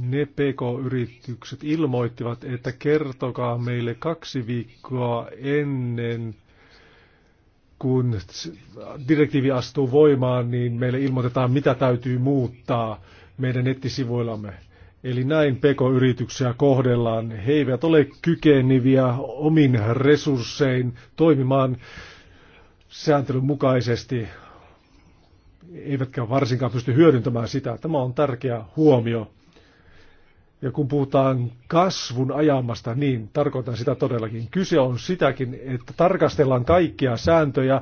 ne PK-yritykset ilmoittivat, että kertokaa meille kaksi viikkoa ennen kun direktiivi astuu voimaan, niin meille ilmoitetaan, mitä täytyy muuttaa meidän nettisivuillamme. Eli näin PK-yrityksiä kohdellaan. He eivät ole kykeneviä omin resurssein toimimaan sääntelyn mukaisesti, eivätkä varsinkaan pysty hyödyntämään sitä. Tämä on tärkeä huomio. Ja kun puhutaan kasvun ajamasta, niin tarkoitan sitä todellakin. Kyse on sitäkin, että tarkastellaan kaikkia sääntöjä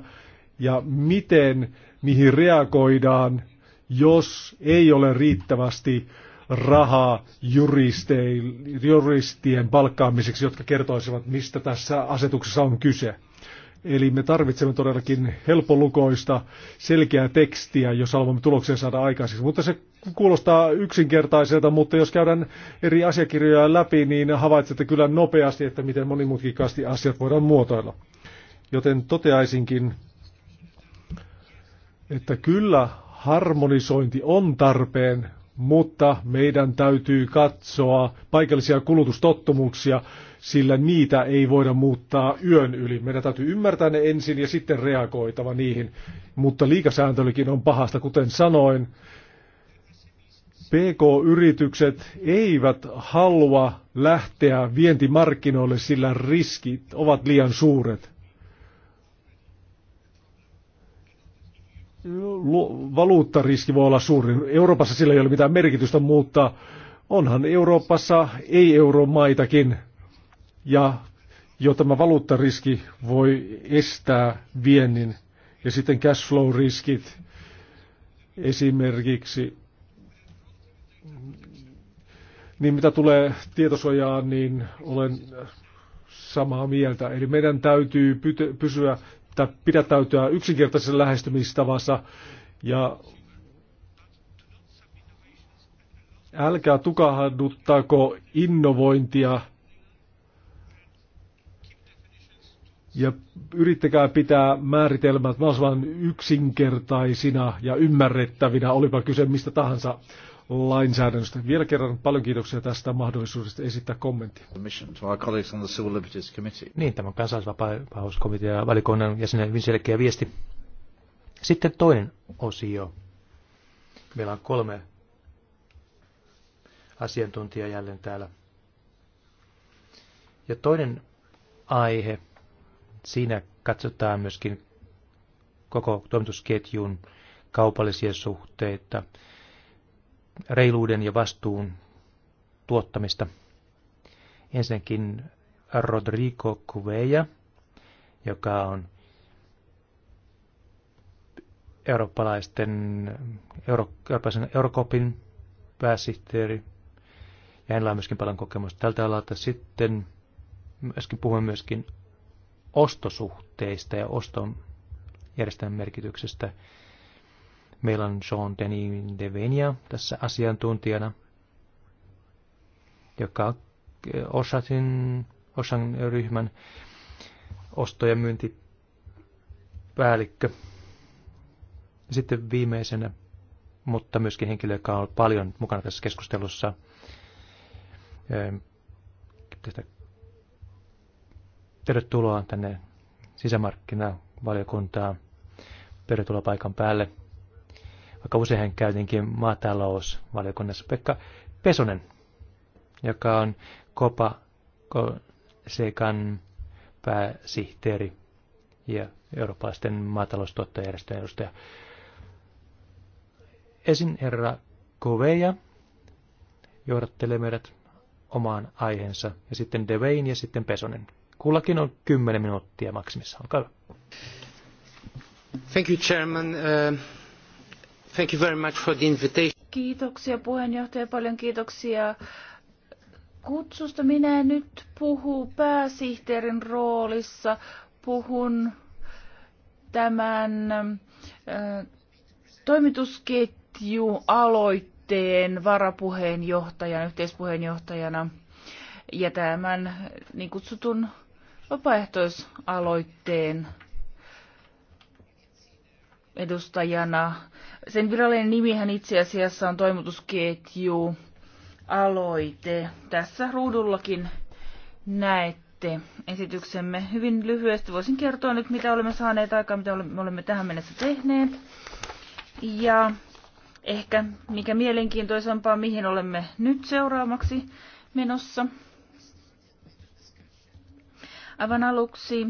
ja miten niihin reagoidaan, jos ei ole riittävästi rahaa juristien palkkaamiseksi, jotka kertoisivat, mistä tässä asetuksessa on kyse. Eli me tarvitsemme todellakin helpolukoista, selkeää tekstiä, jos haluamme tuloksen saada aikaiseksi. Mutta se kuulostaa yksinkertaiselta, mutta jos käydään eri asiakirjoja läpi, niin havaitsette kyllä nopeasti, että miten monimutkikasti asiat voidaan muotoilla. Joten toteaisinkin, että kyllä harmonisointi on tarpeen, mutta meidän täytyy katsoa paikallisia kulutustottumuksia, sillä niitä ei voida muuttaa yön yli. Meidän täytyy ymmärtää ne ensin ja sitten reagoitava niihin. Mutta liikasääntölikin on pahasta, kuten sanoin. PK-yritykset eivät halua lähteä vientimarkkinoille, sillä riskit ovat liian suuret. valuuttariski voi olla suuri. Euroopassa sillä ei ole mitään merkitystä, mutta onhan Euroopassa ei-euromaitakin. Ja jo tämä valuuttariski voi estää viennin. Ja sitten cash flow riskit esimerkiksi. Niin mitä tulee tietosuojaan, niin olen samaa mieltä. Eli meidän täytyy pysyä pidättäytyä yksinkertaisessa lähestymistavassa ja älkää tukahduttaako innovointia ja yrittäkää pitää määritelmät mahdollisimman yksinkertaisina ja ymmärrettävinä, olipa kyse mistä tahansa lainsäädännöstä. Vielä kerran paljon kiitoksia tästä mahdollisuudesta esittää kommentti. Niin, tämä kansallisvapauskomitea valikoinnan jäsenen hyvin selkeä viesti. Sitten toinen osio. Meillä on kolme asiantuntijaa jälleen täällä. Ja toinen aihe, siinä katsotaan myöskin koko toimitusketjun kaupallisia suhteita, reiluuden ja vastuun tuottamista. Ensinnäkin Rodrigo Cuveja, joka on eurooppalaisten, eurooppalaisen Eurokopin pääsihteeri, ja hänellä on myöskin paljon kokemusta tältä alalta. Sitten myöskin puhumme myöskin ostosuhteista ja oston järjestelmän merkityksestä. Meillä on Jean Denis Devenia tässä asiantuntijana, joka eh, osasin, osan ryhmän osto- ja myyntipäällikkö. Sitten viimeisenä, mutta myöskin henkilö, joka on paljon mukana tässä keskustelussa, eh, tervetuloa tänne sisämarkkinavaliokuntaan. Tervetuloa paikan päälle vaikka usein hän käytinkin maatalousvaliokunnassa, Pekka Pesonen, joka on Kopa Sekan pääsihteeri ja eurooppalaisten maataloustuottajärjestöjen edustaja. Esin herra Koveja johdattelee meidät omaan aiheensa, ja sitten Devein ja sitten Pesonen. Kullakin on 10 minuuttia maksimissa. Olkaa hyvä. Thank you, Chairman. Uh... Thank you very much for the invitation. Kiitoksia puheenjohtaja, paljon kiitoksia kutsusta. Minä nyt puhu pääsihteerin roolissa, puhun tämän äh, toimitusketjualoitteen varapuheenjohtajan, yhteispuheenjohtajana ja tämän niin kutsutun vapaaehtoisaloitteen edustajana. Sen virallinen nimihän itse asiassa on toimitusketju aloite. Tässä ruudullakin näette esityksemme. Hyvin lyhyesti voisin kertoa nyt, mitä olemme saaneet aikaan, mitä olemme tähän mennessä tehneet. Ja ehkä mikä mielenkiintoisempaa, mihin olemme nyt seuraavaksi menossa. Aivan aluksi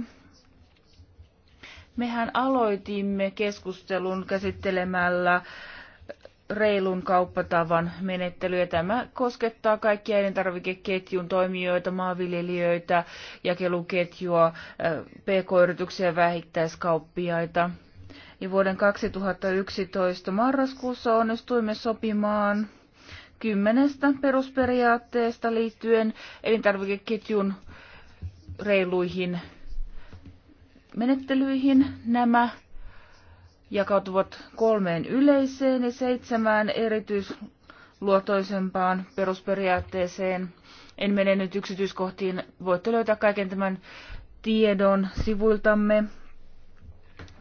Mehän aloitimme keskustelun käsittelemällä reilun kauppatavan menettelyä. Tämä koskettaa kaikkia elintarvikeketjun toimijoita, maanviljelijöitä, jakeluketjua, eh, pk-yrityksiä ja vähittäiskauppiaita. Ja vuoden 2011 marraskuussa onnistuimme sopimaan kymmenestä perusperiaatteesta liittyen elintarvikeketjun reiluihin menettelyihin. Nämä jakautuvat kolmeen yleiseen ja seitsemään erityisluotoisempaan perusperiaatteeseen. En mene nyt yksityiskohtiin. Voitte löytää kaiken tämän tiedon sivuiltamme.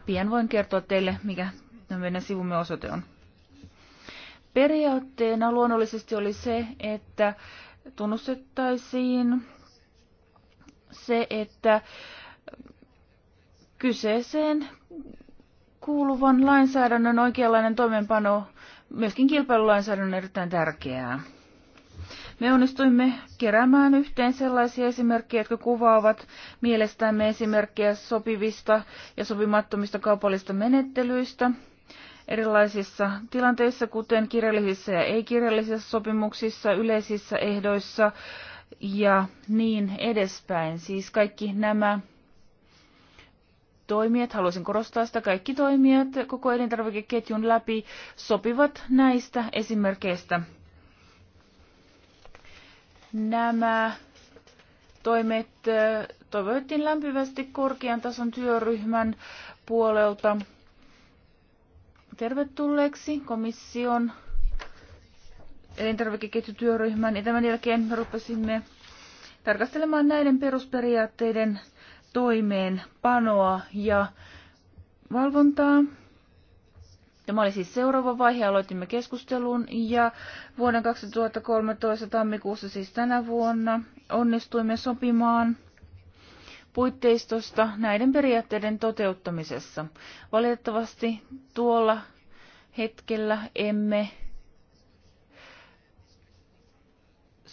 Pian voin kertoa teille, mikä meidän sivumme osoite on. Periaatteena luonnollisesti oli se, että tunnustettaisiin se, että kyseeseen kuuluvan lainsäädännön oikeanlainen toimeenpano, myöskin kilpailulainsäädännön on erittäin tärkeää. Me onnistuimme keräämään yhteen sellaisia esimerkkejä, jotka kuvaavat mielestämme esimerkkejä sopivista ja sopimattomista kaupallista menettelyistä erilaisissa tilanteissa, kuten kirjallisissa ja ei-kirjallisissa sopimuksissa, yleisissä ehdoissa ja niin edespäin. Siis kaikki nämä toimijat, haluaisin korostaa sitä, kaikki toimijat koko elintarvikeketjun läpi sopivat näistä esimerkkeistä. Nämä toimet toivottiin lämpivästi korkean tason työryhmän puolelta tervetulleeksi komission elintarvikeketjutyöryhmän ja tämän jälkeen rupesimme tarkastelemaan näiden perusperiaatteiden toimeenpanoa ja valvontaa. Tämä oli siis seuraava vaihe, aloitimme keskustelun ja vuoden 2013 tammikuussa, siis tänä vuonna, onnistuimme sopimaan puitteistosta näiden periaatteiden toteuttamisessa. Valitettavasti tuolla hetkellä emme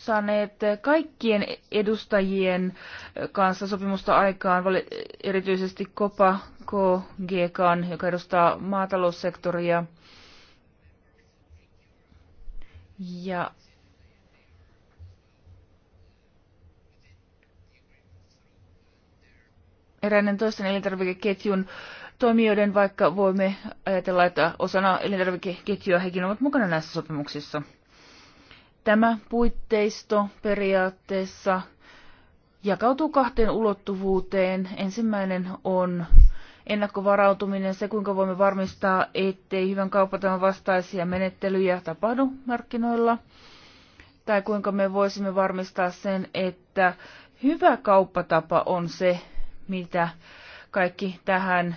saaneet kaikkien edustajien kanssa sopimusta aikaan, erityisesti Kopa KGK, joka edustaa maataloussektoria. Ja eräinen toisten elintarvikeketjun toimijoiden, vaikka voimme ajatella, että osana elintarvikeketjua hekin ovat mukana näissä sopimuksissa. Tämä puitteisto periaatteessa jakautuu kahteen ulottuvuuteen. Ensimmäinen on ennakkovarautuminen, se kuinka voimme varmistaa, ettei hyvän kauppatavan vastaisia menettelyjä tapahdu markkinoilla, tai kuinka me voisimme varmistaa sen, että hyvä kauppatapa on se, mitä kaikki tähän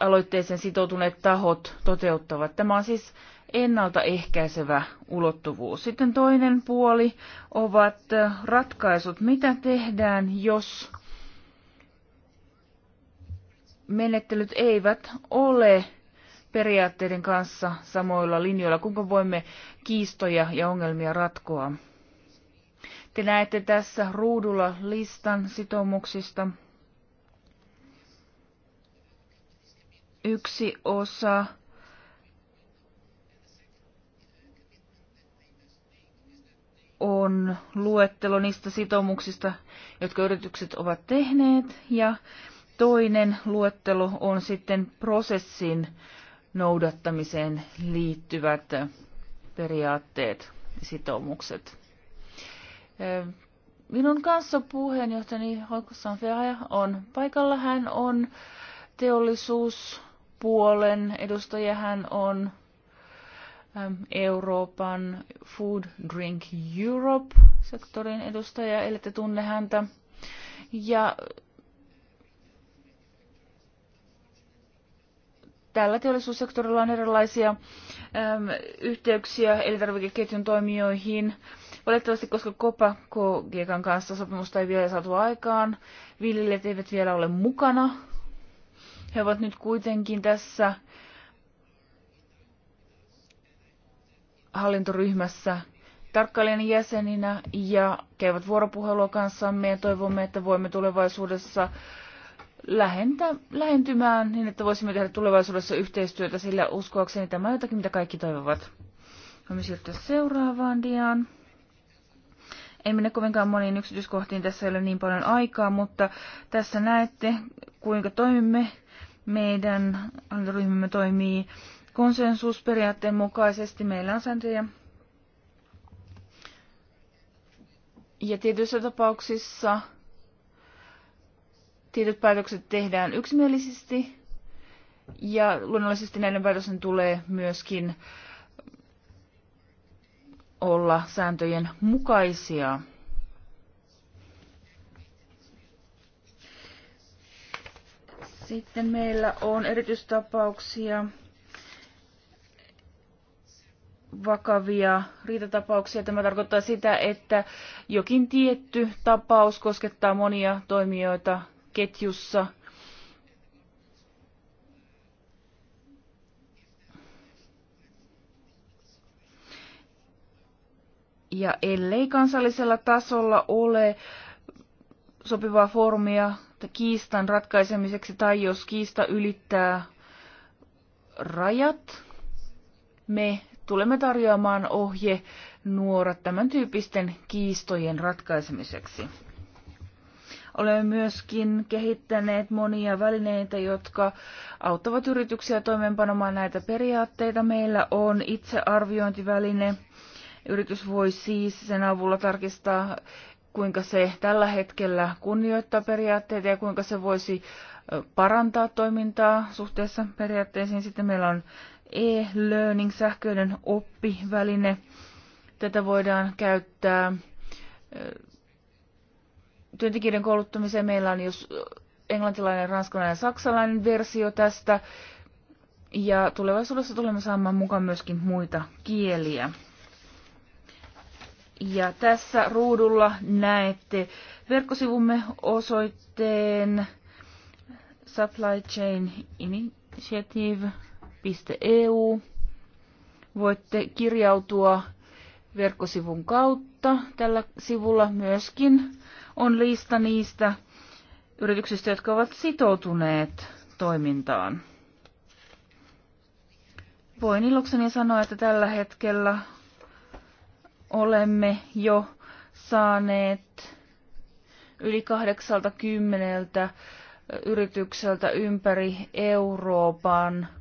aloitteeseen sitoutuneet tahot toteuttavat. Tämä on siis ennaltaehkäisevä ulottuvuus. Sitten toinen puoli ovat ratkaisut, mitä tehdään, jos menettelyt eivät ole periaatteiden kanssa samoilla linjoilla, kuinka voimme kiistoja ja ongelmia ratkoa. Te näette tässä ruudulla listan sitoumuksista. Yksi osa on luettelo niistä sitoumuksista, jotka yritykset ovat tehneet, ja toinen luettelo on sitten prosessin noudattamiseen liittyvät periaatteet, ja sitoumukset. Minun kanssa puheenjohtajani Holkossan Ferja on paikalla. Hän on teollisuuspuolen edustaja, hän on Ähm, Euroopan Food Drink Europe-sektorin edustaja, eli te tunne häntä. Ja tällä teollisuussektorilla on erilaisia äm, yhteyksiä elintarvikeketjun toimijoihin. Valitettavasti, koska Kopa Kogekan kanssa sopimusta ei vielä saatu aikaan, viljelijät eivät vielä ole mukana. He ovat nyt kuitenkin tässä hallintoryhmässä tarkkailijan jäseninä ja käyvät vuoropuhelua kanssamme ja toivomme, että voimme tulevaisuudessa lähentä, lähentymään niin, että voisimme tehdä tulevaisuudessa yhteistyötä, sillä uskoakseni tämä on jotakin, mitä kaikki toivovat. Voimme siirtyä seuraavaan diaan. Ei mene kovinkaan moniin yksityiskohtiin, tässä ei ole niin paljon aikaa, mutta tässä näette, kuinka toimimme. Meidän ryhmämme toimii konsensusperiaatteen mukaisesti meillä on sääntöjä. Ja tietyissä tapauksissa tietyt päätökset tehdään yksimielisesti ja luonnollisesti näiden päätösten tulee myöskin olla sääntöjen mukaisia. Sitten meillä on erityistapauksia vakavia riitatapauksia. Tämä tarkoittaa sitä, että jokin tietty tapaus koskettaa monia toimijoita ketjussa. Ja ellei kansallisella tasolla ole sopivaa formia kiistan ratkaisemiseksi tai jos kiista ylittää rajat, me tulemme tarjoamaan ohje nuorat tämän tyyppisten kiistojen ratkaisemiseksi. Olemme myöskin kehittäneet monia välineitä, jotka auttavat yrityksiä toimeenpanomaan näitä periaatteita. Meillä on itsearviointiväline. Yritys voi siis sen avulla tarkistaa, kuinka se tällä hetkellä kunnioittaa periaatteita ja kuinka se voisi parantaa toimintaa suhteessa periaatteisiin. Sitten meillä on e-learning, sähköinen oppiväline. Tätä voidaan käyttää työntekijöiden kouluttamiseen. Meillä on jos englantilainen, ranskalainen ja saksalainen versio tästä. Ja tulevaisuudessa tulemme saamaan mukaan myöskin muita kieliä. Ja tässä ruudulla näette verkkosivumme osoitteen Supply Chain Initiative eu. Voitte kirjautua verkkosivun kautta. Tällä sivulla myöskin on lista niistä yrityksistä, jotka ovat sitoutuneet toimintaan. Voin ilokseni sanoa, että tällä hetkellä olemme jo saaneet yli 80 yritykseltä ympäri Euroopan –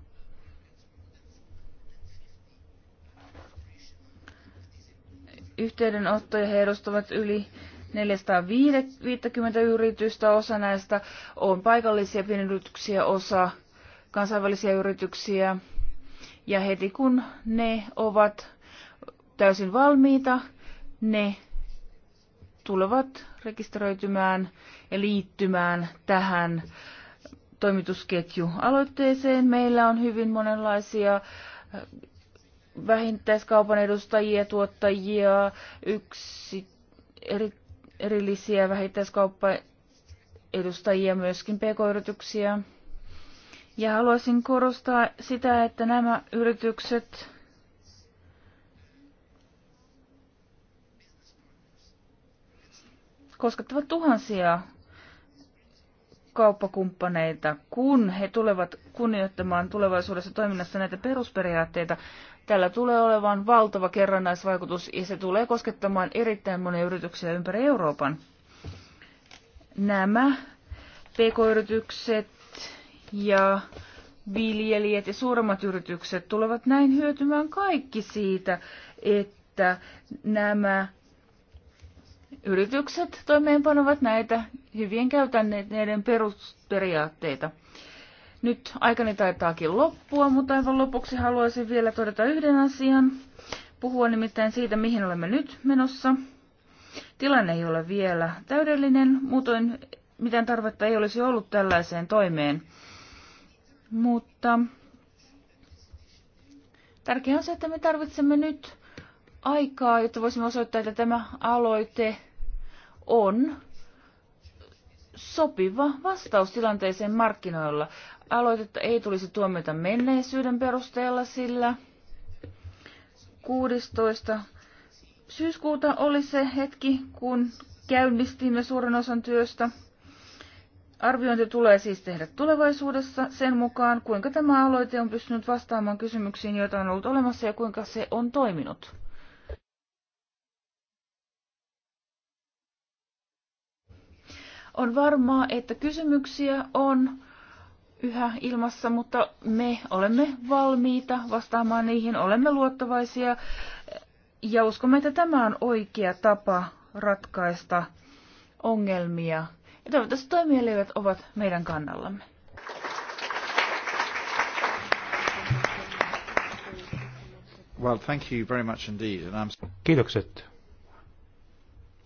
yhteydenottoja. He edustavat yli 450 yritystä. Osa näistä on paikallisia pienyrityksiä, osa kansainvälisiä yrityksiä. Ja heti kun ne ovat täysin valmiita, ne tulevat rekisteröitymään ja liittymään tähän toimitusketjualoitteeseen. Meillä on hyvin monenlaisia vähittäiskaupan edustajia, tuottajia, yksi eri, erillisiä edustajia, myöskin pk-yrityksiä. Ja haluaisin korostaa sitä, että nämä yritykset koskettavat tuhansia kauppakumppaneita, kun he tulevat kunnioittamaan tulevaisuudessa toiminnassa näitä perusperiaatteita, Tällä tulee olemaan valtava kerrannaisvaikutus ja se tulee koskettamaan erittäin monia yrityksiä ympäri Euroopan. Nämä pk-yritykset ja viljelijät ja suuremmat yritykset tulevat näin hyötymään kaikki siitä, että nämä yritykset toimeenpanovat näitä hyvien käytänneiden perusperiaatteita. Nyt aikani taitaakin loppua, mutta aivan lopuksi haluaisin vielä todeta yhden asian. Puhua nimittäin siitä, mihin olemme nyt menossa. Tilanne ei ole vielä täydellinen, muutoin mitään tarvetta ei olisi ollut tällaiseen toimeen. Mutta tärkeää on se, että me tarvitsemme nyt aikaa, jotta voisimme osoittaa, että tämä aloite on sopiva vastaus tilanteeseen markkinoilla. Aloitetta ei tulisi tuomita menneisyyden perusteella, sillä 16. syyskuuta oli se hetki, kun käynnistimme suuren osan työstä. Arviointi tulee siis tehdä tulevaisuudessa sen mukaan, kuinka tämä aloite on pystynyt vastaamaan kysymyksiin, joita on ollut olemassa ja kuinka se on toiminut. On varmaa, että kysymyksiä on yhä ilmassa, mutta me olemme valmiita vastaamaan niihin, olemme luottavaisia ja uskomme, että tämä on oikea tapa ratkaista ongelmia. Ja toivottavasti toimielijät ovat meidän kannallamme. Well, thank you very much indeed. And I'm... Kiitokset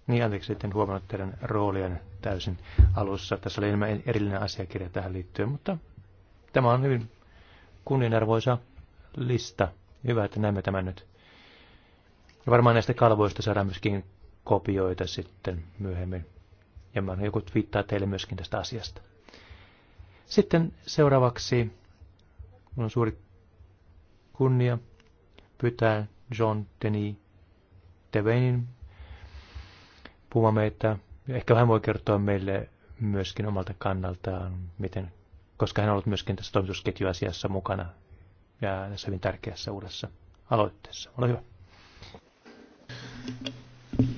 niin, anteeksi, en huomannut teidän roolien täysin alussa. Tässä oli enemmän erillinen asiakirja tähän liittyen, mutta tämä on hyvin kunnianarvoisa lista. Hyvä, että näemme tämän nyt. Ja varmaan näistä kalvoista saadaan myöskin kopioita sitten myöhemmin. Ja mä joku viittaa teille myöskin tästä asiasta. Sitten seuraavaksi minulla on suuri kunnia pyytää John Denis Devenin puhua meitä. Ehkä hän voi kertoa meille myöskin omalta kannaltaan, miten, koska hän on ollut myöskin tässä toimitusketjuasiassa mukana ja tässä hyvin tärkeässä uudessa aloitteessa. Ole hyvä.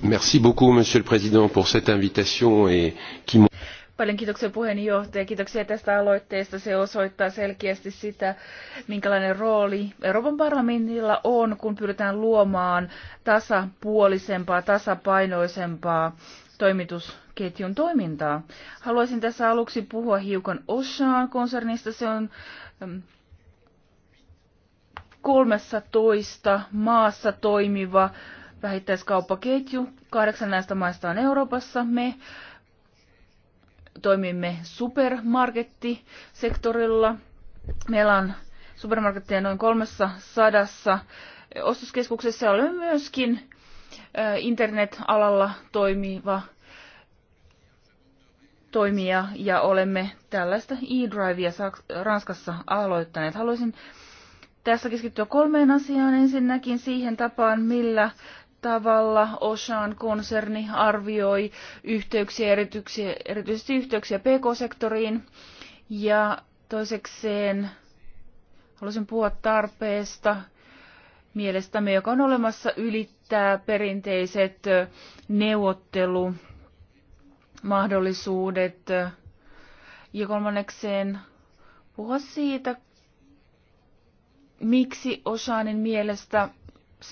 Merci beaucoup, Monsieur le Président, pour cette invitation et qui Paljon kiitoksia puheenjohtaja. Kiitoksia tästä aloitteesta. Se osoittaa selkeästi sitä, minkälainen rooli Euroopan parlamentilla on, kun pyritään luomaan tasapuolisempaa, tasapainoisempaa toimitusketjun toimintaa. Haluaisin tässä aluksi puhua hiukan Oshaan konsernista. Se on 13 mm, maassa toimiva vähittäiskauppaketju. Kahdeksan näistä maista on Euroopassa. Me toimimme supermarkettisektorilla. Meillä on supermarketteja noin 300 ostoskeskuksessa. Olemme myöskin internet-alalla toimiva toimija ja olemme tällaista e-drivea Ranskassa aloittaneet. Haluaisin tässä keskittyä kolmeen asiaan. Ensinnäkin siihen tapaan, millä tavalla Oshan konserni arvioi yhteyksiä, erityisesti yhteyksiä PK-sektoriin. Ja toisekseen haluaisin puhua tarpeesta mielestämme, joka on olemassa ylittää perinteiset neuvottelumahdollisuudet. Ja kolmannekseen puhua siitä, miksi Osanin mielestä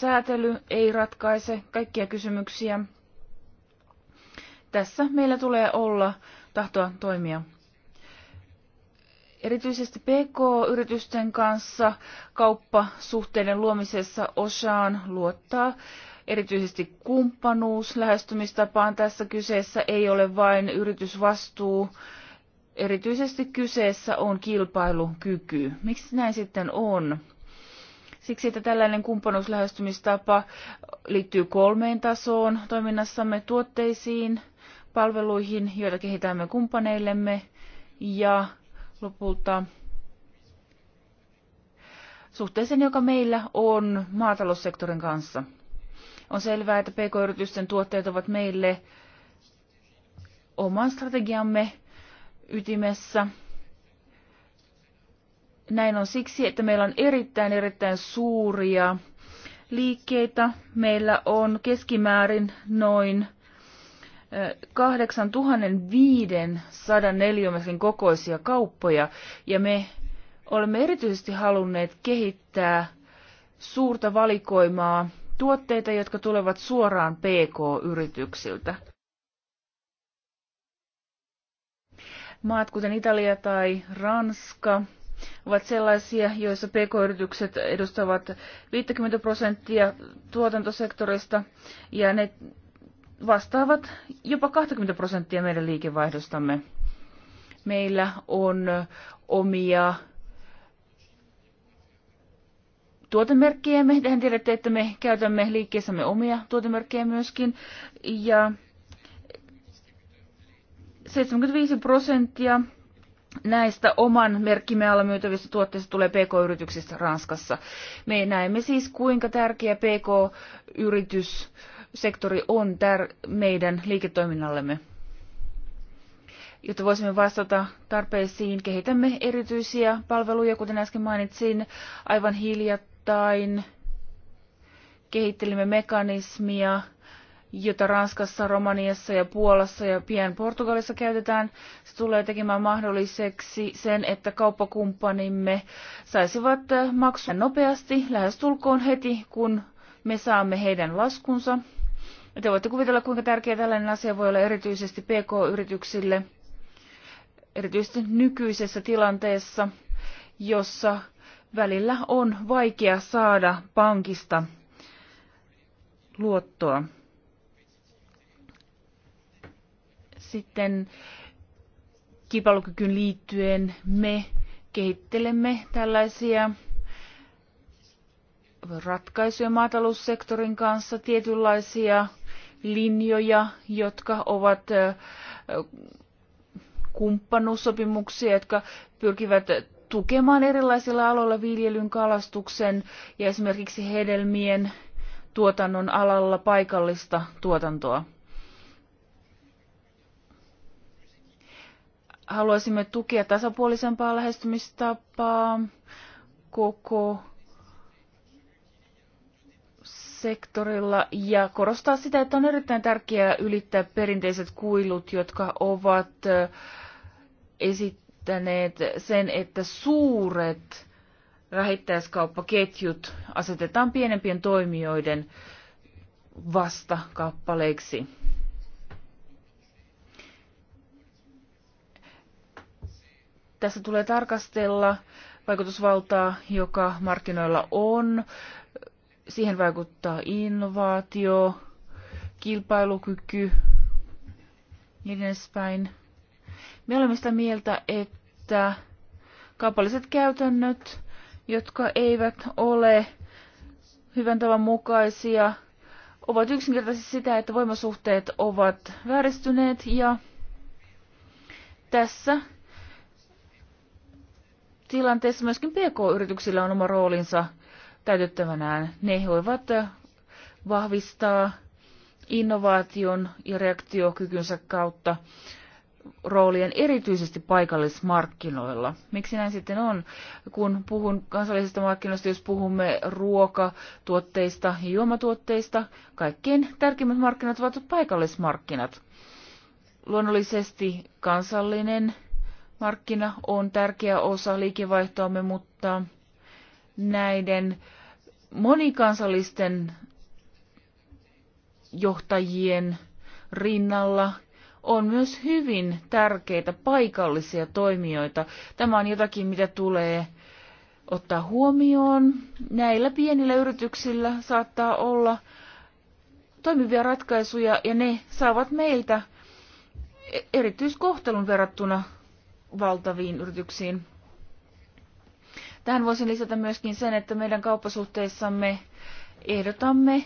säätely ei ratkaise kaikkia kysymyksiä. Tässä meillä tulee olla tahtoa toimia. Erityisesti PK-yritysten kanssa kauppasuhteiden luomisessa osaan luottaa erityisesti kumppanuus lähestymistapaan. Tässä kyseessä ei ole vain yritysvastuu, erityisesti kyseessä on kilpailukyky. Miksi näin sitten on? Siksi, että tällainen kumppanuuslähestymistapa liittyy kolmeen tasoon toiminnassamme tuotteisiin, palveluihin, joita kehitämme kumppaneillemme ja lopulta suhteeseen, joka meillä on maataloussektorin kanssa. On selvää, että pk-yritysten tuotteet ovat meille oman strategiamme ytimessä näin on siksi, että meillä on erittäin erittäin suuria liikkeitä. Meillä on keskimäärin noin 8500 neliömetrin kokoisia kauppoja ja me olemme erityisesti halunneet kehittää suurta valikoimaa tuotteita, jotka tulevat suoraan PK-yrityksiltä. Maat kuten Italia tai Ranska ovat sellaisia, joissa pk-yritykset edustavat 50 prosenttia tuotantosektorista ja ne vastaavat jopa 20 prosenttia meidän liikevaihdostamme. Meillä on omia tuotemerkkejämme. Tähän tiedätte, että me käytämme liikkeessämme omia tuotemerkkejä myöskin. Ja 75 prosenttia näistä oman merkkimme alla myytävistä tuotteista tulee PK-yrityksistä Ranskassa. Me näemme siis, kuinka tärkeä PK-yrityssektori on tär- meidän liiketoiminnallemme. Jotta voisimme vastata tarpeisiin, kehitämme erityisiä palveluja, kuten äsken mainitsin, aivan hiljattain. Kehittelimme mekanismia, jota Ranskassa, Romaniassa ja Puolassa ja pian Portugalissa käytetään. Se tulee tekemään mahdolliseksi sen, että kauppakumppanimme saisivat äh, maksun nopeasti, lähestulkoon heti, kun me saamme heidän laskunsa. Te voitte kuvitella, kuinka tärkeä tällainen asia voi olla erityisesti PK-yrityksille, erityisesti nykyisessä tilanteessa, jossa välillä on vaikea saada pankista luottoa. Sitten kilpailukykyyn liittyen me kehittelemme tällaisia ratkaisuja maataloussektorin kanssa, tietynlaisia linjoja, jotka ovat kumppanuussopimuksia, jotka pyrkivät tukemaan erilaisilla aloilla viljelyn, kalastuksen ja esimerkiksi hedelmien tuotannon alalla paikallista tuotantoa. haluaisimme tukea tasapuolisempaa lähestymistapaa koko sektorilla ja korostaa sitä, että on erittäin tärkeää ylittää perinteiset kuilut, jotka ovat esittäneet sen, että suuret vähittäiskauppaketjut asetetaan pienempien toimijoiden vasta Tässä tulee tarkastella vaikutusvaltaa, joka markkinoilla on. Siihen vaikuttaa innovaatio, kilpailukyky ja niin edespäin. Me olemme sitä mieltä, että kaupalliset käytännöt, jotka eivät ole hyvän tavan mukaisia, ovat yksinkertaisesti sitä, että voimasuhteet ovat vääristyneet ja tässä tilanteessa myöskin PK-yrityksillä on oma roolinsa täytettävänään. Ne voivat vahvistaa innovaation ja reaktiokykynsä kautta roolien erityisesti paikallismarkkinoilla. Miksi näin sitten on? Kun puhun kansallisista markkinoista, jos puhumme ruokatuotteista ja juomatuotteista, kaikkein tärkeimmät markkinat ovat paikallismarkkinat. Luonnollisesti kansallinen markkina on tärkeä osa liikevaihtoamme, mutta näiden monikansallisten johtajien rinnalla on myös hyvin tärkeitä paikallisia toimijoita. Tämä on jotakin, mitä tulee ottaa huomioon. Näillä pienillä yrityksillä saattaa olla toimivia ratkaisuja ja ne saavat meiltä e- erityiskohtelun verrattuna valtaviin yrityksiin. Tähän voisin lisätä myöskin sen, että meidän kauppasuhteissamme ehdotamme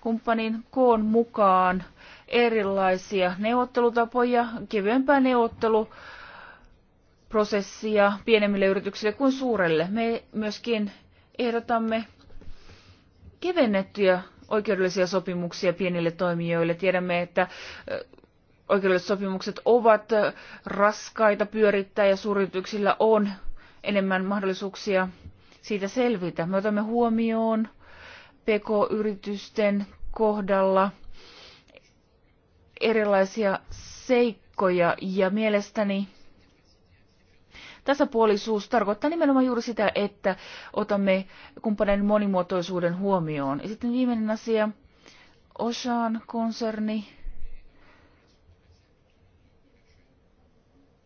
kumppanin koon mukaan erilaisia neuvottelutapoja, kevyempää neuvotteluprosessia pienemmille yrityksille kuin suurelle. Me myöskin ehdotamme kevennettyjä oikeudellisia sopimuksia pienille toimijoille. Tiedämme, että oikeudelliset sopimukset ovat raskaita pyörittää ja suuryrityksillä on enemmän mahdollisuuksia siitä selvitä. Me otamme huomioon PK-yritysten kohdalla erilaisia seikkoja ja mielestäni tasapuolisuus tarkoittaa nimenomaan juuri sitä, että otamme kumppanin monimuotoisuuden huomioon. Ja sitten viimeinen asia, Osaan konserni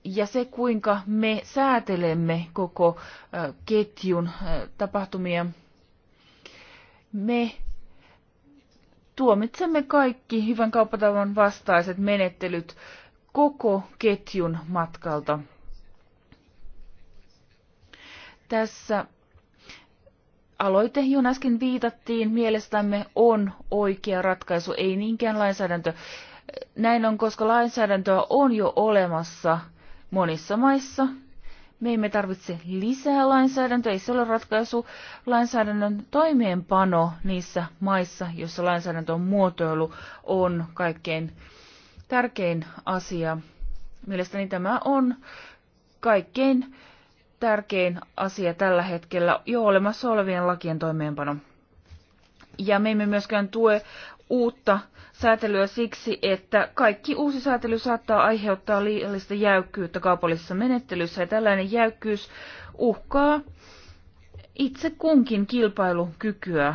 ja se, kuinka me säätelemme koko ketjun tapahtumia. Me tuomitsemme kaikki hyvän kauppatavan vastaiset menettelyt koko ketjun matkalta. Tässä aloite, johon äsken viitattiin, mielestämme on oikea ratkaisu, ei niinkään lainsäädäntö. Näin on, koska lainsäädäntöä on jo olemassa – monissa maissa. Me emme tarvitse lisää lainsäädäntöä, ei se ole ratkaisu. Lainsäädännön toimeenpano niissä maissa, joissa lainsäädäntö on muotoilu, on kaikkein tärkein asia. Mielestäni tämä on kaikkein tärkein asia tällä hetkellä jo olemassa olevien lakien toimeenpano. Ja me emme myöskään tue uutta säätelyä siksi, että kaikki uusi säätely saattaa aiheuttaa liiallista jäykkyyttä kaupallisessa menettelyssä. ja tällainen jäykkyys uhkaa itse kunkin kilpailukykyä.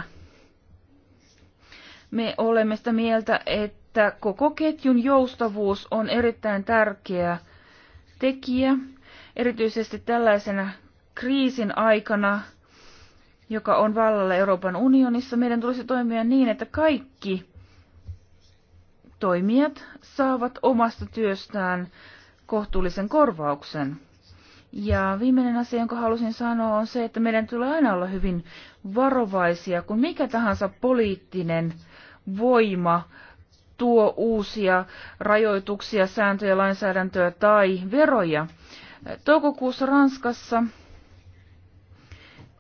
Me olemme sitä mieltä, että koko ketjun joustavuus on erittäin tärkeä tekijä, erityisesti tällaisena kriisin aikana, joka on vallalla Euroopan unionissa. Meidän tulisi toimia niin, että kaikki toimijat saavat omasta työstään kohtuullisen korvauksen. Ja viimeinen asia, jonka halusin sanoa, on se, että meidän tulee aina olla hyvin varovaisia, kun mikä tahansa poliittinen voima tuo uusia rajoituksia, sääntöjä, lainsäädäntöä tai veroja. Toukokuussa Ranskassa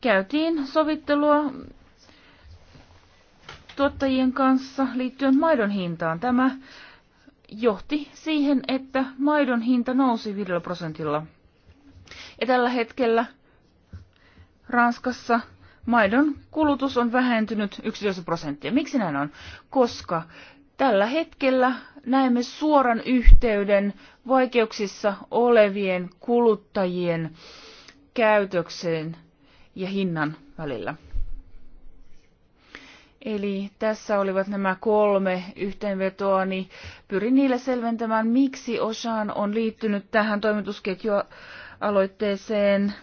käytiin sovittelua tuottajien kanssa liittyen maidon hintaan. Tämä johti siihen, että maidon hinta nousi 5 prosentilla. Ja tällä hetkellä Ranskassa maidon kulutus on vähentynyt 11 prosenttia. Miksi näin on? Koska tällä hetkellä näemme suoran yhteyden vaikeuksissa olevien kuluttajien käytökseen ja hinnan välillä. Eli tässä olivat nämä kolme yhteenvetoa, niin pyrin niillä selventämään, miksi osaan on liittynyt tähän toimitusketjualoitteeseen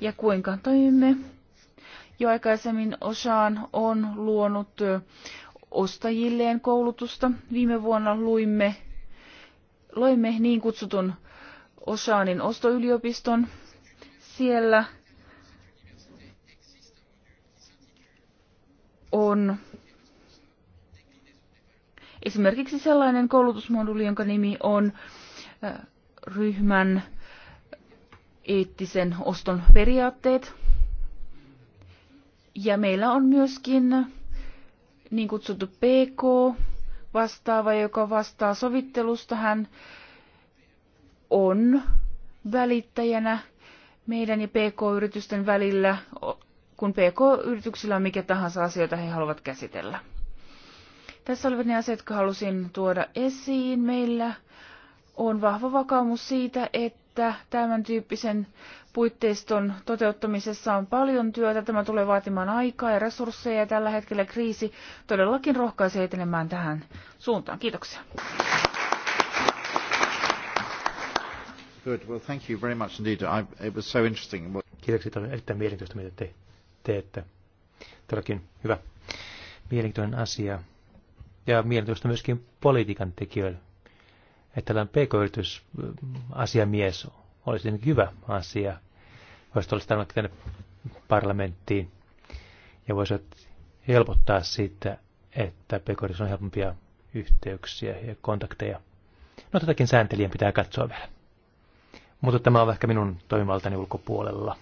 ja kuinka toimimme. Jo aikaisemmin osaan on luonut ostajilleen koulutusta. Viime vuonna luimme, loimme niin kutsutun Osaanin ostoyliopiston. Siellä on esimerkiksi sellainen koulutusmoduli, jonka nimi on ryhmän eettisen oston periaatteet. Ja meillä on myöskin niin kutsuttu PK vastaava, joka vastaa sovittelusta. Hän on välittäjänä meidän ja PK-yritysten välillä kun PK-yrityksillä on mikä tahansa asioita he haluavat käsitellä. Tässä olivat ne asiat, jotka halusin tuoda esiin. Meillä on vahva vakaumus siitä, että tämän tyyppisen puitteiston toteuttamisessa on paljon työtä. Tämä tulee vaatimaan aikaa ja resursseja ja tällä hetkellä kriisi todellakin rohkaisee etenemään tähän suuntaan. Kiitoksia. Good. Well, thank you very much indeed. I, it was so interesting. Kiitoksia. Tämä on erittäin mielenkiintoista, mitä teitte että Todellakin hyvä, mielenkiintoinen asia. Ja mielenkiintoista myöskin politiikan tekijöille, että tällainen pk-yritysasiamies olisi hyvä asia. Voisi olla tänne parlamenttiin ja voisi helpottaa siitä, että pk on helpompia yhteyksiä ja kontakteja. No tätäkin sääntelijän pitää katsoa vielä. Mutta tämä on ehkä minun toimivaltani ulkopuolella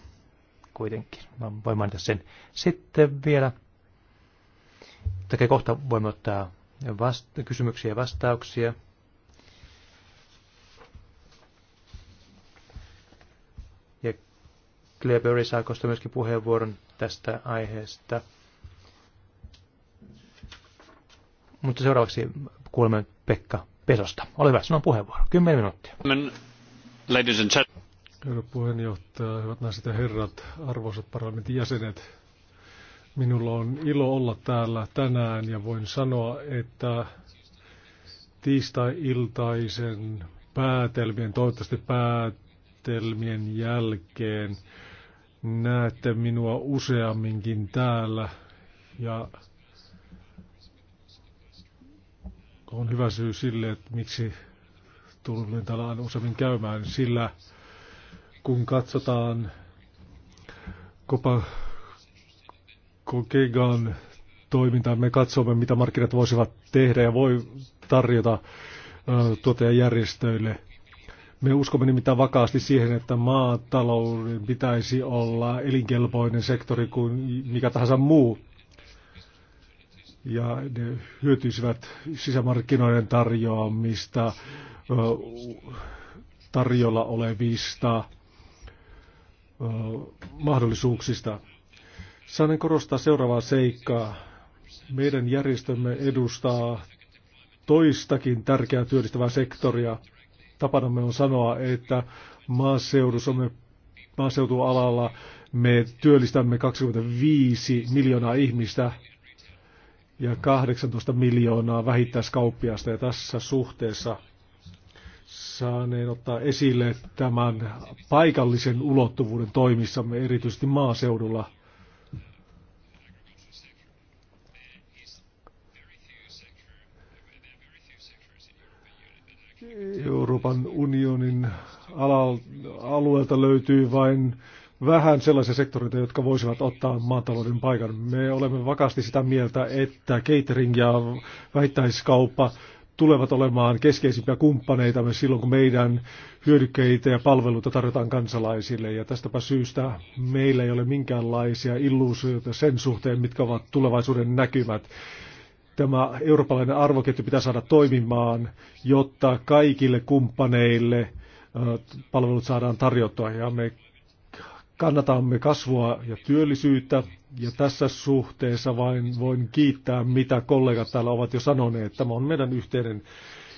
kuitenkin. Mä voin mainita sen. Sitten vielä, tai kohta voimme ottaa vasta- kysymyksiä ja vastauksia. Ja Kleberi saa kosta myöskin puheenvuoron tästä aiheesta. Mutta seuraavaksi kuulemme Pekka Pesosta. Ole hyvä, sinulla on puheenvuoro. Kymmenen minuuttia. Ladies and gentlemen. Herra puheenjohtaja, hyvät naiset ja herrat, arvoisat parlamentin jäsenet. Minulla on ilo olla täällä tänään ja voin sanoa, että tiistai-iltaisen päätelmien, toivottavasti päätelmien jälkeen näette minua useamminkin täällä ja on hyvä syy sille, että miksi tulen täällä aina useammin käymään, sillä kun katsotaan Kopa Kokegan toimintaa, me katsomme, mitä markkinat voisivat tehdä ja voi tarjota tuottajajärjestöille. Me uskomme nimittäin vakaasti siihen, että maatalouden pitäisi olla elinkelpoinen sektori kuin mikä tahansa muu. Ja ne hyötyisivät sisämarkkinoiden tarjoamista, tarjolla olevista mahdollisuuksista. Saan korostaa seuraavaa seikkaa. Meidän järjestömme edustaa toistakin tärkeää työllistävää sektoria. Tapanamme on sanoa, että maaseutualalla me työllistämme 25 miljoonaa ihmistä ja 18 miljoonaa vähittäiskauppiasta. Ja tässä suhteessa saaneen ottaa esille tämän paikallisen ulottuvuuden toimissamme, erityisesti maaseudulla. Euroopan unionin alueelta löytyy vain vähän sellaisia sektoreita, jotka voisivat ottaa maatalouden paikan. Me olemme vakaasti sitä mieltä, että catering ja vähittäiskauppa tulevat olemaan keskeisimpiä myös silloin, kun meidän hyödykkeitä ja palveluita tarjotaan kansalaisille. Ja tästäpä syystä meillä ei ole minkäänlaisia illuusioita sen suhteen, mitkä ovat tulevaisuuden näkymät. Tämä eurooppalainen arvoketju pitää saada toimimaan, jotta kaikille kumppaneille palvelut saadaan tarjottua. Ja me kannatamme kasvua ja työllisyyttä, ja tässä suhteessa vain voin kiittää, mitä kollegat täällä ovat jo sanoneet. Tämä on meidän yhteinen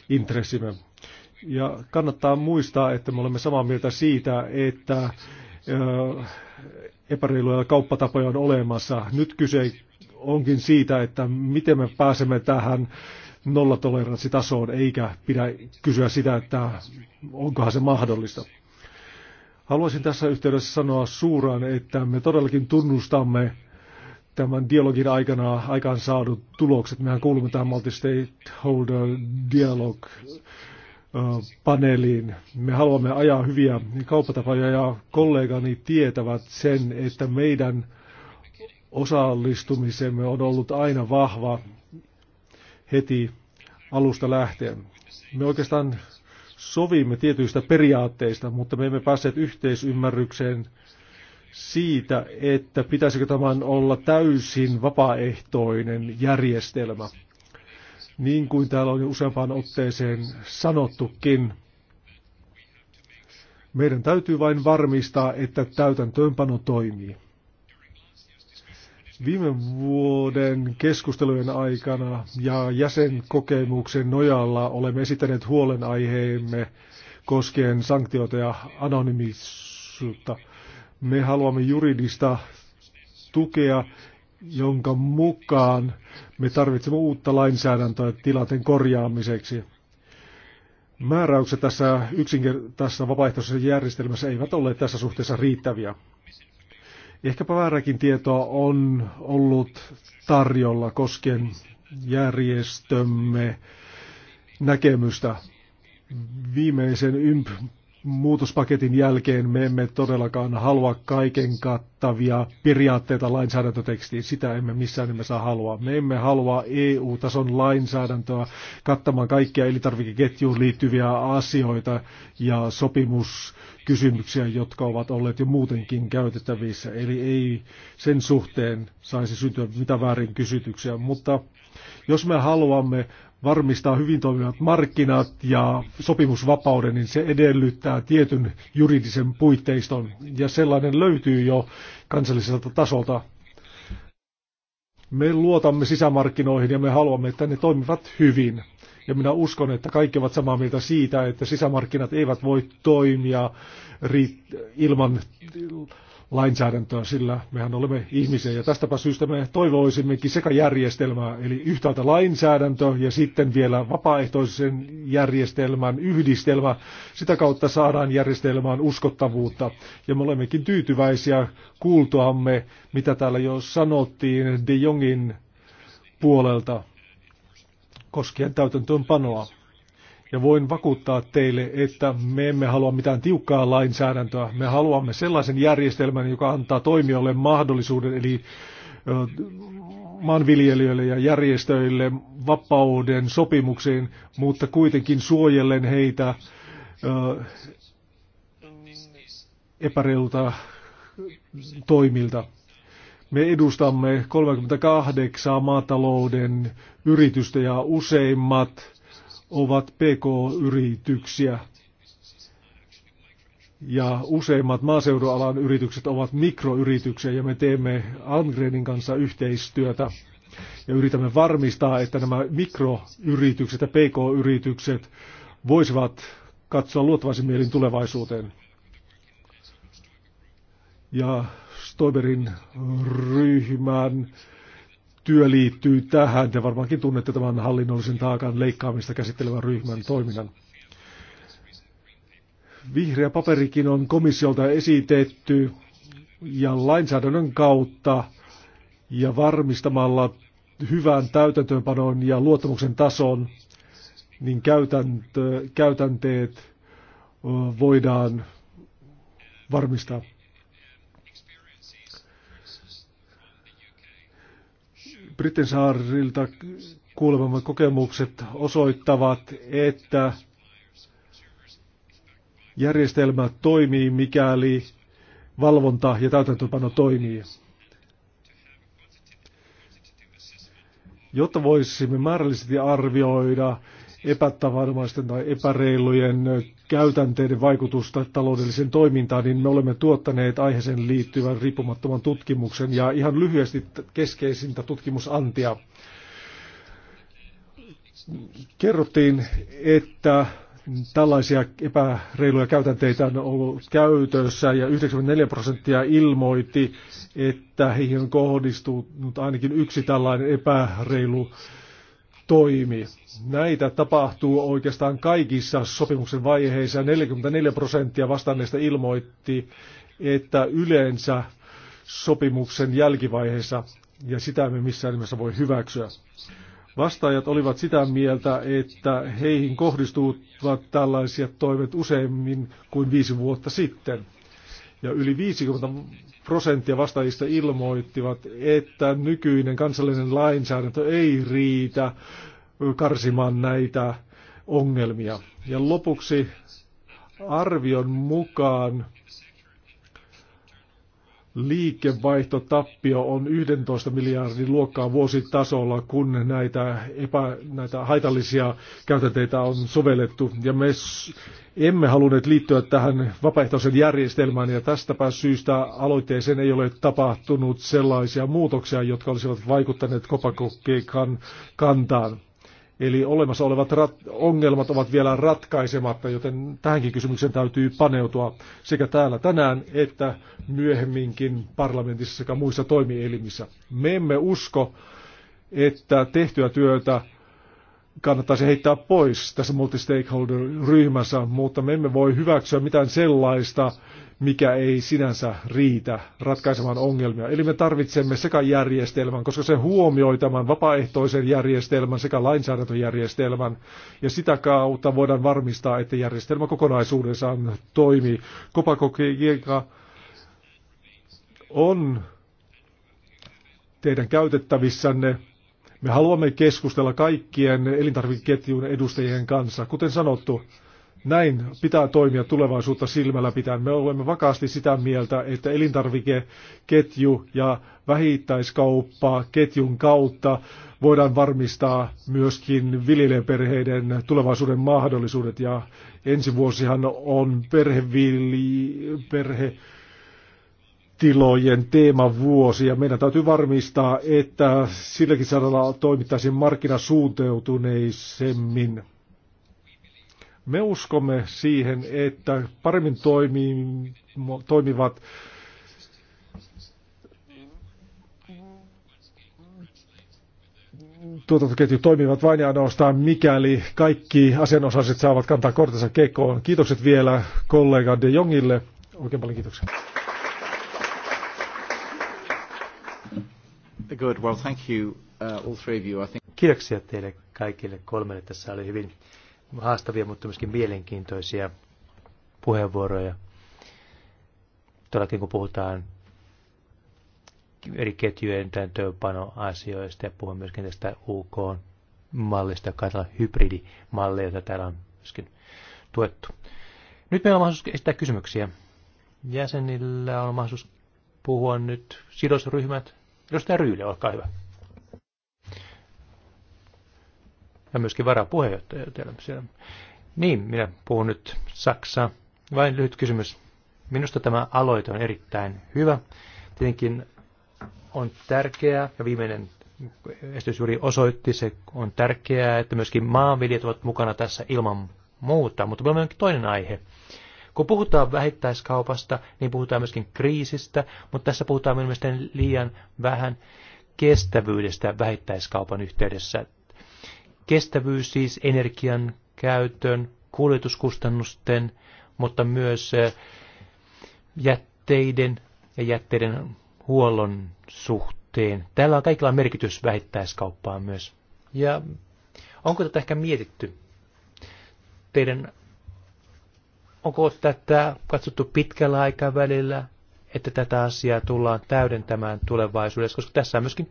intressimme. Ja kannattaa muistaa, että me olemme samaa mieltä siitä, että epäreiluja kauppatapoja on olemassa. Nyt kyse onkin siitä, että miten me pääsemme tähän nollatoleranssitasoon, eikä pidä kysyä sitä, että onkohan se mahdollista. Haluaisin tässä yhteydessä sanoa suuraan, että me todellakin tunnustamme tämän dialogin aikana aikaan saadut tulokset. Mehän kuulumme tähän multi-stakeholder dialog paneeliin. Me haluamme ajaa hyviä kauppatapoja ja kollegani tietävät sen, että meidän osallistumisemme on ollut aina vahva heti alusta lähtien. Me oikeastaan sovimme tietyistä periaatteista, mutta me emme päässeet yhteisymmärrykseen siitä, että pitäisikö tämän olla täysin vapaaehtoinen järjestelmä. Niin kuin täällä on jo useampaan otteeseen sanottukin, meidän täytyy vain varmistaa, että täytäntöönpano toimii. Viime vuoden keskustelujen aikana ja jäsenkokemuksen nojalla olemme esittäneet huolenaiheemme koskien sanktioita ja anonymisuutta. Me haluamme juridista tukea, jonka mukaan me tarvitsemme uutta lainsäädäntöä tilanteen korjaamiseksi. Määräykset tässä, yksinker- tässä vapaaehtoisessa järjestelmässä eivät ole tässä suhteessa riittäviä. Ehkäpä vääräkin tietoa on ollut tarjolla koskien järjestömme näkemystä. Viimeisen YMP muutospaketin jälkeen me emme todellakaan halua kaiken kattavia periaatteita lainsäädäntötekstiin. Sitä emme missään nimessä halua. Me emme halua EU-tason lainsäädäntöä kattamaan kaikkia elintarvikeketjuun liittyviä asioita ja sopimuskysymyksiä, jotka ovat olleet jo muutenkin käytettävissä. Eli ei sen suhteen saisi syntyä mitään väärin kysytyksiä, mutta jos me haluamme varmistaa hyvin toimivat markkinat ja sopimusvapauden, niin se edellyttää tietyn juridisen puitteiston. Ja sellainen löytyy jo kansalliselta tasolta. Me luotamme sisämarkkinoihin ja me haluamme, että ne toimivat hyvin. Ja minä uskon, että kaikki ovat samaa mieltä siitä, että sisämarkkinat eivät voi toimia ilman lainsäädäntöä, sillä mehän olemme ihmisiä ja tästäpä syystä me toivoisimmekin sekä järjestelmää, eli yhtäältä lainsäädäntö ja sitten vielä vapaaehtoisen järjestelmän yhdistelmä. Sitä kautta saadaan järjestelmään uskottavuutta ja me olemmekin tyytyväisiä kuultuamme, mitä täällä jo sanottiin De Jongin puolelta koskien täytäntöönpanoa. Ja voin vakuuttaa teille, että me emme halua mitään tiukkaa lainsäädäntöä. Me haluamme sellaisen järjestelmän, joka antaa toimijoille mahdollisuuden, eli maanviljelijöille ja järjestöille vapauden sopimuksiin, mutta kuitenkin suojellen heitä epäreilulta toimilta. Me edustamme 38 maatalouden yritystä ja useimmat ovat PK-yrityksiä. Ja useimmat maaseudualan yritykset ovat mikroyrityksiä ja me teemme Angrenin kanssa yhteistyötä ja yritämme varmistaa, että nämä mikroyritykset ja pk-yritykset voisivat katsoa luottavaisin mielin tulevaisuuteen. Ja Stoiberin ryhmän työ liittyy tähän. Te varmaankin tunnette tämän hallinnollisen taakan leikkaamista käsittelevän ryhmän toiminnan. Vihreä paperikin on komissiolta esitetty ja lainsäädännön kautta ja varmistamalla hyvän täytäntöönpanon ja luottamuksen tason, niin käytäntö, käytänteet voidaan varmistaa. Britin saarilta kuulemamme kokemukset osoittavat, että järjestelmä toimii, mikäli valvonta ja täytäntöpano toimii. Jotta voisimme määrällisesti arvioida epätavanomaisten tai epäreilujen käytänteiden vaikutusta taloudelliseen toimintaan, niin me olemme tuottaneet aiheeseen liittyvän riippumattoman tutkimuksen ja ihan lyhyesti keskeisintä tutkimusantia. Kerrottiin, että tällaisia epäreiluja käytänteitä on ollut käytössä ja 94 prosenttia ilmoitti, että heihin on kohdistunut ainakin yksi tällainen epäreilu toimi. Näitä tapahtuu oikeastaan kaikissa sopimuksen vaiheissa. 44 prosenttia vastanneista ilmoitti, että yleensä sopimuksen jälkivaiheessa, ja sitä me missään nimessä voi hyväksyä. Vastaajat olivat sitä mieltä, että heihin kohdistuvat tällaisia toimet useimmin kuin viisi vuotta sitten. Ja yli 50 prosenttia vastaajista ilmoittivat, että nykyinen kansallinen lainsäädäntö ei riitä karsimaan näitä ongelmia. Ja lopuksi arvion mukaan liikevaihtotappio on 11 miljardin luokkaa vuositasolla, kun näitä, epä, näitä haitallisia käytänteitä on sovellettu. Ja me emme halunneet liittyä tähän vapaaehtoisen järjestelmään, ja tästäpä syystä aloitteeseen ei ole tapahtunut sellaisia muutoksia, jotka olisivat vaikuttaneet kopakokkeikan kantaan. Eli olemassa olevat ongelmat ovat vielä ratkaisematta, joten tähänkin kysymykseen täytyy paneutua sekä täällä tänään että myöhemminkin parlamentissa sekä muissa toimielimissä. Me emme usko, että tehtyä työtä kannattaisi heittää pois tässä multistakeholder-ryhmässä, mutta me emme voi hyväksyä mitään sellaista, mikä ei sinänsä riitä ratkaisemaan ongelmia. Eli me tarvitsemme sekä järjestelmän, koska se huomioi tämän vapaaehtoisen järjestelmän sekä lainsäädäntöjärjestelmän, ja sitä kautta voidaan varmistaa, että järjestelmä kokonaisuudessaan toimii. Kopakokeika on teidän käytettävissänne me haluamme keskustella kaikkien elintarvikeketjun edustajien kanssa. Kuten sanottu, näin pitää toimia tulevaisuutta silmällä pitäen. Me olemme vakaasti sitä mieltä, että elintarvikeketju ja vähittäiskauppa ketjun kautta voidaan varmistaa myöskin viljelijäperheiden tulevaisuuden mahdollisuudet. Ja ensi vuosihan on perhevili perhe tilojen teemavuosi ja meidän täytyy varmistaa, että silläkin saralla toimittaisiin markkinasuunteutuneisemmin. Me uskomme siihen, että paremmin toimii, toimivat tuotantoketjut toimivat vain ja ainoastaan, mikäli kaikki asianosaiset saavat kantaa kortensa kekoon. Kiitokset vielä kollega De Jongille. Oikein paljon kiitoksia. Good. Well, thank you, uh, all three of you. I think... Kiitoksia teille kaikille kolmelle. Tässä oli hyvin haastavia, mutta myöskin mielenkiintoisia puheenvuoroja. Todellakin kun puhutaan eri ketjujen täytäntöönpanoasioista ja puhun myöskin tästä UK-mallista, joka on hybridimalli, jota täällä on myöskin tuettu. Nyt meillä on mahdollisuus esittää kysymyksiä. Jäsenillä on mahdollisuus puhua nyt sidosryhmät, Edustaja Ryyli, olkaa hyvä. Ja myöskin varapuheenjohtaja teillä siellä. Niin, minä puhun nyt Saksaa. Vain lyhyt kysymys. Minusta tämä aloite on erittäin hyvä. Tietenkin on tärkeää, ja viimeinen esitys juuri osoitti, se on tärkeää, että myöskin maanviljat ovat mukana tässä ilman muuta. Mutta meillä on toinen aihe, kun puhutaan vähittäiskaupasta, niin puhutaan myöskin kriisistä, mutta tässä puhutaan mielestäni liian vähän kestävyydestä vähittäiskaupan yhteydessä. Kestävyys siis energian käytön, kuljetuskustannusten, mutta myös jätteiden ja jätteiden huollon suhteen. Täällä on kaikilla merkitys vähittäiskauppaan myös. Ja onko tätä ehkä mietitty teidän onko tätä katsottu pitkällä aikavälillä, että tätä asiaa tullaan täydentämään tulevaisuudessa, koska tässä on myöskin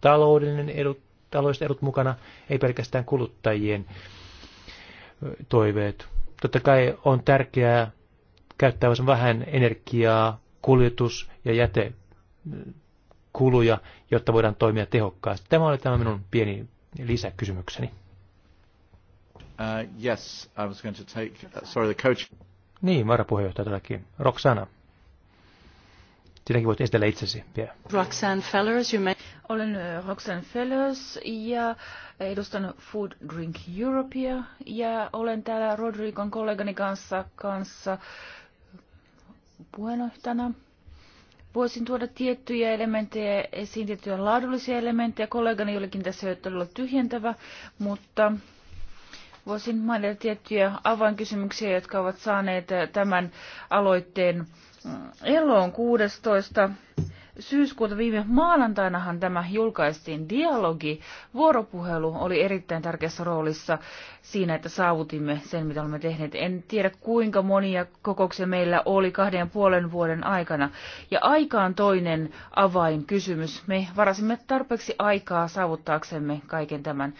taloudellinen edut, taloudelliset edut mukana, ei pelkästään kuluttajien toiveet. Totta kai on tärkeää käyttää vähän energiaa, kuljetus- ja jätekuluja, jotta voidaan toimia tehokkaasti. Tämä oli tämä minun pieni lisäkysymykseni. Uh, yes, I was going to take, uh, sorry, the coach. Niin, varapuheenjohtaja todellakin. Roxana. Sitäkin voit esitellä itsesi vielä. Roxanne Fellers, you may... Olen Roxanne Fellers ja edustan Food Drink Europea ja olen täällä Rodrigon kollegani kanssa, kanssa puheenjohtajana. Voisin tuoda tiettyjä elementtejä esiin, tiettyjä laadullisia elementtejä. Kollegani olikin tässä jo todella tyhjentävä, mutta Voisin mainita tiettyjä avainkysymyksiä, jotka ovat saaneet äh, tämän aloitteen mm, eloon 16. syyskuuta viime maanantainahan tämä julkaistiin dialogi. Vuoropuhelu oli erittäin tärkeässä roolissa siinä, että saavutimme sen, mitä olemme tehneet. En tiedä kuinka monia kokouksia meillä oli kahden ja puolen vuoden aikana. Ja aika on toinen avainkysymys. Me varasimme tarpeeksi aikaa saavuttaaksemme kaiken tämän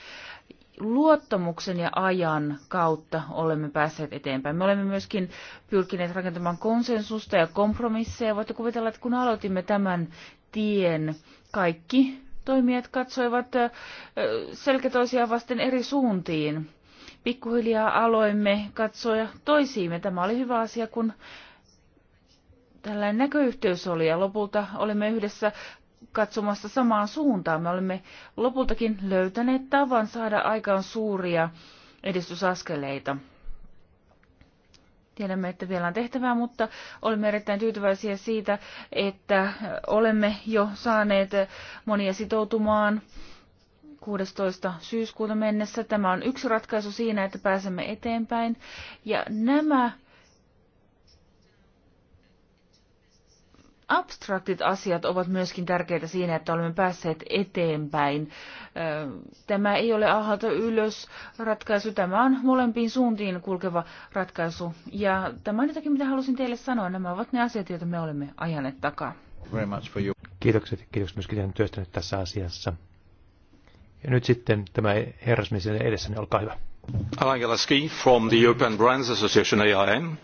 luottamuksen ja ajan kautta olemme päässeet eteenpäin. Me olemme myöskin pyrkineet rakentamaan konsensusta ja kompromisseja. Voitte kuvitella, että kun aloitimme tämän tien, kaikki toimijat katsoivat toisiaan vasten eri suuntiin. Pikkuhiljaa aloimme katsoa toisiimme. Tämä oli hyvä asia, kun tällainen näköyhteys oli ja lopulta olimme yhdessä katsomassa samaan suuntaan. Me olemme lopultakin löytäneet tavan saada aikaan suuria edistysaskeleita. Tiedämme, että vielä on tehtävää, mutta olemme erittäin tyytyväisiä siitä, että olemme jo saaneet monia sitoutumaan 16. syyskuuta mennessä. Tämä on yksi ratkaisu siinä, että pääsemme eteenpäin. Ja nämä abstraktit asiat ovat myöskin tärkeitä siinä, että olemme päässeet eteenpäin. Tämä ei ole alhaalta ylös ratkaisu, tämä on molempiin suuntiin kulkeva ratkaisu. Ja tämä on jotakin, mitä halusin teille sanoa. Nämä ovat ne asiat, joita me olemme ajaneet takaa. Kiitokset ja kiitokset myöskin teidän työstänyt tässä asiassa. Ja nyt sitten tämä herrasmies edessäni, olkaa hyvä. Alain Galaski from the European Brands Association AIM.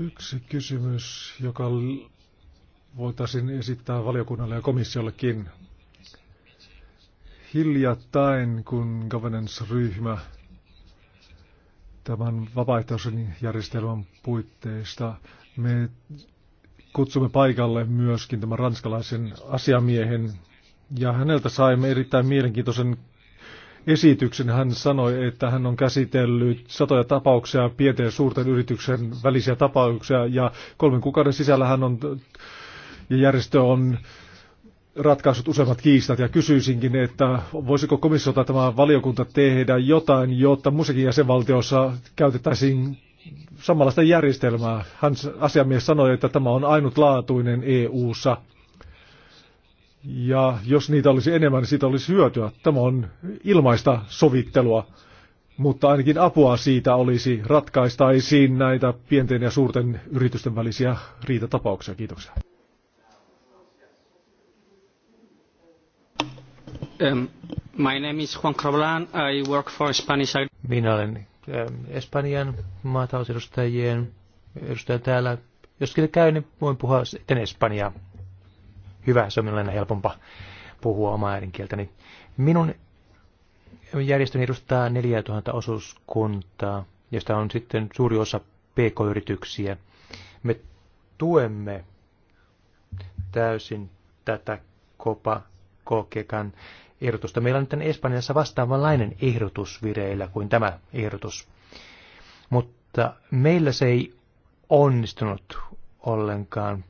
Yksi kysymys, joka voitaisiin esittää valiokunnalle ja komissiollekin. Hiljattain, kun governance-ryhmä tämän vapaaehtoisen järjestelmän puitteista, me kutsumme paikalle myöskin tämän ranskalaisen asiamiehen, ja häneltä saimme erittäin mielenkiintoisen esityksen. Hän sanoi, että hän on käsitellyt satoja tapauksia, pienten ja suurten yrityksen välisiä tapauksia, ja kolmen kuukauden sisällä hän on, ja järjestö on ratkaisut useimmat kiistat ja kysyisinkin, että voisiko tai tämä valiokunta tehdä jotain, jotta musiikin jäsenvaltiossa käytettäisiin samanlaista järjestelmää. Hän asiamies sanoi, että tämä on ainutlaatuinen EU-ssa. Ja jos niitä olisi enemmän, niin siitä olisi hyötyä. Tämä on ilmaista sovittelua, mutta ainakin apua siitä olisi ratkaistaisiin näitä pienten ja suurten yritysten välisiä riitatapauksia. Kiitoksia. Um, my name is Juan Cablan. I work for Spanish... Minä olen um, Espanjan maatausedustajien edustaja täällä. Jos käy, niin voin puhua sitten Espanjaa hyvä, se on minulle helpompaa puhua omaa äidinkieltäni. minun järjestöni edustaa 4000 osuuskuntaa, josta on sitten suuri osa pk-yrityksiä. Me tuemme täysin tätä kopa kokekan ehdotusta. Meillä on nyt Espanjassa vastaavanlainen ehdotus vireillä kuin tämä ehdotus. Mutta meillä se ei onnistunut ollenkaan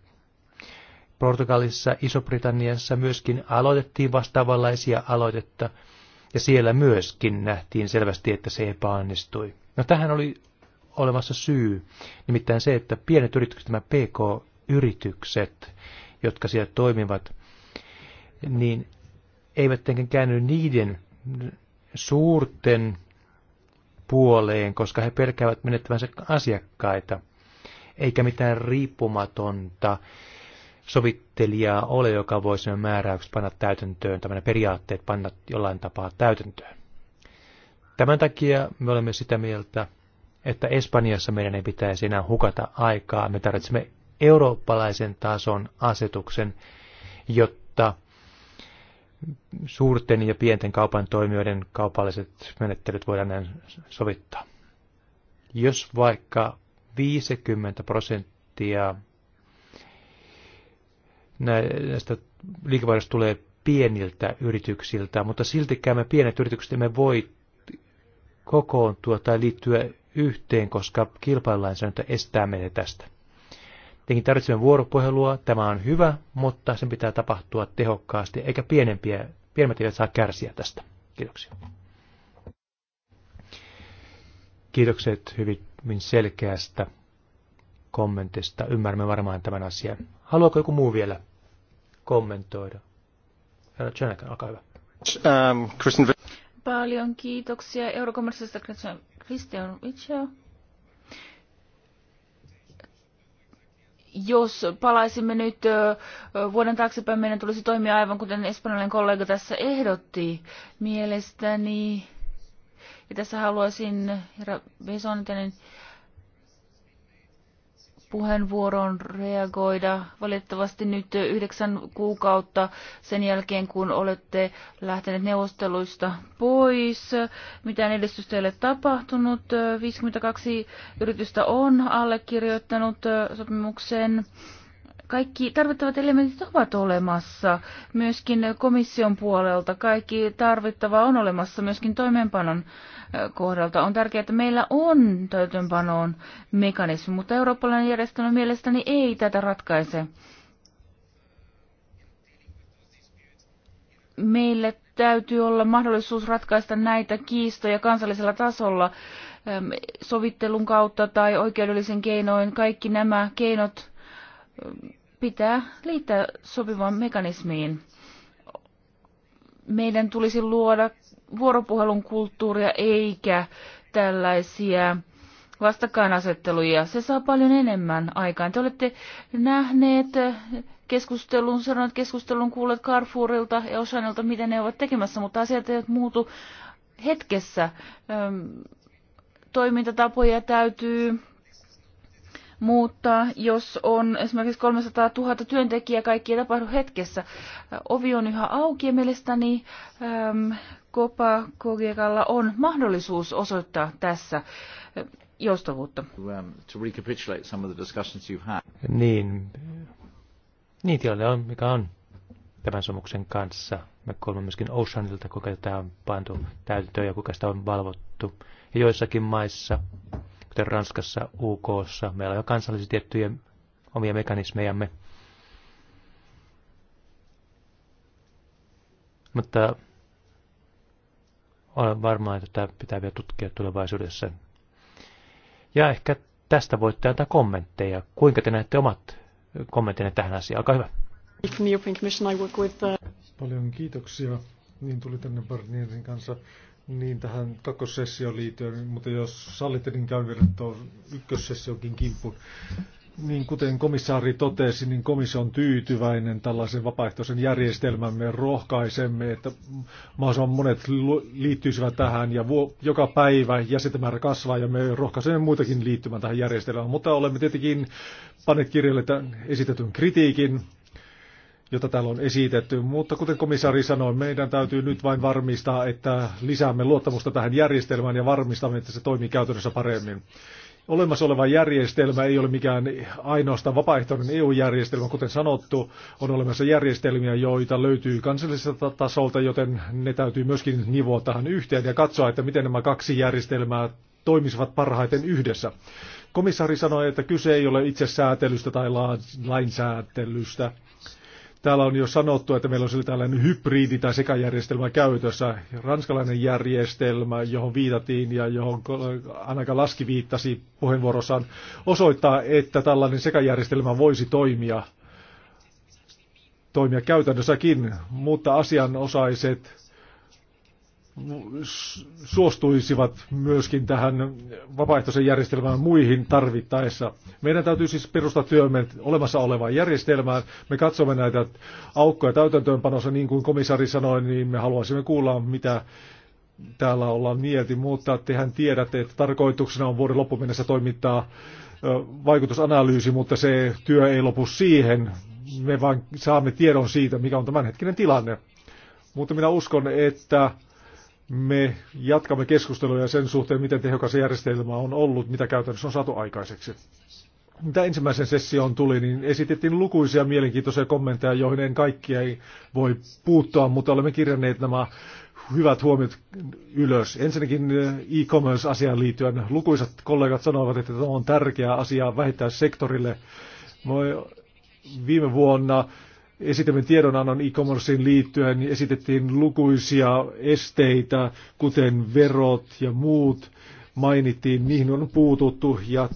Portugalissa, Iso-Britanniassa myöskin aloitettiin vastaavanlaisia aloitetta, ja siellä myöskin nähtiin selvästi, että se epäonnistui. No tähän oli olemassa syy, nimittäin se, että pienet yritykset, nämä PK-yritykset, jotka siellä toimivat, niin eivät tietenkään käänny niiden suurten puoleen, koska he pelkäävät menettävänsä asiakkaita, eikä mitään riippumatonta sovittelijaa ole, joka voisi nämä määräykset panna täytäntöön, tämmöinen periaatteet panna jollain tapaa täytäntöön. Tämän takia me olemme sitä mieltä, että Espanjassa meidän ei pitäisi enää hukata aikaa. Me tarvitsemme eurooppalaisen tason asetuksen, jotta suurten ja pienten kaupan toimijoiden kaupalliset menettelyt voidaan näin sovittaa. Jos vaikka 50 prosenttia näistä liikevaihdosta tulee pieniltä yrityksiltä, mutta siltikään me pienet yritykset emme voi kokoontua tai liittyä yhteen, koska kilpailulainsäädäntö estää meitä tästä. Tietenkin tarvitsemme vuoropuhelua, tämä on hyvä, mutta sen pitää tapahtua tehokkaasti, eikä pienempiä, pienemmät eivät saa kärsiä tästä. Kiitoksia. Kiitokset hyvin selkeästä kommentista. Ymmärrämme varmaan tämän asian. Haluaako joku muu vielä kommentoida. Herra Jonathan, olkaa hyvä. Um, Paljon kiitoksia Eurokommerssista Christian Vichel. Jos palaisimme nyt vuoden taaksepäin, meidän tulisi toimia aivan kuten espanjalainen kollega tässä ehdotti. Mielestäni, ja tässä haluaisin herra Besontenen niin puheenvuoroon reagoida. Valitettavasti nyt yhdeksän kuukautta sen jälkeen, kun olette lähteneet neuvosteluista pois. Mitään edistystä ei ole tapahtunut. 52 yritystä on allekirjoittanut sopimuksen kaikki tarvittavat elementit ovat olemassa. Myöskin komission puolelta kaikki tarvittava on olemassa myöskin toimeenpanon kohdalta. On tärkeää, että meillä on täytäntöönpanoon mekanismi, mutta eurooppalainen järjestelmä mielestäni ei tätä ratkaise. Meille täytyy olla mahdollisuus ratkaista näitä kiistoja kansallisella tasolla sovittelun kautta tai oikeudellisen keinoin. Kaikki nämä keinot pitää liittää sopivaan mekanismiin. Meidän tulisi luoda vuoropuhelun kulttuuria eikä tällaisia vastakkainasetteluja. Se saa paljon enemmän aikaan. Te olette nähneet keskustelun, sanoneet keskustelun kuulleet Carrefourilta ja Osanilta, mitä ne ovat tekemässä, mutta asiat eivät muutu hetkessä. Toimintatapoja täytyy mutta jos on esimerkiksi 300 000 työntekijää, kaikki ei tapahdu hetkessä. Ovi on yhä auki ja mielestäni äm, Kopa Kogekalla on mahdollisuus osoittaa tässä äh, joustavuutta. Um, niin, niin tilanne on, mikä on tämän sopimuksen kanssa. Me kuulemme myöskin Oceanilta, kuinka tämä on pantu täytäntöön ja kuinka sitä on valvottu. Ja joissakin maissa kuten Ranskassa, UKssa. Meillä on jo kansallisesti tiettyjä omia mekanismejamme. Mutta olen varma, että tämä pitää vielä tutkia tulevaisuudessa. Ja ehkä tästä voitte antaa kommentteja. Kuinka te näette omat kommenttinne tähän asiaan? Olkaa hyvä. Uh, Paljon kiitoksia. Niin tuli tänne Barnierin kanssa niin tähän kakkosessioon liittyen, mutta jos sallitte, niin käyn vielä tuon ykkössessionkin kimppuun. Niin kuten komissaari totesi, niin komissio on tyytyväinen tällaisen vapaaehtoisen järjestelmämme rohkaisemme, että mahdollisimman monet liittyisivät tähän ja vuo, joka päivä jäsentämäärä kasvaa ja me rohkaisemme muitakin liittymään tähän järjestelmään. Mutta olemme tietenkin panneet kirjalle tämän esitetyn kritiikin jota täällä on esitetty. Mutta kuten komissaari sanoi, meidän täytyy nyt vain varmistaa, että lisäämme luottamusta tähän järjestelmään ja varmistamme, että se toimii käytännössä paremmin. Olemassa oleva järjestelmä ei ole mikään ainoastaan vapaaehtoinen EU-järjestelmä, kuten sanottu. On olemassa järjestelmiä, joita löytyy kansalliselta tasolta, joten ne täytyy myöskin nivoa tähän yhteen ja katsoa, että miten nämä kaksi järjestelmää toimisivat parhaiten yhdessä. Komissaari sanoi, että kyse ei ole itse säätelystä tai lainsäätelystä Täällä on jo sanottu, että meillä on sillä tällainen hybridi- tai sekajärjestelmä käytössä. Ranskalainen järjestelmä, johon viitattiin ja johon ainakaan Laski viittasi puheenvuorossaan, osoittaa, että tällainen sekajärjestelmä voisi toimia, toimia käytännössäkin, mutta asianosaiset suostuisivat myöskin tähän vapaaehtoisen järjestelmään muihin tarvittaessa. Meidän täytyy siis perustaa työmme olemassa olevaan järjestelmään. Me katsomme näitä aukkoja täytäntöönpanossa, niin kuin komissaari sanoi, niin me haluaisimme kuulla, mitä täällä ollaan mieltä, mutta tehän tiedätte, että tarkoituksena on vuoden loppuun mennessä toimittaa vaikutusanalyysi, mutta se työ ei lopu siihen. Me vain saamme tiedon siitä, mikä on tämänhetkinen tilanne. Mutta minä uskon, että me jatkamme keskusteluja sen suhteen, miten tehokas järjestelmä on ollut, mitä käytännössä on saatu aikaiseksi. Mitä ensimmäisen sessioon tuli, niin esitettiin lukuisia mielenkiintoisia kommentteja, joihin en kaikkia ei voi puuttua, mutta olemme kirjanneet nämä hyvät huomiot ylös. Ensinnäkin eh, e-commerce-asiaan liittyen lukuisat kollegat sanovat, että tämä on tärkeä asia vähittää sektorille. Viime vuonna esitämme tiedonannon e-commercein liittyen, niin esitettiin lukuisia esteitä, kuten verot ja muut mainittiin, niihin on puututtu ja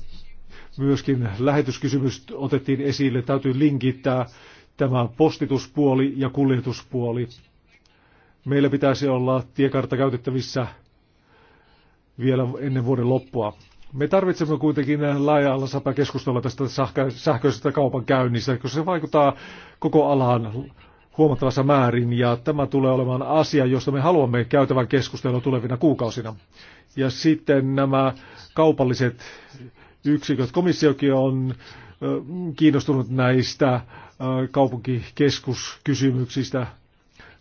myöskin lähetyskysymys otettiin esille. Täytyy linkittää tämä postituspuoli ja kuljetuspuoli. Meillä pitäisi olla tiekartta käytettävissä vielä ennen vuoden loppua. Me tarvitsemme kuitenkin laaja-alaisempaa keskustelua tästä sähköisestä kaupan käynnistä, koska se vaikuttaa koko alaan huomattavassa määrin, ja tämä tulee olemaan asia, josta me haluamme käytävän keskustelua tulevina kuukausina. Ja sitten nämä kaupalliset yksiköt. Komissiokin on kiinnostunut näistä kaupunkikeskuskysymyksistä,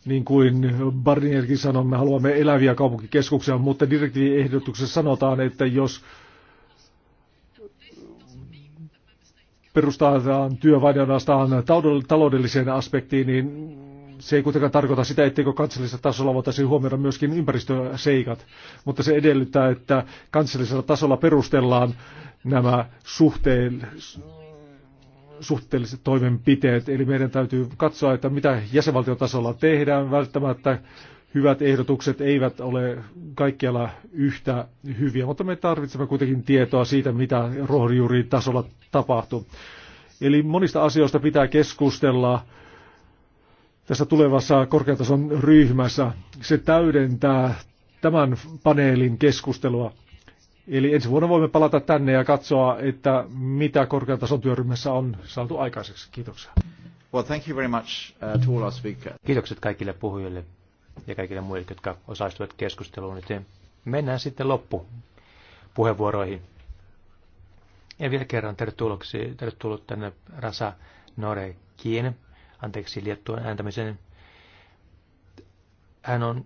niin kuin Barnierkin sanoi, me haluamme eläviä kaupunkikeskuksia, mutta direktiiviehdotuksessa sanotaan, että jos perustataan työvaidonnastaan taloudelliseen aspektiin, niin se ei kuitenkaan tarkoita sitä, etteikö kansallisella tasolla voitaisiin huomioida myöskin ympäristöseikat, mutta se edellyttää, että kansallisella tasolla perustellaan nämä suhteelliset toimenpiteet. Eli meidän täytyy katsoa, että mitä jäsenvaltiotasolla tasolla tehdään. Välttämättä hyvät ehdotukset eivät ole kaikkialla yhtä hyviä, mutta me tarvitsemme kuitenkin tietoa siitä, mitä tasolla tapahtuu. Eli monista asioista pitää keskustella tässä tulevassa korkeatason ryhmässä. Se täydentää tämän paneelin keskustelua. Eli ensi vuonna voimme palata tänne ja katsoa, että mitä korkeatason työryhmässä on saatu aikaiseksi. Kiitoksia. Well, thank you very much, uh, to all our Kiitokset kaikille puhujille ja kaikille muille, jotka osallistuvat keskusteluun. Joten mennään sitten loppupuheenvuoroihin. Ja vielä kerran tervetullut tänne Rasa Norekin, anteeksi liettuan ääntämisen. Hän on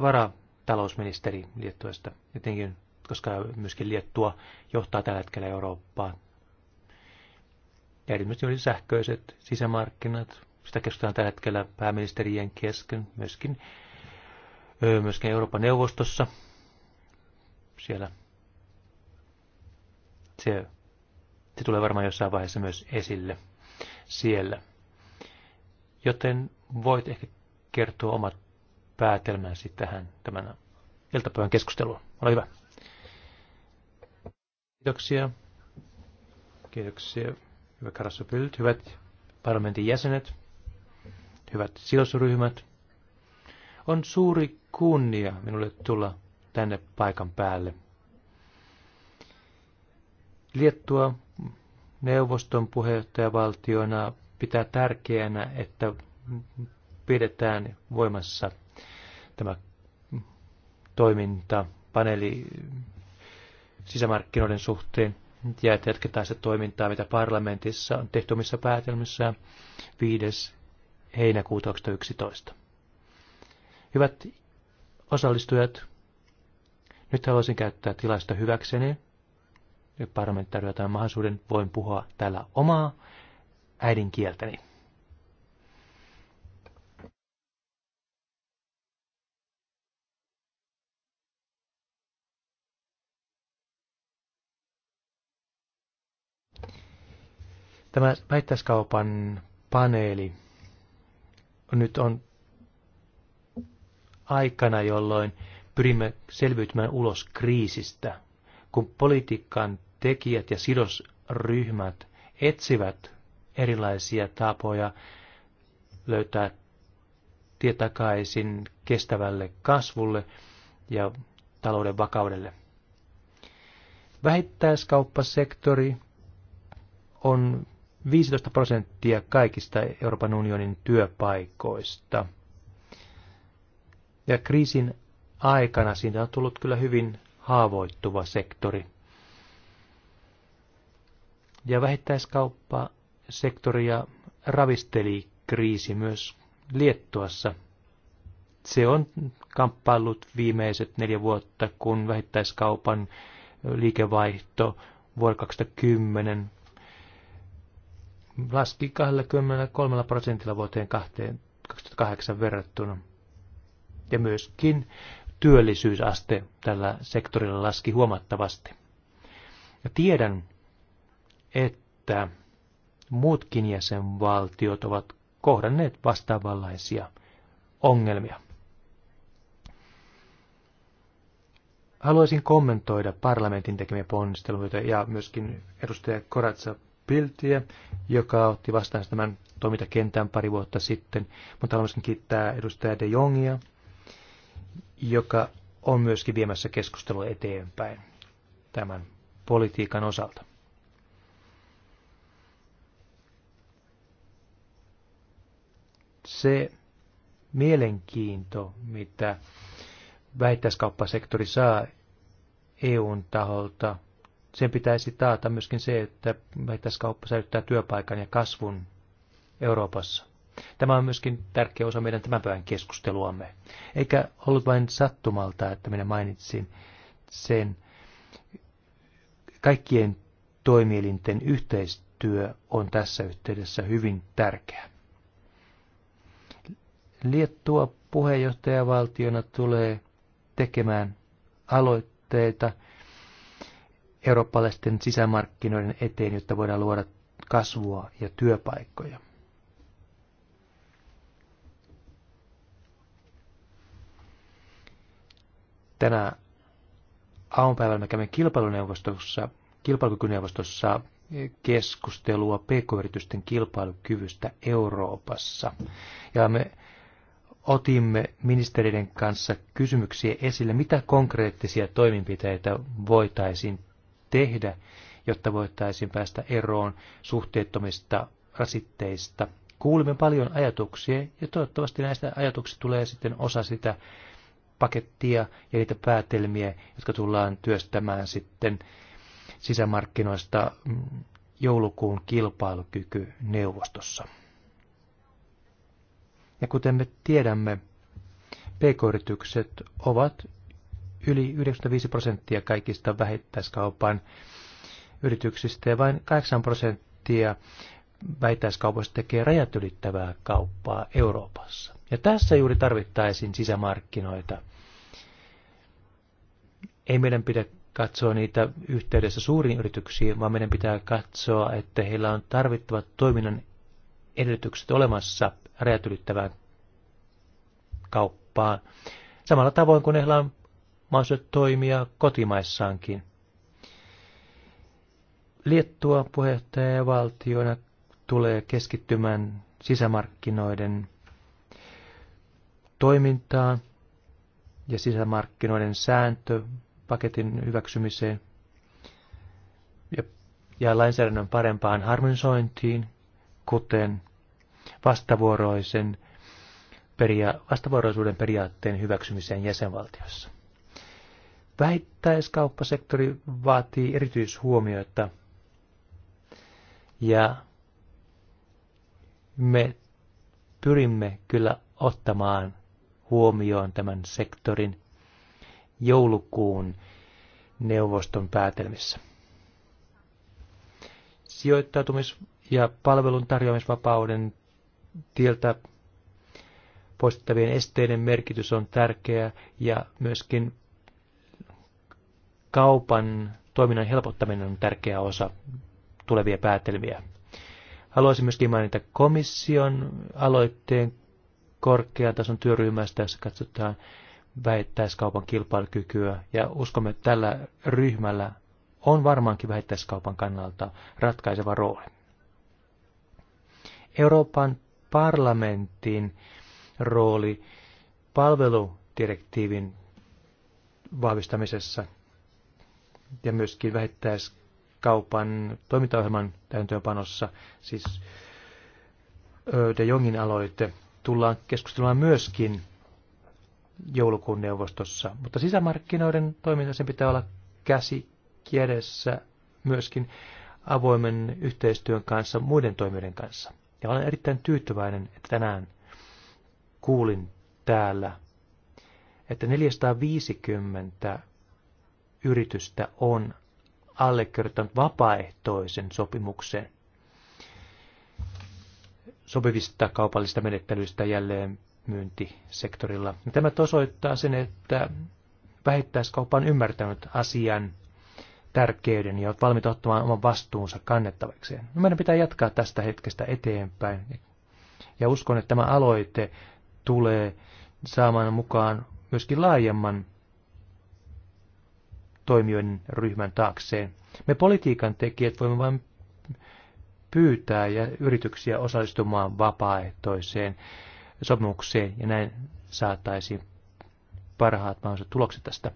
varatalousministeri Liettuasta, jotenkin, koska myöskin Liettua johtaa tällä hetkellä Eurooppaa. Ja erityisesti oli sähköiset sisämarkkinat, sitä keskustellaan tällä hetkellä pääministerien kesken, myöskin, myöskin Euroopan neuvostossa. Siellä se, se tulee varmaan jossain vaiheessa myös esille siellä. Joten voit ehkä kertoa omat päätelmäsi tähän tämän iltapäivän keskusteluun. Ole hyvä. Kiitoksia. Kiitoksia. Hyvä Pylt. hyvät parlamentin jäsenet hyvät sidosryhmät. On suuri kunnia minulle tulla tänne paikan päälle. Liettua neuvoston puheenjohtajavaltiona pitää tärkeänä, että pidetään voimassa tämä toiminta paneeli sisämarkkinoiden suhteen ja että jatketaan sitä toimintaa, mitä parlamentissa on tehty omissa päätelmissä 5 heinäkuuta 2011. Hyvät osallistujat, nyt haluaisin käyttää tilasta hyväkseni. Parlamentaarilla tämän mahdollisuuden voin puhua täällä omaa äidinkieltäni. Tämä väittäiskaupan paneeli nyt on aikana, jolloin pyrimme selviytymään ulos kriisistä, kun politiikan tekijät ja sidosryhmät etsivät erilaisia tapoja löytää tietakaisin kestävälle kasvulle ja talouden vakaudelle. Vähittäiskauppasektori on 15 prosenttia kaikista Euroopan unionin työpaikoista. Ja kriisin aikana siitä on tullut kyllä hyvin haavoittuva sektori. Ja vähittäiskauppasektoria ravisteli kriisi myös Liettuassa. Se on kamppaillut viimeiset neljä vuotta, kun vähittäiskaupan liikevaihto vuonna 2010 laski 23 prosentilla vuoteen 2008 verrattuna. Ja myöskin työllisyysaste tällä sektorilla laski huomattavasti. Ja tiedän, että muutkin jäsenvaltiot ovat kohdanneet vastaavanlaisia ongelmia. Haluaisin kommentoida parlamentin tekemiä ponnisteluita ja myöskin edustaja Koratsa Piltiä, joka otti vastaan tämän toimintakentän pari vuotta sitten, mutta haluaisin myöskin kiittää edustaja De Jongia, joka on myöskin viemässä keskustelua eteenpäin tämän politiikan osalta. Se mielenkiinto, mitä väittäiskauppasektori saa EUn taholta – sen pitäisi taata myöskin se, että vähittäiskauppa säilyttää työpaikan ja kasvun Euroopassa. Tämä on myöskin tärkeä osa meidän tämän päivän keskusteluamme. Eikä ollut vain sattumalta, että minä mainitsin sen. Kaikkien toimielinten yhteistyö on tässä yhteydessä hyvin tärkeä. Liettua puheenjohtajavaltiona tulee tekemään aloitteita – eurooppalaisten sisämarkkinoiden eteen, jotta voidaan luoda kasvua ja työpaikkoja. Tänä aamupäivällä me kävimme kilpailuneuvostossa, kilpailukykyneuvostossa keskustelua pk-yritysten kilpailukyvystä Euroopassa. Ja me otimme ministeriden kanssa kysymyksiä esille, mitä konkreettisia toimenpiteitä voitaisiin tehdä, jotta voitaisiin päästä eroon suhteettomista rasitteista. Kuulimme paljon ajatuksia ja toivottavasti näistä ajatuksista tulee sitten osa sitä pakettia ja niitä päätelmiä, jotka tullaan työstämään sitten sisämarkkinoista mm, joulukuun kilpailukykyneuvostossa. Ja kuten me tiedämme, pk-yritykset ovat yli 95 prosenttia kaikista vähittäiskaupan yrityksistä ja vain 8 prosenttia vähittäiskaupoista tekee rajat ylittävää kauppaa Euroopassa. Ja tässä juuri tarvittaisiin sisämarkkinoita. Ei meidän pidä katsoa niitä yhteydessä suuriin yrityksiin, vaan meidän pitää katsoa, että heillä on tarvittavat toiminnan edellytykset olemassa rajat ylittävään kauppaan. Samalla tavoin kuin heillä on mahdollisuudet toimia kotimaissaankin. Liettua puheenjohtajavaltiona tulee keskittymään sisämarkkinoiden toimintaan ja sisämarkkinoiden sääntöpaketin hyväksymiseen ja, ja lainsäädännön parempaan harmonisointiin, kuten vastavuoroisen peria- vastavuoroisuuden periaatteen hyväksymiseen jäsenvaltiossa vähittäiskauppasektori vaatii erityishuomioita. Ja me pyrimme kyllä ottamaan huomioon tämän sektorin joulukuun neuvoston päätelmissä. Sijoittautumis- ja palvelun tarjoamisvapauden tieltä poistettavien esteiden merkitys on tärkeä ja myöskin kaupan toiminnan helpottaminen on tärkeä osa tulevia päätelmiä. Haluaisin myöskin mainita komission aloitteen korkean tason työryhmästä, jossa katsotaan vähittäiskaupan kilpailukykyä, ja uskomme, että tällä ryhmällä on varmaankin vähittäiskaupan kannalta ratkaiseva rooli. Euroopan parlamentin rooli palveludirektiivin vahvistamisessa ja myöskin vähittäiskaupan toimintaohjelman täytäntöönpanossa, siis De Jongin aloite, tullaan keskustelemaan myöskin joulukuun neuvostossa. Mutta sisämarkkinoiden toiminta sen pitää olla käsi kiedessä myöskin avoimen yhteistyön kanssa, muiden toimijoiden kanssa. Ja olen erittäin tyytyväinen, että tänään kuulin täällä, että 450 yritystä on allekirjoittanut vapaaehtoisen sopimuksen sopivista kaupallista menettelyistä jälleen myyntisektorilla. Tämä osoittaa sen, että vähittäiskauppa on ymmärtänyt asian tärkeyden ja on valmiita ottamaan oman vastuunsa kannettavakseen. No meidän pitää jatkaa tästä hetkestä eteenpäin. Ja uskon, että tämä aloite tulee saamaan mukaan myöskin laajemman toimijoiden ryhmän taakseen. Me politiikan tekijät voimme vain pyytää ja yrityksiä osallistumaan vapaaehtoiseen sopimukseen ja näin saataisiin parhaat mahdolliset tulokset tästä.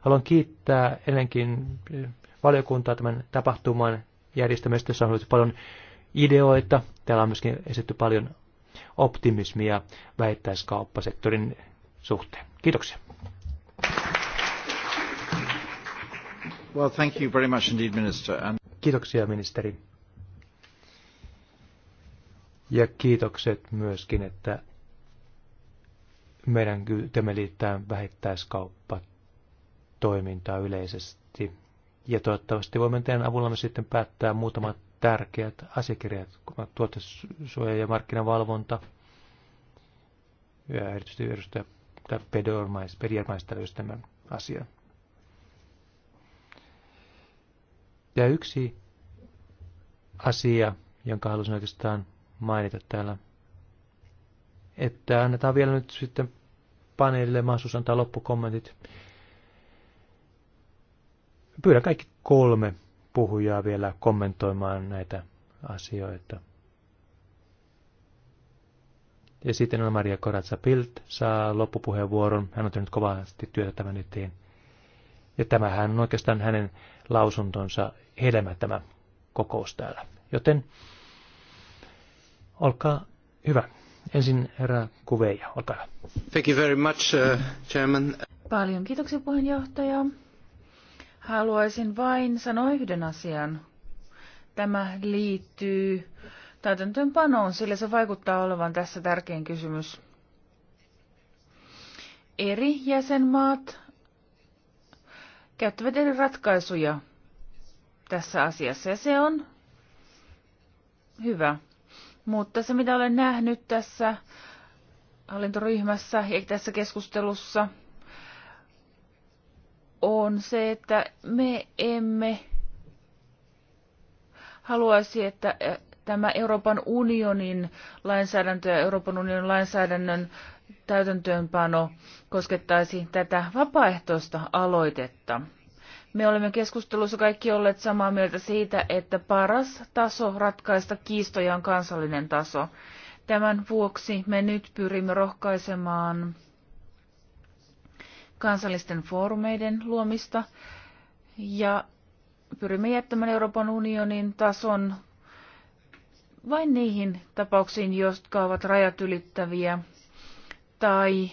Haluan kiittää ennenkin valiokuntaa tämän tapahtuman järjestämistä, jossa on ollut paljon ideoita. Täällä on myöskin esitetty paljon optimismia väittäiskauppasektorin suhteen. Kiitoksia. Well, thank you very much indeed, Minister. And... Kiitoksia, ministeri. Ja kiitokset myöskin, että meidän kytemme liittää vähittäiskauppa toimintaa yleisesti. Ja toivottavasti voimme teidän avullamme sitten päättää muutamat tärkeät asiakirjat, tuotesuoja ja markkinavalvonta, ja erityisesti edustaja Pediermaister tämän asian. Ja yksi asia, jonka halusin oikeastaan mainita täällä, että annetaan vielä nyt sitten paneelille mahdollisuus antaa loppukommentit. Pyydän kaikki kolme puhujaa vielä kommentoimaan näitä asioita. Ja sitten on Maria Koratsa Pilt saa loppupuheenvuoron. Hän on tehnyt kovasti työtä tämän eteen. Ja tämähän on oikeastaan hänen lausuntonsa hedelmä tämä kokous täällä. Joten olkaa hyvä. Ensin herra Kuveja, olkaa hyvä. Thank you very much, uh, Chairman. Paljon kiitoksia puheenjohtaja. Haluaisin vain sanoa yhden asian. Tämä liittyy täytäntöönpanoon, sillä se vaikuttaa olevan tässä tärkein kysymys. Eri jäsenmaat käyttävät eri ratkaisuja tässä asiassa ja se on hyvä. Mutta se, mitä olen nähnyt tässä hallintoryhmässä ja tässä keskustelussa, on se, että me emme haluaisi, että äh, tämä Euroopan unionin lainsäädäntö ja Euroopan unionin lainsäädännön täytäntöönpano koskettaisi tätä vapaaehtoista aloitetta. Me olemme keskustelussa kaikki olleet samaa mieltä siitä, että paras taso ratkaista kiistoja on kansallinen taso. Tämän vuoksi me nyt pyrimme rohkaisemaan kansallisten foorumeiden luomista ja pyrimme jättämään Euroopan unionin tason vain niihin tapauksiin, jotka ovat rajat ylittäviä tai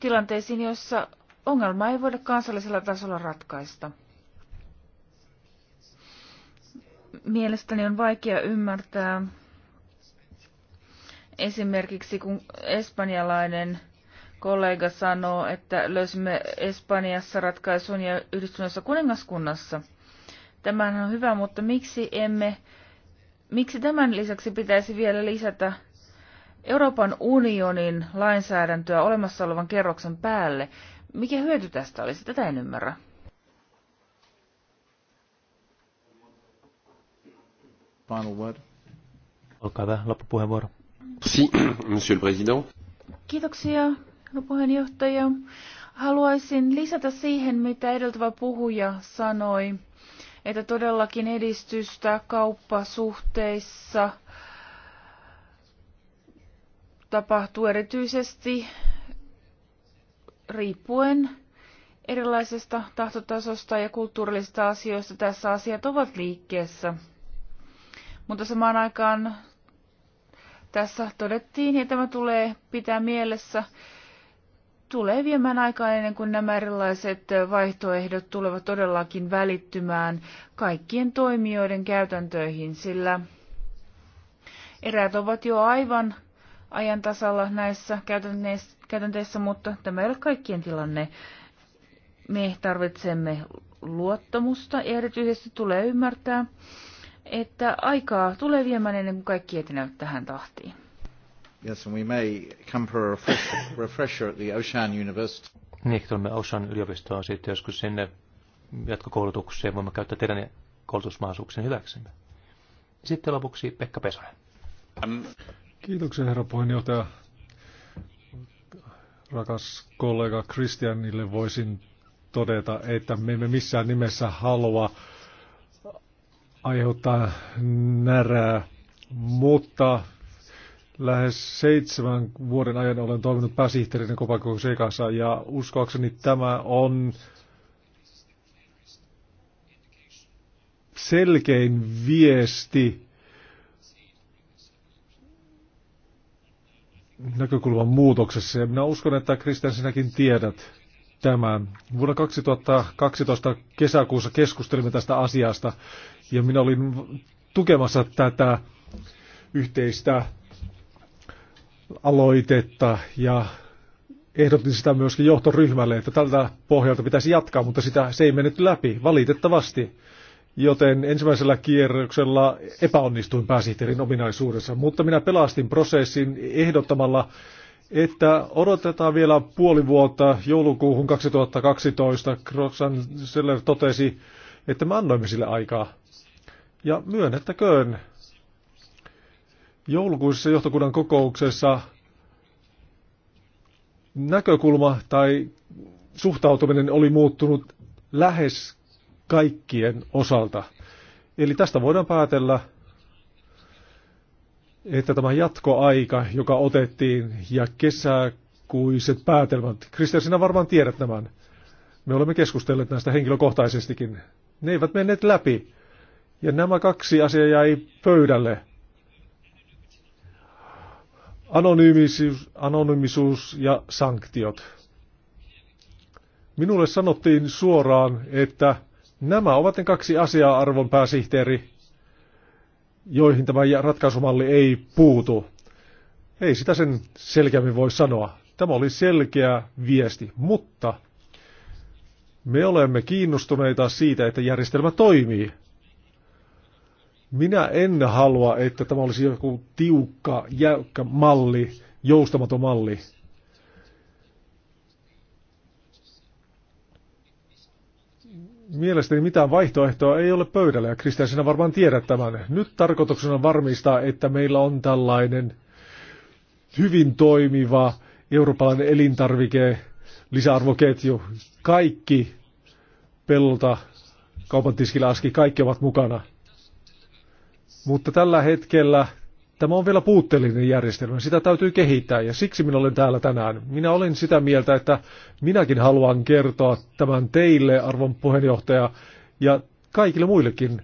tilanteisiin, joissa ongelma ei voida kansallisella tasolla ratkaista. Mielestäni on vaikea ymmärtää esimerkiksi, kun espanjalainen kollega sanoo, että löysimme Espanjassa ratkaisun ja yhdistyneessä kuningaskunnassa. Tämähän on hyvä, mutta miksi emme, miksi tämän lisäksi pitäisi vielä lisätä Euroopan unionin lainsäädäntöä olemassa olevan kerroksen päälle. Mikä hyöty tästä olisi? Tätä en ymmärrä. Final word. Olkaa hyvä, loppupuheenvuoro. Si, monsieur le président. Kiitoksia, puheenjohtaja. Haluaisin lisätä siihen, mitä edeltävä puhuja sanoi, että todellakin edistystä kauppasuhteissa – tapahtuu erityisesti riippuen erilaisesta tahtotasosta ja kulttuurillisista asioista. Tässä asiat ovat liikkeessä. Mutta samaan aikaan tässä todettiin, ja tämä tulee pitää mielessä, tulee viemään aikaa ennen kuin nämä erilaiset vaihtoehdot tulevat todellakin välittymään kaikkien toimijoiden käytäntöihin, sillä eräät ovat jo aivan ajan tasalla näissä käytänteissä, mutta tämä ei ole kaikkien tilanne. Me tarvitsemme luottamusta ja erityisesti tulee ymmärtää, että aikaa tulee viemään ennen kuin kaikki etenevät tähän tahtiin. Yes, and we may come for a refresher at the Ocean University. Niin, tulemme Ocean yliopistoon sitten joskus sinne jatkokoulutukseen. Voimme käyttää teidän koulutusmahdollisuuksien hyväksemme. Sitten lopuksi Pekka Pesonen. Um. Kiitoksia herra puheenjohtaja. Rakas kollega Christianille voisin todeta, että me emme missään nimessä halua aiheuttaa närää, mutta lähes seitsemän vuoden ajan olen toiminut pääsihteerinä Kopakokouksen sekassa ja uskoakseni tämä on selkein viesti näkökulman muutoksessa. Ja minä uskon, että Kristian sinäkin tiedät tämän. Vuonna 2012 kesäkuussa keskustelimme tästä asiasta ja minä olin tukemassa tätä yhteistä aloitetta ja ehdotin sitä myöskin johtoryhmälle, että tältä pohjalta pitäisi jatkaa, mutta sitä se ei mennyt läpi, valitettavasti joten ensimmäisellä kierroksella epäonnistuin pääsihteerin ominaisuudessa, mutta minä pelastin prosessin ehdottamalla, että odotetaan vielä puoli vuotta joulukuuhun 2012. Kroksan Seller totesi, että me annoimme sille aikaa. Ja myönnettäköön, joulukuisessa johtokunnan kokouksessa näkökulma tai suhtautuminen oli muuttunut lähes kaikkien osalta. Eli tästä voidaan päätellä, että tämä jatkoaika, joka otettiin, ja kesäkuiset päätelmät, Kristian, sinä varmaan tiedät tämän. Me olemme keskustelleet näistä henkilökohtaisestikin. Ne eivät menneet läpi. Ja nämä kaksi asiaa jäi pöydälle. Anonyymisuus, anonymisuus ja sanktiot. Minulle sanottiin suoraan, että Nämä ovat ne kaksi asiaa, arvon pääsihteeri, joihin tämä ratkaisumalli ei puutu. Ei sitä sen selkeämmin voi sanoa. Tämä oli selkeä viesti, mutta me olemme kiinnostuneita siitä, että järjestelmä toimii. Minä en halua, että tämä olisi joku tiukka, jäykkä malli, joustamaton malli. mielestäni mitään vaihtoehtoa ei ole pöydällä, ja Kristian, sinä varmaan tiedät tämän. Nyt tarkoituksena varmistaa, että meillä on tällainen hyvin toimiva eurooppalainen elintarvike, lisäarvoketju. Kaikki pellolta kaupan tiskillä aski, kaikki ovat mukana. Mutta tällä hetkellä Tämä on vielä puutteellinen järjestelmä, sitä täytyy kehittää ja siksi minä olen täällä tänään. Minä olen sitä mieltä, että minäkin haluan kertoa tämän teille, arvon puheenjohtaja, ja kaikille muillekin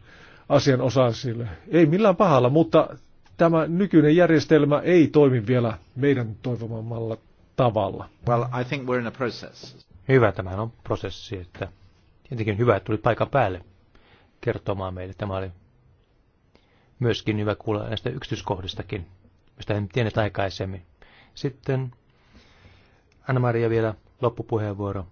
asianosaisille. Ei millään pahalla, mutta tämä nykyinen järjestelmä ei toimi vielä meidän toivomalla tavalla. Well, I think we're in a process. Hyvä, tämä on prosessi, että tietenkin hyvä, että tulit paikan päälle kertomaan meille. Tämä oli myöskin hyvä kuulla näistä yksityiskohdistakin, mistä en tiennyt aikaisemmin. Sitten Anna-Maria vielä loppupuheenvuoro.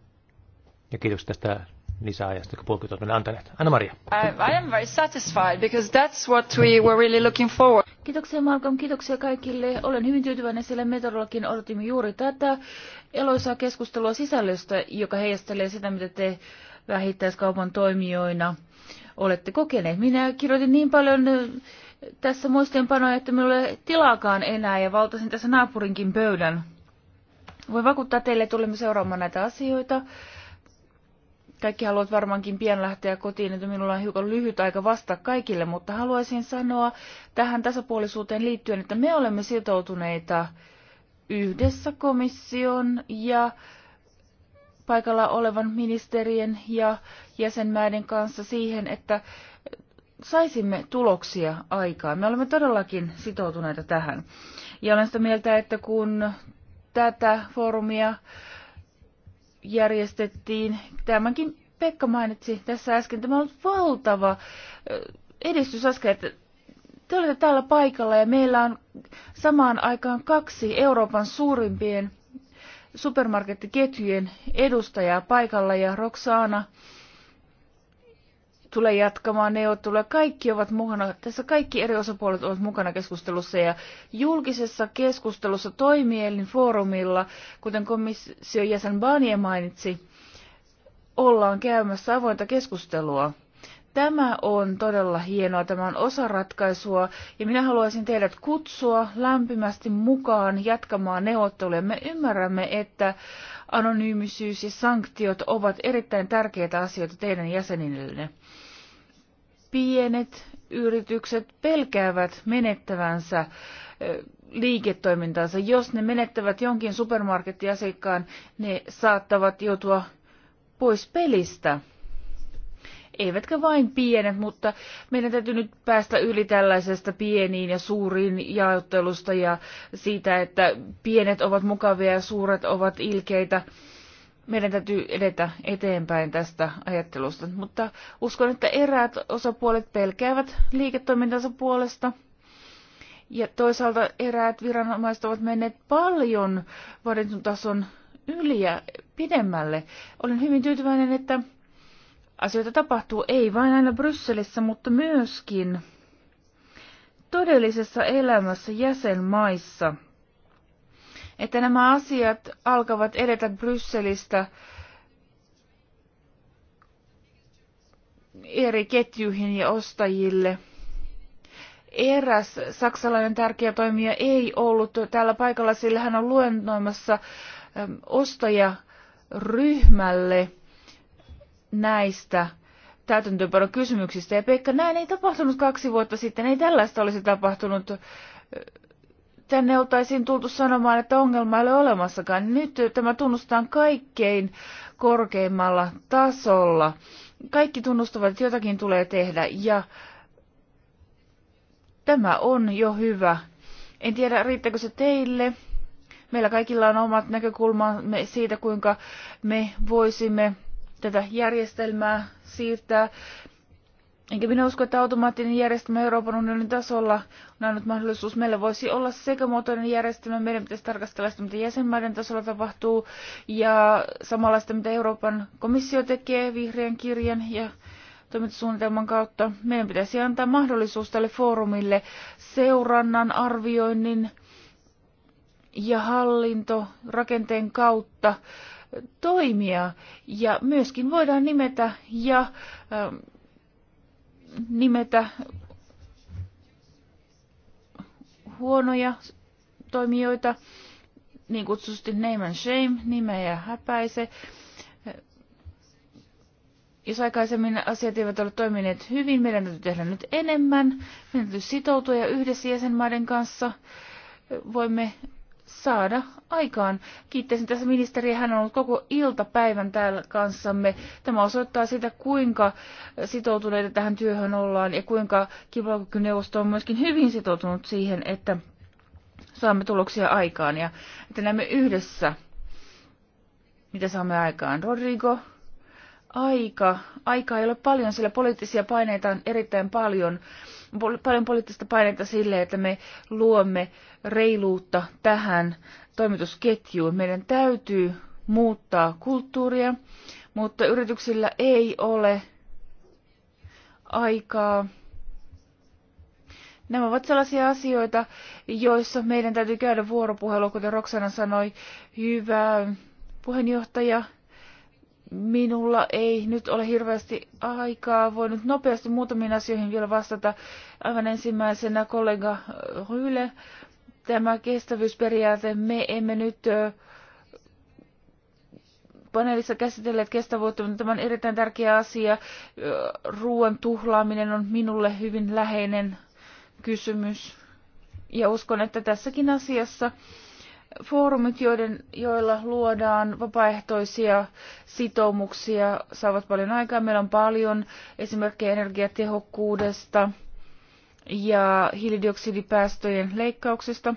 Ja kiitos tästä lisäajasta, kun puolet olemme antaneet. Anna-Maria. I, I am very satisfied because that's what we were really looking forward. Kiitoksia Malcolm, kiitoksia kaikille. Olen hyvin tyytyväinen, sillä meteorologin odotimme juuri tätä eloisaa keskustelua sisällöstä, joka heijastelee sitä, mitä te vähittäiskaupan toimijoina olette kokeneet. Minä kirjoitin niin paljon tässä muistienpanoja, että minulla ei ole tilaakaan enää ja valtasin tässä naapurinkin pöydän. Voin vakuuttaa teille, että tulemme seuraamaan näitä asioita. Kaikki haluat varmaankin pian lähteä kotiin, että minulla on hiukan lyhyt aika vastata kaikille, mutta haluaisin sanoa tähän tasapuolisuuteen liittyen, että me olemme sitoutuneita yhdessä komission ja paikalla olevan ministerien ja jäsenmäiden kanssa siihen, että saisimme tuloksia aikaan. Me olemme todellakin sitoutuneita tähän. Ja olen sitä mieltä, että kun tätä foorumia järjestettiin, tämänkin Pekka mainitsi tässä äsken, tämä on valtava edistysaske, että te olette täällä paikalla ja meillä on samaan aikaan kaksi Euroopan suurimpien supermarkettiketjujen edustajaa paikalla ja Roxana tulee jatkamaan neuvotteluja. Kaikki ovat mukana, tässä kaikki eri osapuolet ovat mukana keskustelussa ja julkisessa keskustelussa toimielin foorumilla, kuten komission jäsen Barnier mainitsi, ollaan käymässä avointa keskustelua. Tämä on todella hienoa, tämä on osa ratkaisua ja minä haluaisin teidät kutsua lämpimästi mukaan jatkamaan neuvotteluja. Me ymmärrämme, että anonyymisyys ja sanktiot ovat erittäin tärkeitä asioita teidän jäsenillenne. Pienet yritykset pelkäävät menettävänsä liiketoimintaansa. Jos ne menettävät jonkin supermarkettiasiakkaan, ne saattavat joutua pois pelistä eivätkä vain pienet, mutta meidän täytyy nyt päästä yli tällaisesta pieniin ja suuriin jaottelusta ja siitä, että pienet ovat mukavia ja suuret ovat ilkeitä. Meidän täytyy edetä eteenpäin tästä ajattelusta, mutta uskon, että eräät osapuolet pelkäävät liiketoimintansa puolesta. Ja toisaalta eräät viranomaiset ovat menneet paljon vaadintun tason yli ja pidemmälle. Olen hyvin tyytyväinen, että asioita tapahtuu, ei vain aina Brysselissä, mutta myöskin todellisessa elämässä jäsenmaissa. Että nämä asiat alkavat edetä Brysselistä eri ketjuihin ja ostajille. Eräs saksalainen tärkeä toimija ei ollut täällä paikalla, sillä hän on luennoimassa ostajaryhmälle – näistä täytäntöönpanon kysymyksistä. Ja Pekka, näin ei tapahtunut kaksi vuotta sitten, ei tällaista olisi tapahtunut. Tänne oltaisiin tultu sanomaan, että ongelma ei ole olemassakaan. Nyt tämä tunnustetaan kaikkein korkeimmalla tasolla. Kaikki tunnustavat, että jotakin tulee tehdä ja tämä on jo hyvä. En tiedä, riittääkö se teille. Meillä kaikilla on omat näkökulmamme siitä, kuinka me voisimme tätä järjestelmää siirtää. Enkä minä usko, että automaattinen järjestelmä Euroopan unionin tasolla on ainut mahdollisuus. Meillä voisi olla sekä muotoinen järjestelmä, meidän pitäisi tarkastella sitä, mitä jäsenmaiden tasolla tapahtuu, ja samalla sitä, mitä Euroopan komissio tekee vihreän kirjan ja toimintasuunnitelman kautta. Meidän pitäisi antaa mahdollisuus tälle foorumille seurannan, arvioinnin ja hallintorakenteen kautta toimia ja myöskin voidaan nimetä ja ähm, nimetä huonoja toimijoita, niin kutsusti name and shame, nimeä ja häpäise. Jos aikaisemmin asiat eivät ole toimineet hyvin, meidän täytyy tehdä nyt enemmän. Meidän täytyy sitoutua ja yhdessä jäsenmaiden kanssa voimme saada aikaan. Kiittäisin tässä ministeriä, hän on ollut koko iltapäivän täällä kanssamme. Tämä osoittaa sitä, kuinka sitoutuneita tähän työhön ollaan ja kuinka kilpailukykyneuvosto on myöskin hyvin sitoutunut siihen, että saamme tuloksia aikaan ja että näemme yhdessä, mitä saamme aikaan. Rodrigo, aika. Aika ei ole paljon, sillä poliittisia paineita on erittäin paljon paljon poliittista painetta sille, että me luomme reiluutta tähän toimitusketjuun. Meidän täytyy muuttaa kulttuuria, mutta yrityksillä ei ole aikaa. Nämä ovat sellaisia asioita, joissa meidän täytyy käydä vuoropuhelua, kuten Roksana sanoi, hyvä puheenjohtaja, Minulla ei nyt ole hirveästi aikaa. Voin nyt nopeasti muutamiin asioihin vielä vastata. Aivan ensimmäisenä kollega Ryle. Tämä kestävyysperiaate, me emme nyt paneelissa käsitelleet kestävyyttä, mutta tämä on erittäin tärkeä asia. Ruoan tuhlaaminen on minulle hyvin läheinen kysymys. Ja uskon, että tässäkin asiassa foorumit, joiden, joilla luodaan vapaaehtoisia sitoumuksia, saavat paljon aikaa. Meillä on paljon esimerkkejä energiatehokkuudesta ja hiilidioksidipäästöjen leikkauksesta.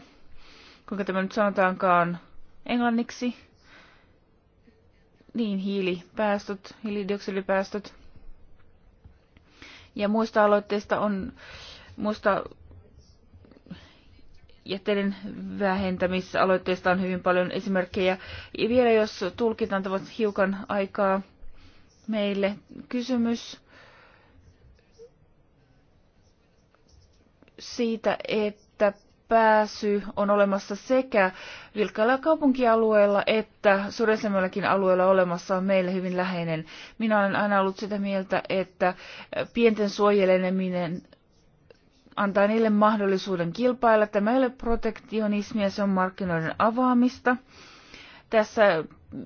Kuinka tämä nyt sanotaankaan englanniksi? Niin, hiilipäästöt, hiilidioksidipäästöt. Ja muista aloitteista on, muista jätteiden vähentämisaloitteista on hyvin paljon esimerkkejä. Ja vielä jos tulkit antavat hiukan aikaa meille kysymys siitä, että pääsy on olemassa sekä vilkailla kaupunkialueella, että syrjäisemmällä alueella olemassa on meille hyvin läheinen. Minä olen aina ollut sitä mieltä, että pienten suojeleminen antaa niille mahdollisuuden kilpailla. Tämä ei ole protektionismia, se on markkinoiden avaamista. Tässä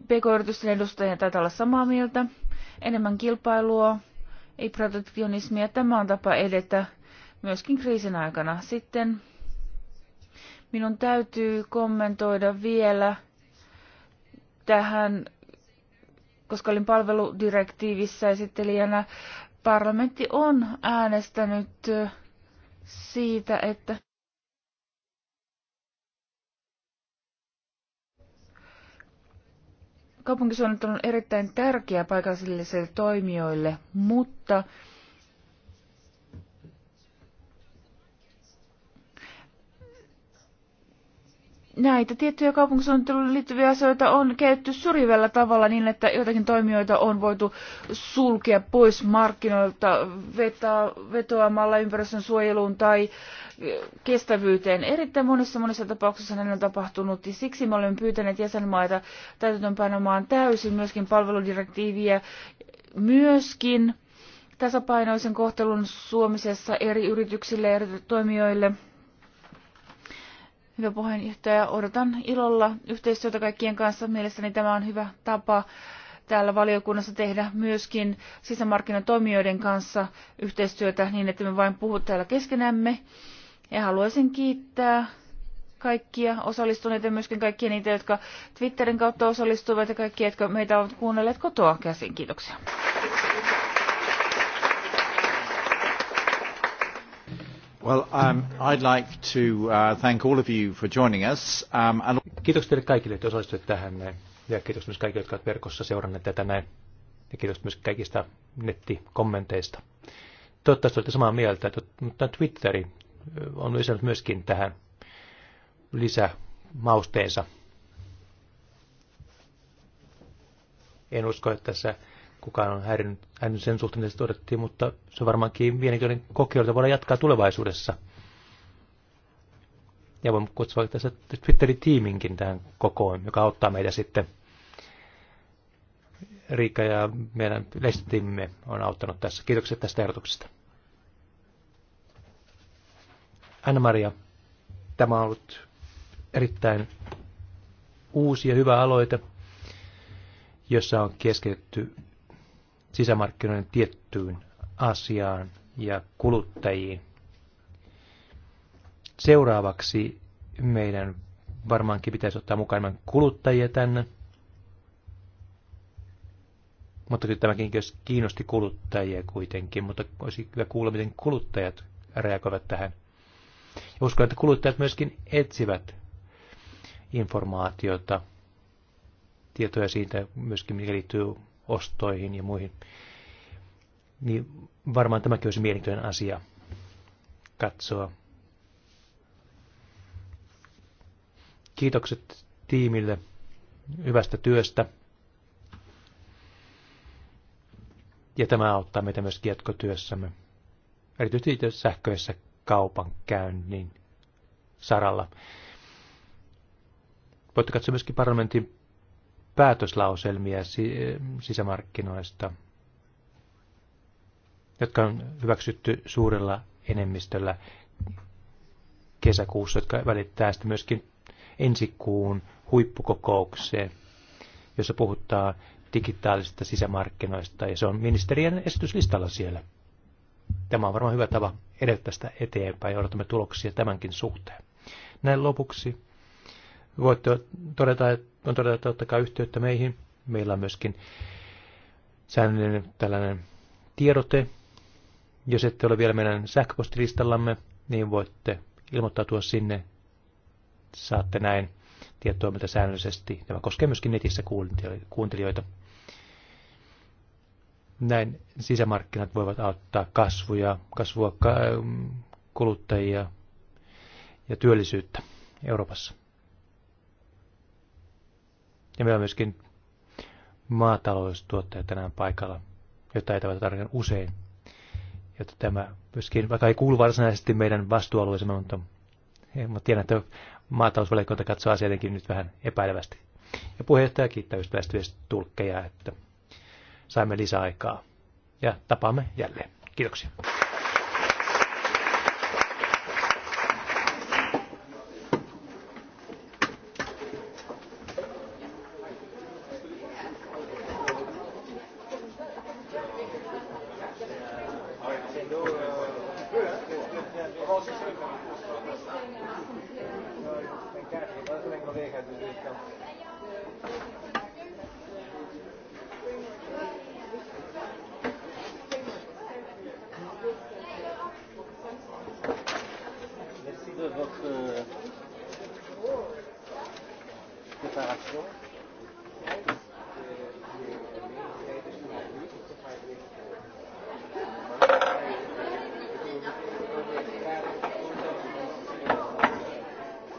pk-yritysten edustajien taitaa olla samaa mieltä. Enemmän kilpailua, ei protektionismia. Tämä on tapa edetä myöskin kriisin aikana. Sitten minun täytyy kommentoida vielä tähän, koska olin palveludirektiivissä esittelijänä. Parlamentti on äänestänyt siitä, että kaupunkisuunnittelu on erittäin tärkeä paikallisille toimijoille, mutta näitä tiettyjä kaupunkisuunnitteluun liittyviä asioita on käytetty syrjivällä tavalla niin, että joitakin toimijoita on voitu sulkea pois markkinoilta vetaa, vetoamalla ympäristön suojeluun tai kestävyyteen. Erittäin monessa monissa tapauksissa näin on tapahtunut ja siksi me olemme pyytäneet jäsenmaita täytäntöönpanemaan täysin myöskin palveludirektiiviä, myöskin tasapainoisen kohtelun suomisessa eri yrityksille ja eri toimijoille – Hyvä puheenjohtaja, odotan ilolla yhteistyötä kaikkien kanssa. Mielestäni tämä on hyvä tapa täällä valiokunnassa tehdä myöskin sisämarkkinatoimijoiden kanssa yhteistyötä niin, että me vain puhut täällä keskenämme. Ja haluaisin kiittää kaikkia osallistuneita, myöskin kaikkia niitä, jotka Twitterin kautta osallistuivat ja kaikkia, jotka meitä ovat kuunnelleet kotoa käsin. Kiitoksia. Um, uh, um, kiitos teille kaikille, että osallistuitte tähän Ja kiitos myös kaikille, jotka ovat verkossa seuranneet tätä näin. Ja kiitos myös kaikista nettikommenteista. Toivottavasti olette samaa mieltä, mutta Twitteri on lisännyt myöskin tähän lisämausteensa. En usko, että tässä kukaan on häirinyt, häirinyt sen suhteen, mitä se todettiin, mutta se on varmaankin mielenkiintoinen kokeilu, jota voidaan jatkaa tulevaisuudessa. Ja voin kutsua tässä Twitterin tiiminkin tähän kokoon, joka auttaa meitä sitten. Riikka ja meidän lehtitimme on auttanut tässä. Kiitokset tästä ehdotuksesta. Anna-Maria, tämä on ollut erittäin uusi ja hyvä aloite, jossa on keskitytty sisämarkkinoiden tiettyyn asiaan ja kuluttajiin. Seuraavaksi meidän varmaankin pitäisi ottaa mukaan kuluttajia tänne. Mutta kyllä tämäkin kiinnosti kuluttajia kuitenkin, mutta olisi hyvä kuulla, miten kuluttajat reagoivat tähän. Ja uskon, että kuluttajat myöskin etsivät informaatiota, tietoja siitä myöskin, mikä liittyy ostoihin ja muihin. Niin varmaan tämäkin olisi mielenkiintoinen asia katsoa. Kiitokset tiimille hyvästä työstä. Ja tämä auttaa meitä myös jatkotyössämme, erityisesti sähköisessä käynnin saralla. Voitte katsoa myöskin parlamentin päätöslauselmia sisämarkkinoista, jotka on hyväksytty suurella enemmistöllä kesäkuussa, jotka välittää sitten myöskin ensi kuun huippukokoukseen, jossa puhutaan digitaalisista sisämarkkinoista, ja se on ministerien esityslistalla siellä. Tämä on varmaan hyvä tapa edetä tästä eteenpäin, ja odotamme tuloksia tämänkin suhteen. Näin lopuksi voitte todeta, että on todella, että ottakaa yhteyttä meihin. Meillä on myöskin säännöllinen tällainen tiedote. Jos ette ole vielä meidän sähköpostilistallamme, niin voitte ilmoittautua sinne. Saatte näin tietoa meiltä säännöllisesti. Tämä koskee myöskin netissä kuuntelijoita. Näin sisämarkkinat voivat auttaa kasvuja, kasvua kuluttajia ja työllisyyttä Euroopassa. Ja meillä on myöskin maataloustuottaja tänään paikalla, jota ei tavata tarkkaan usein. Jotta tämä myöskin, vaikka ei kuulu varsinaisesti meidän vastuualueeseen, mutta, mutta tiedän, että maatalousvaliokunta katsoo asiaa jotenkin nyt vähän epäilevästi. Ja puheenjohtaja kiittää ystävästyvistä tulkkeja, että saimme lisäaikaa. Ja tapaamme jälleen. Kiitoksia.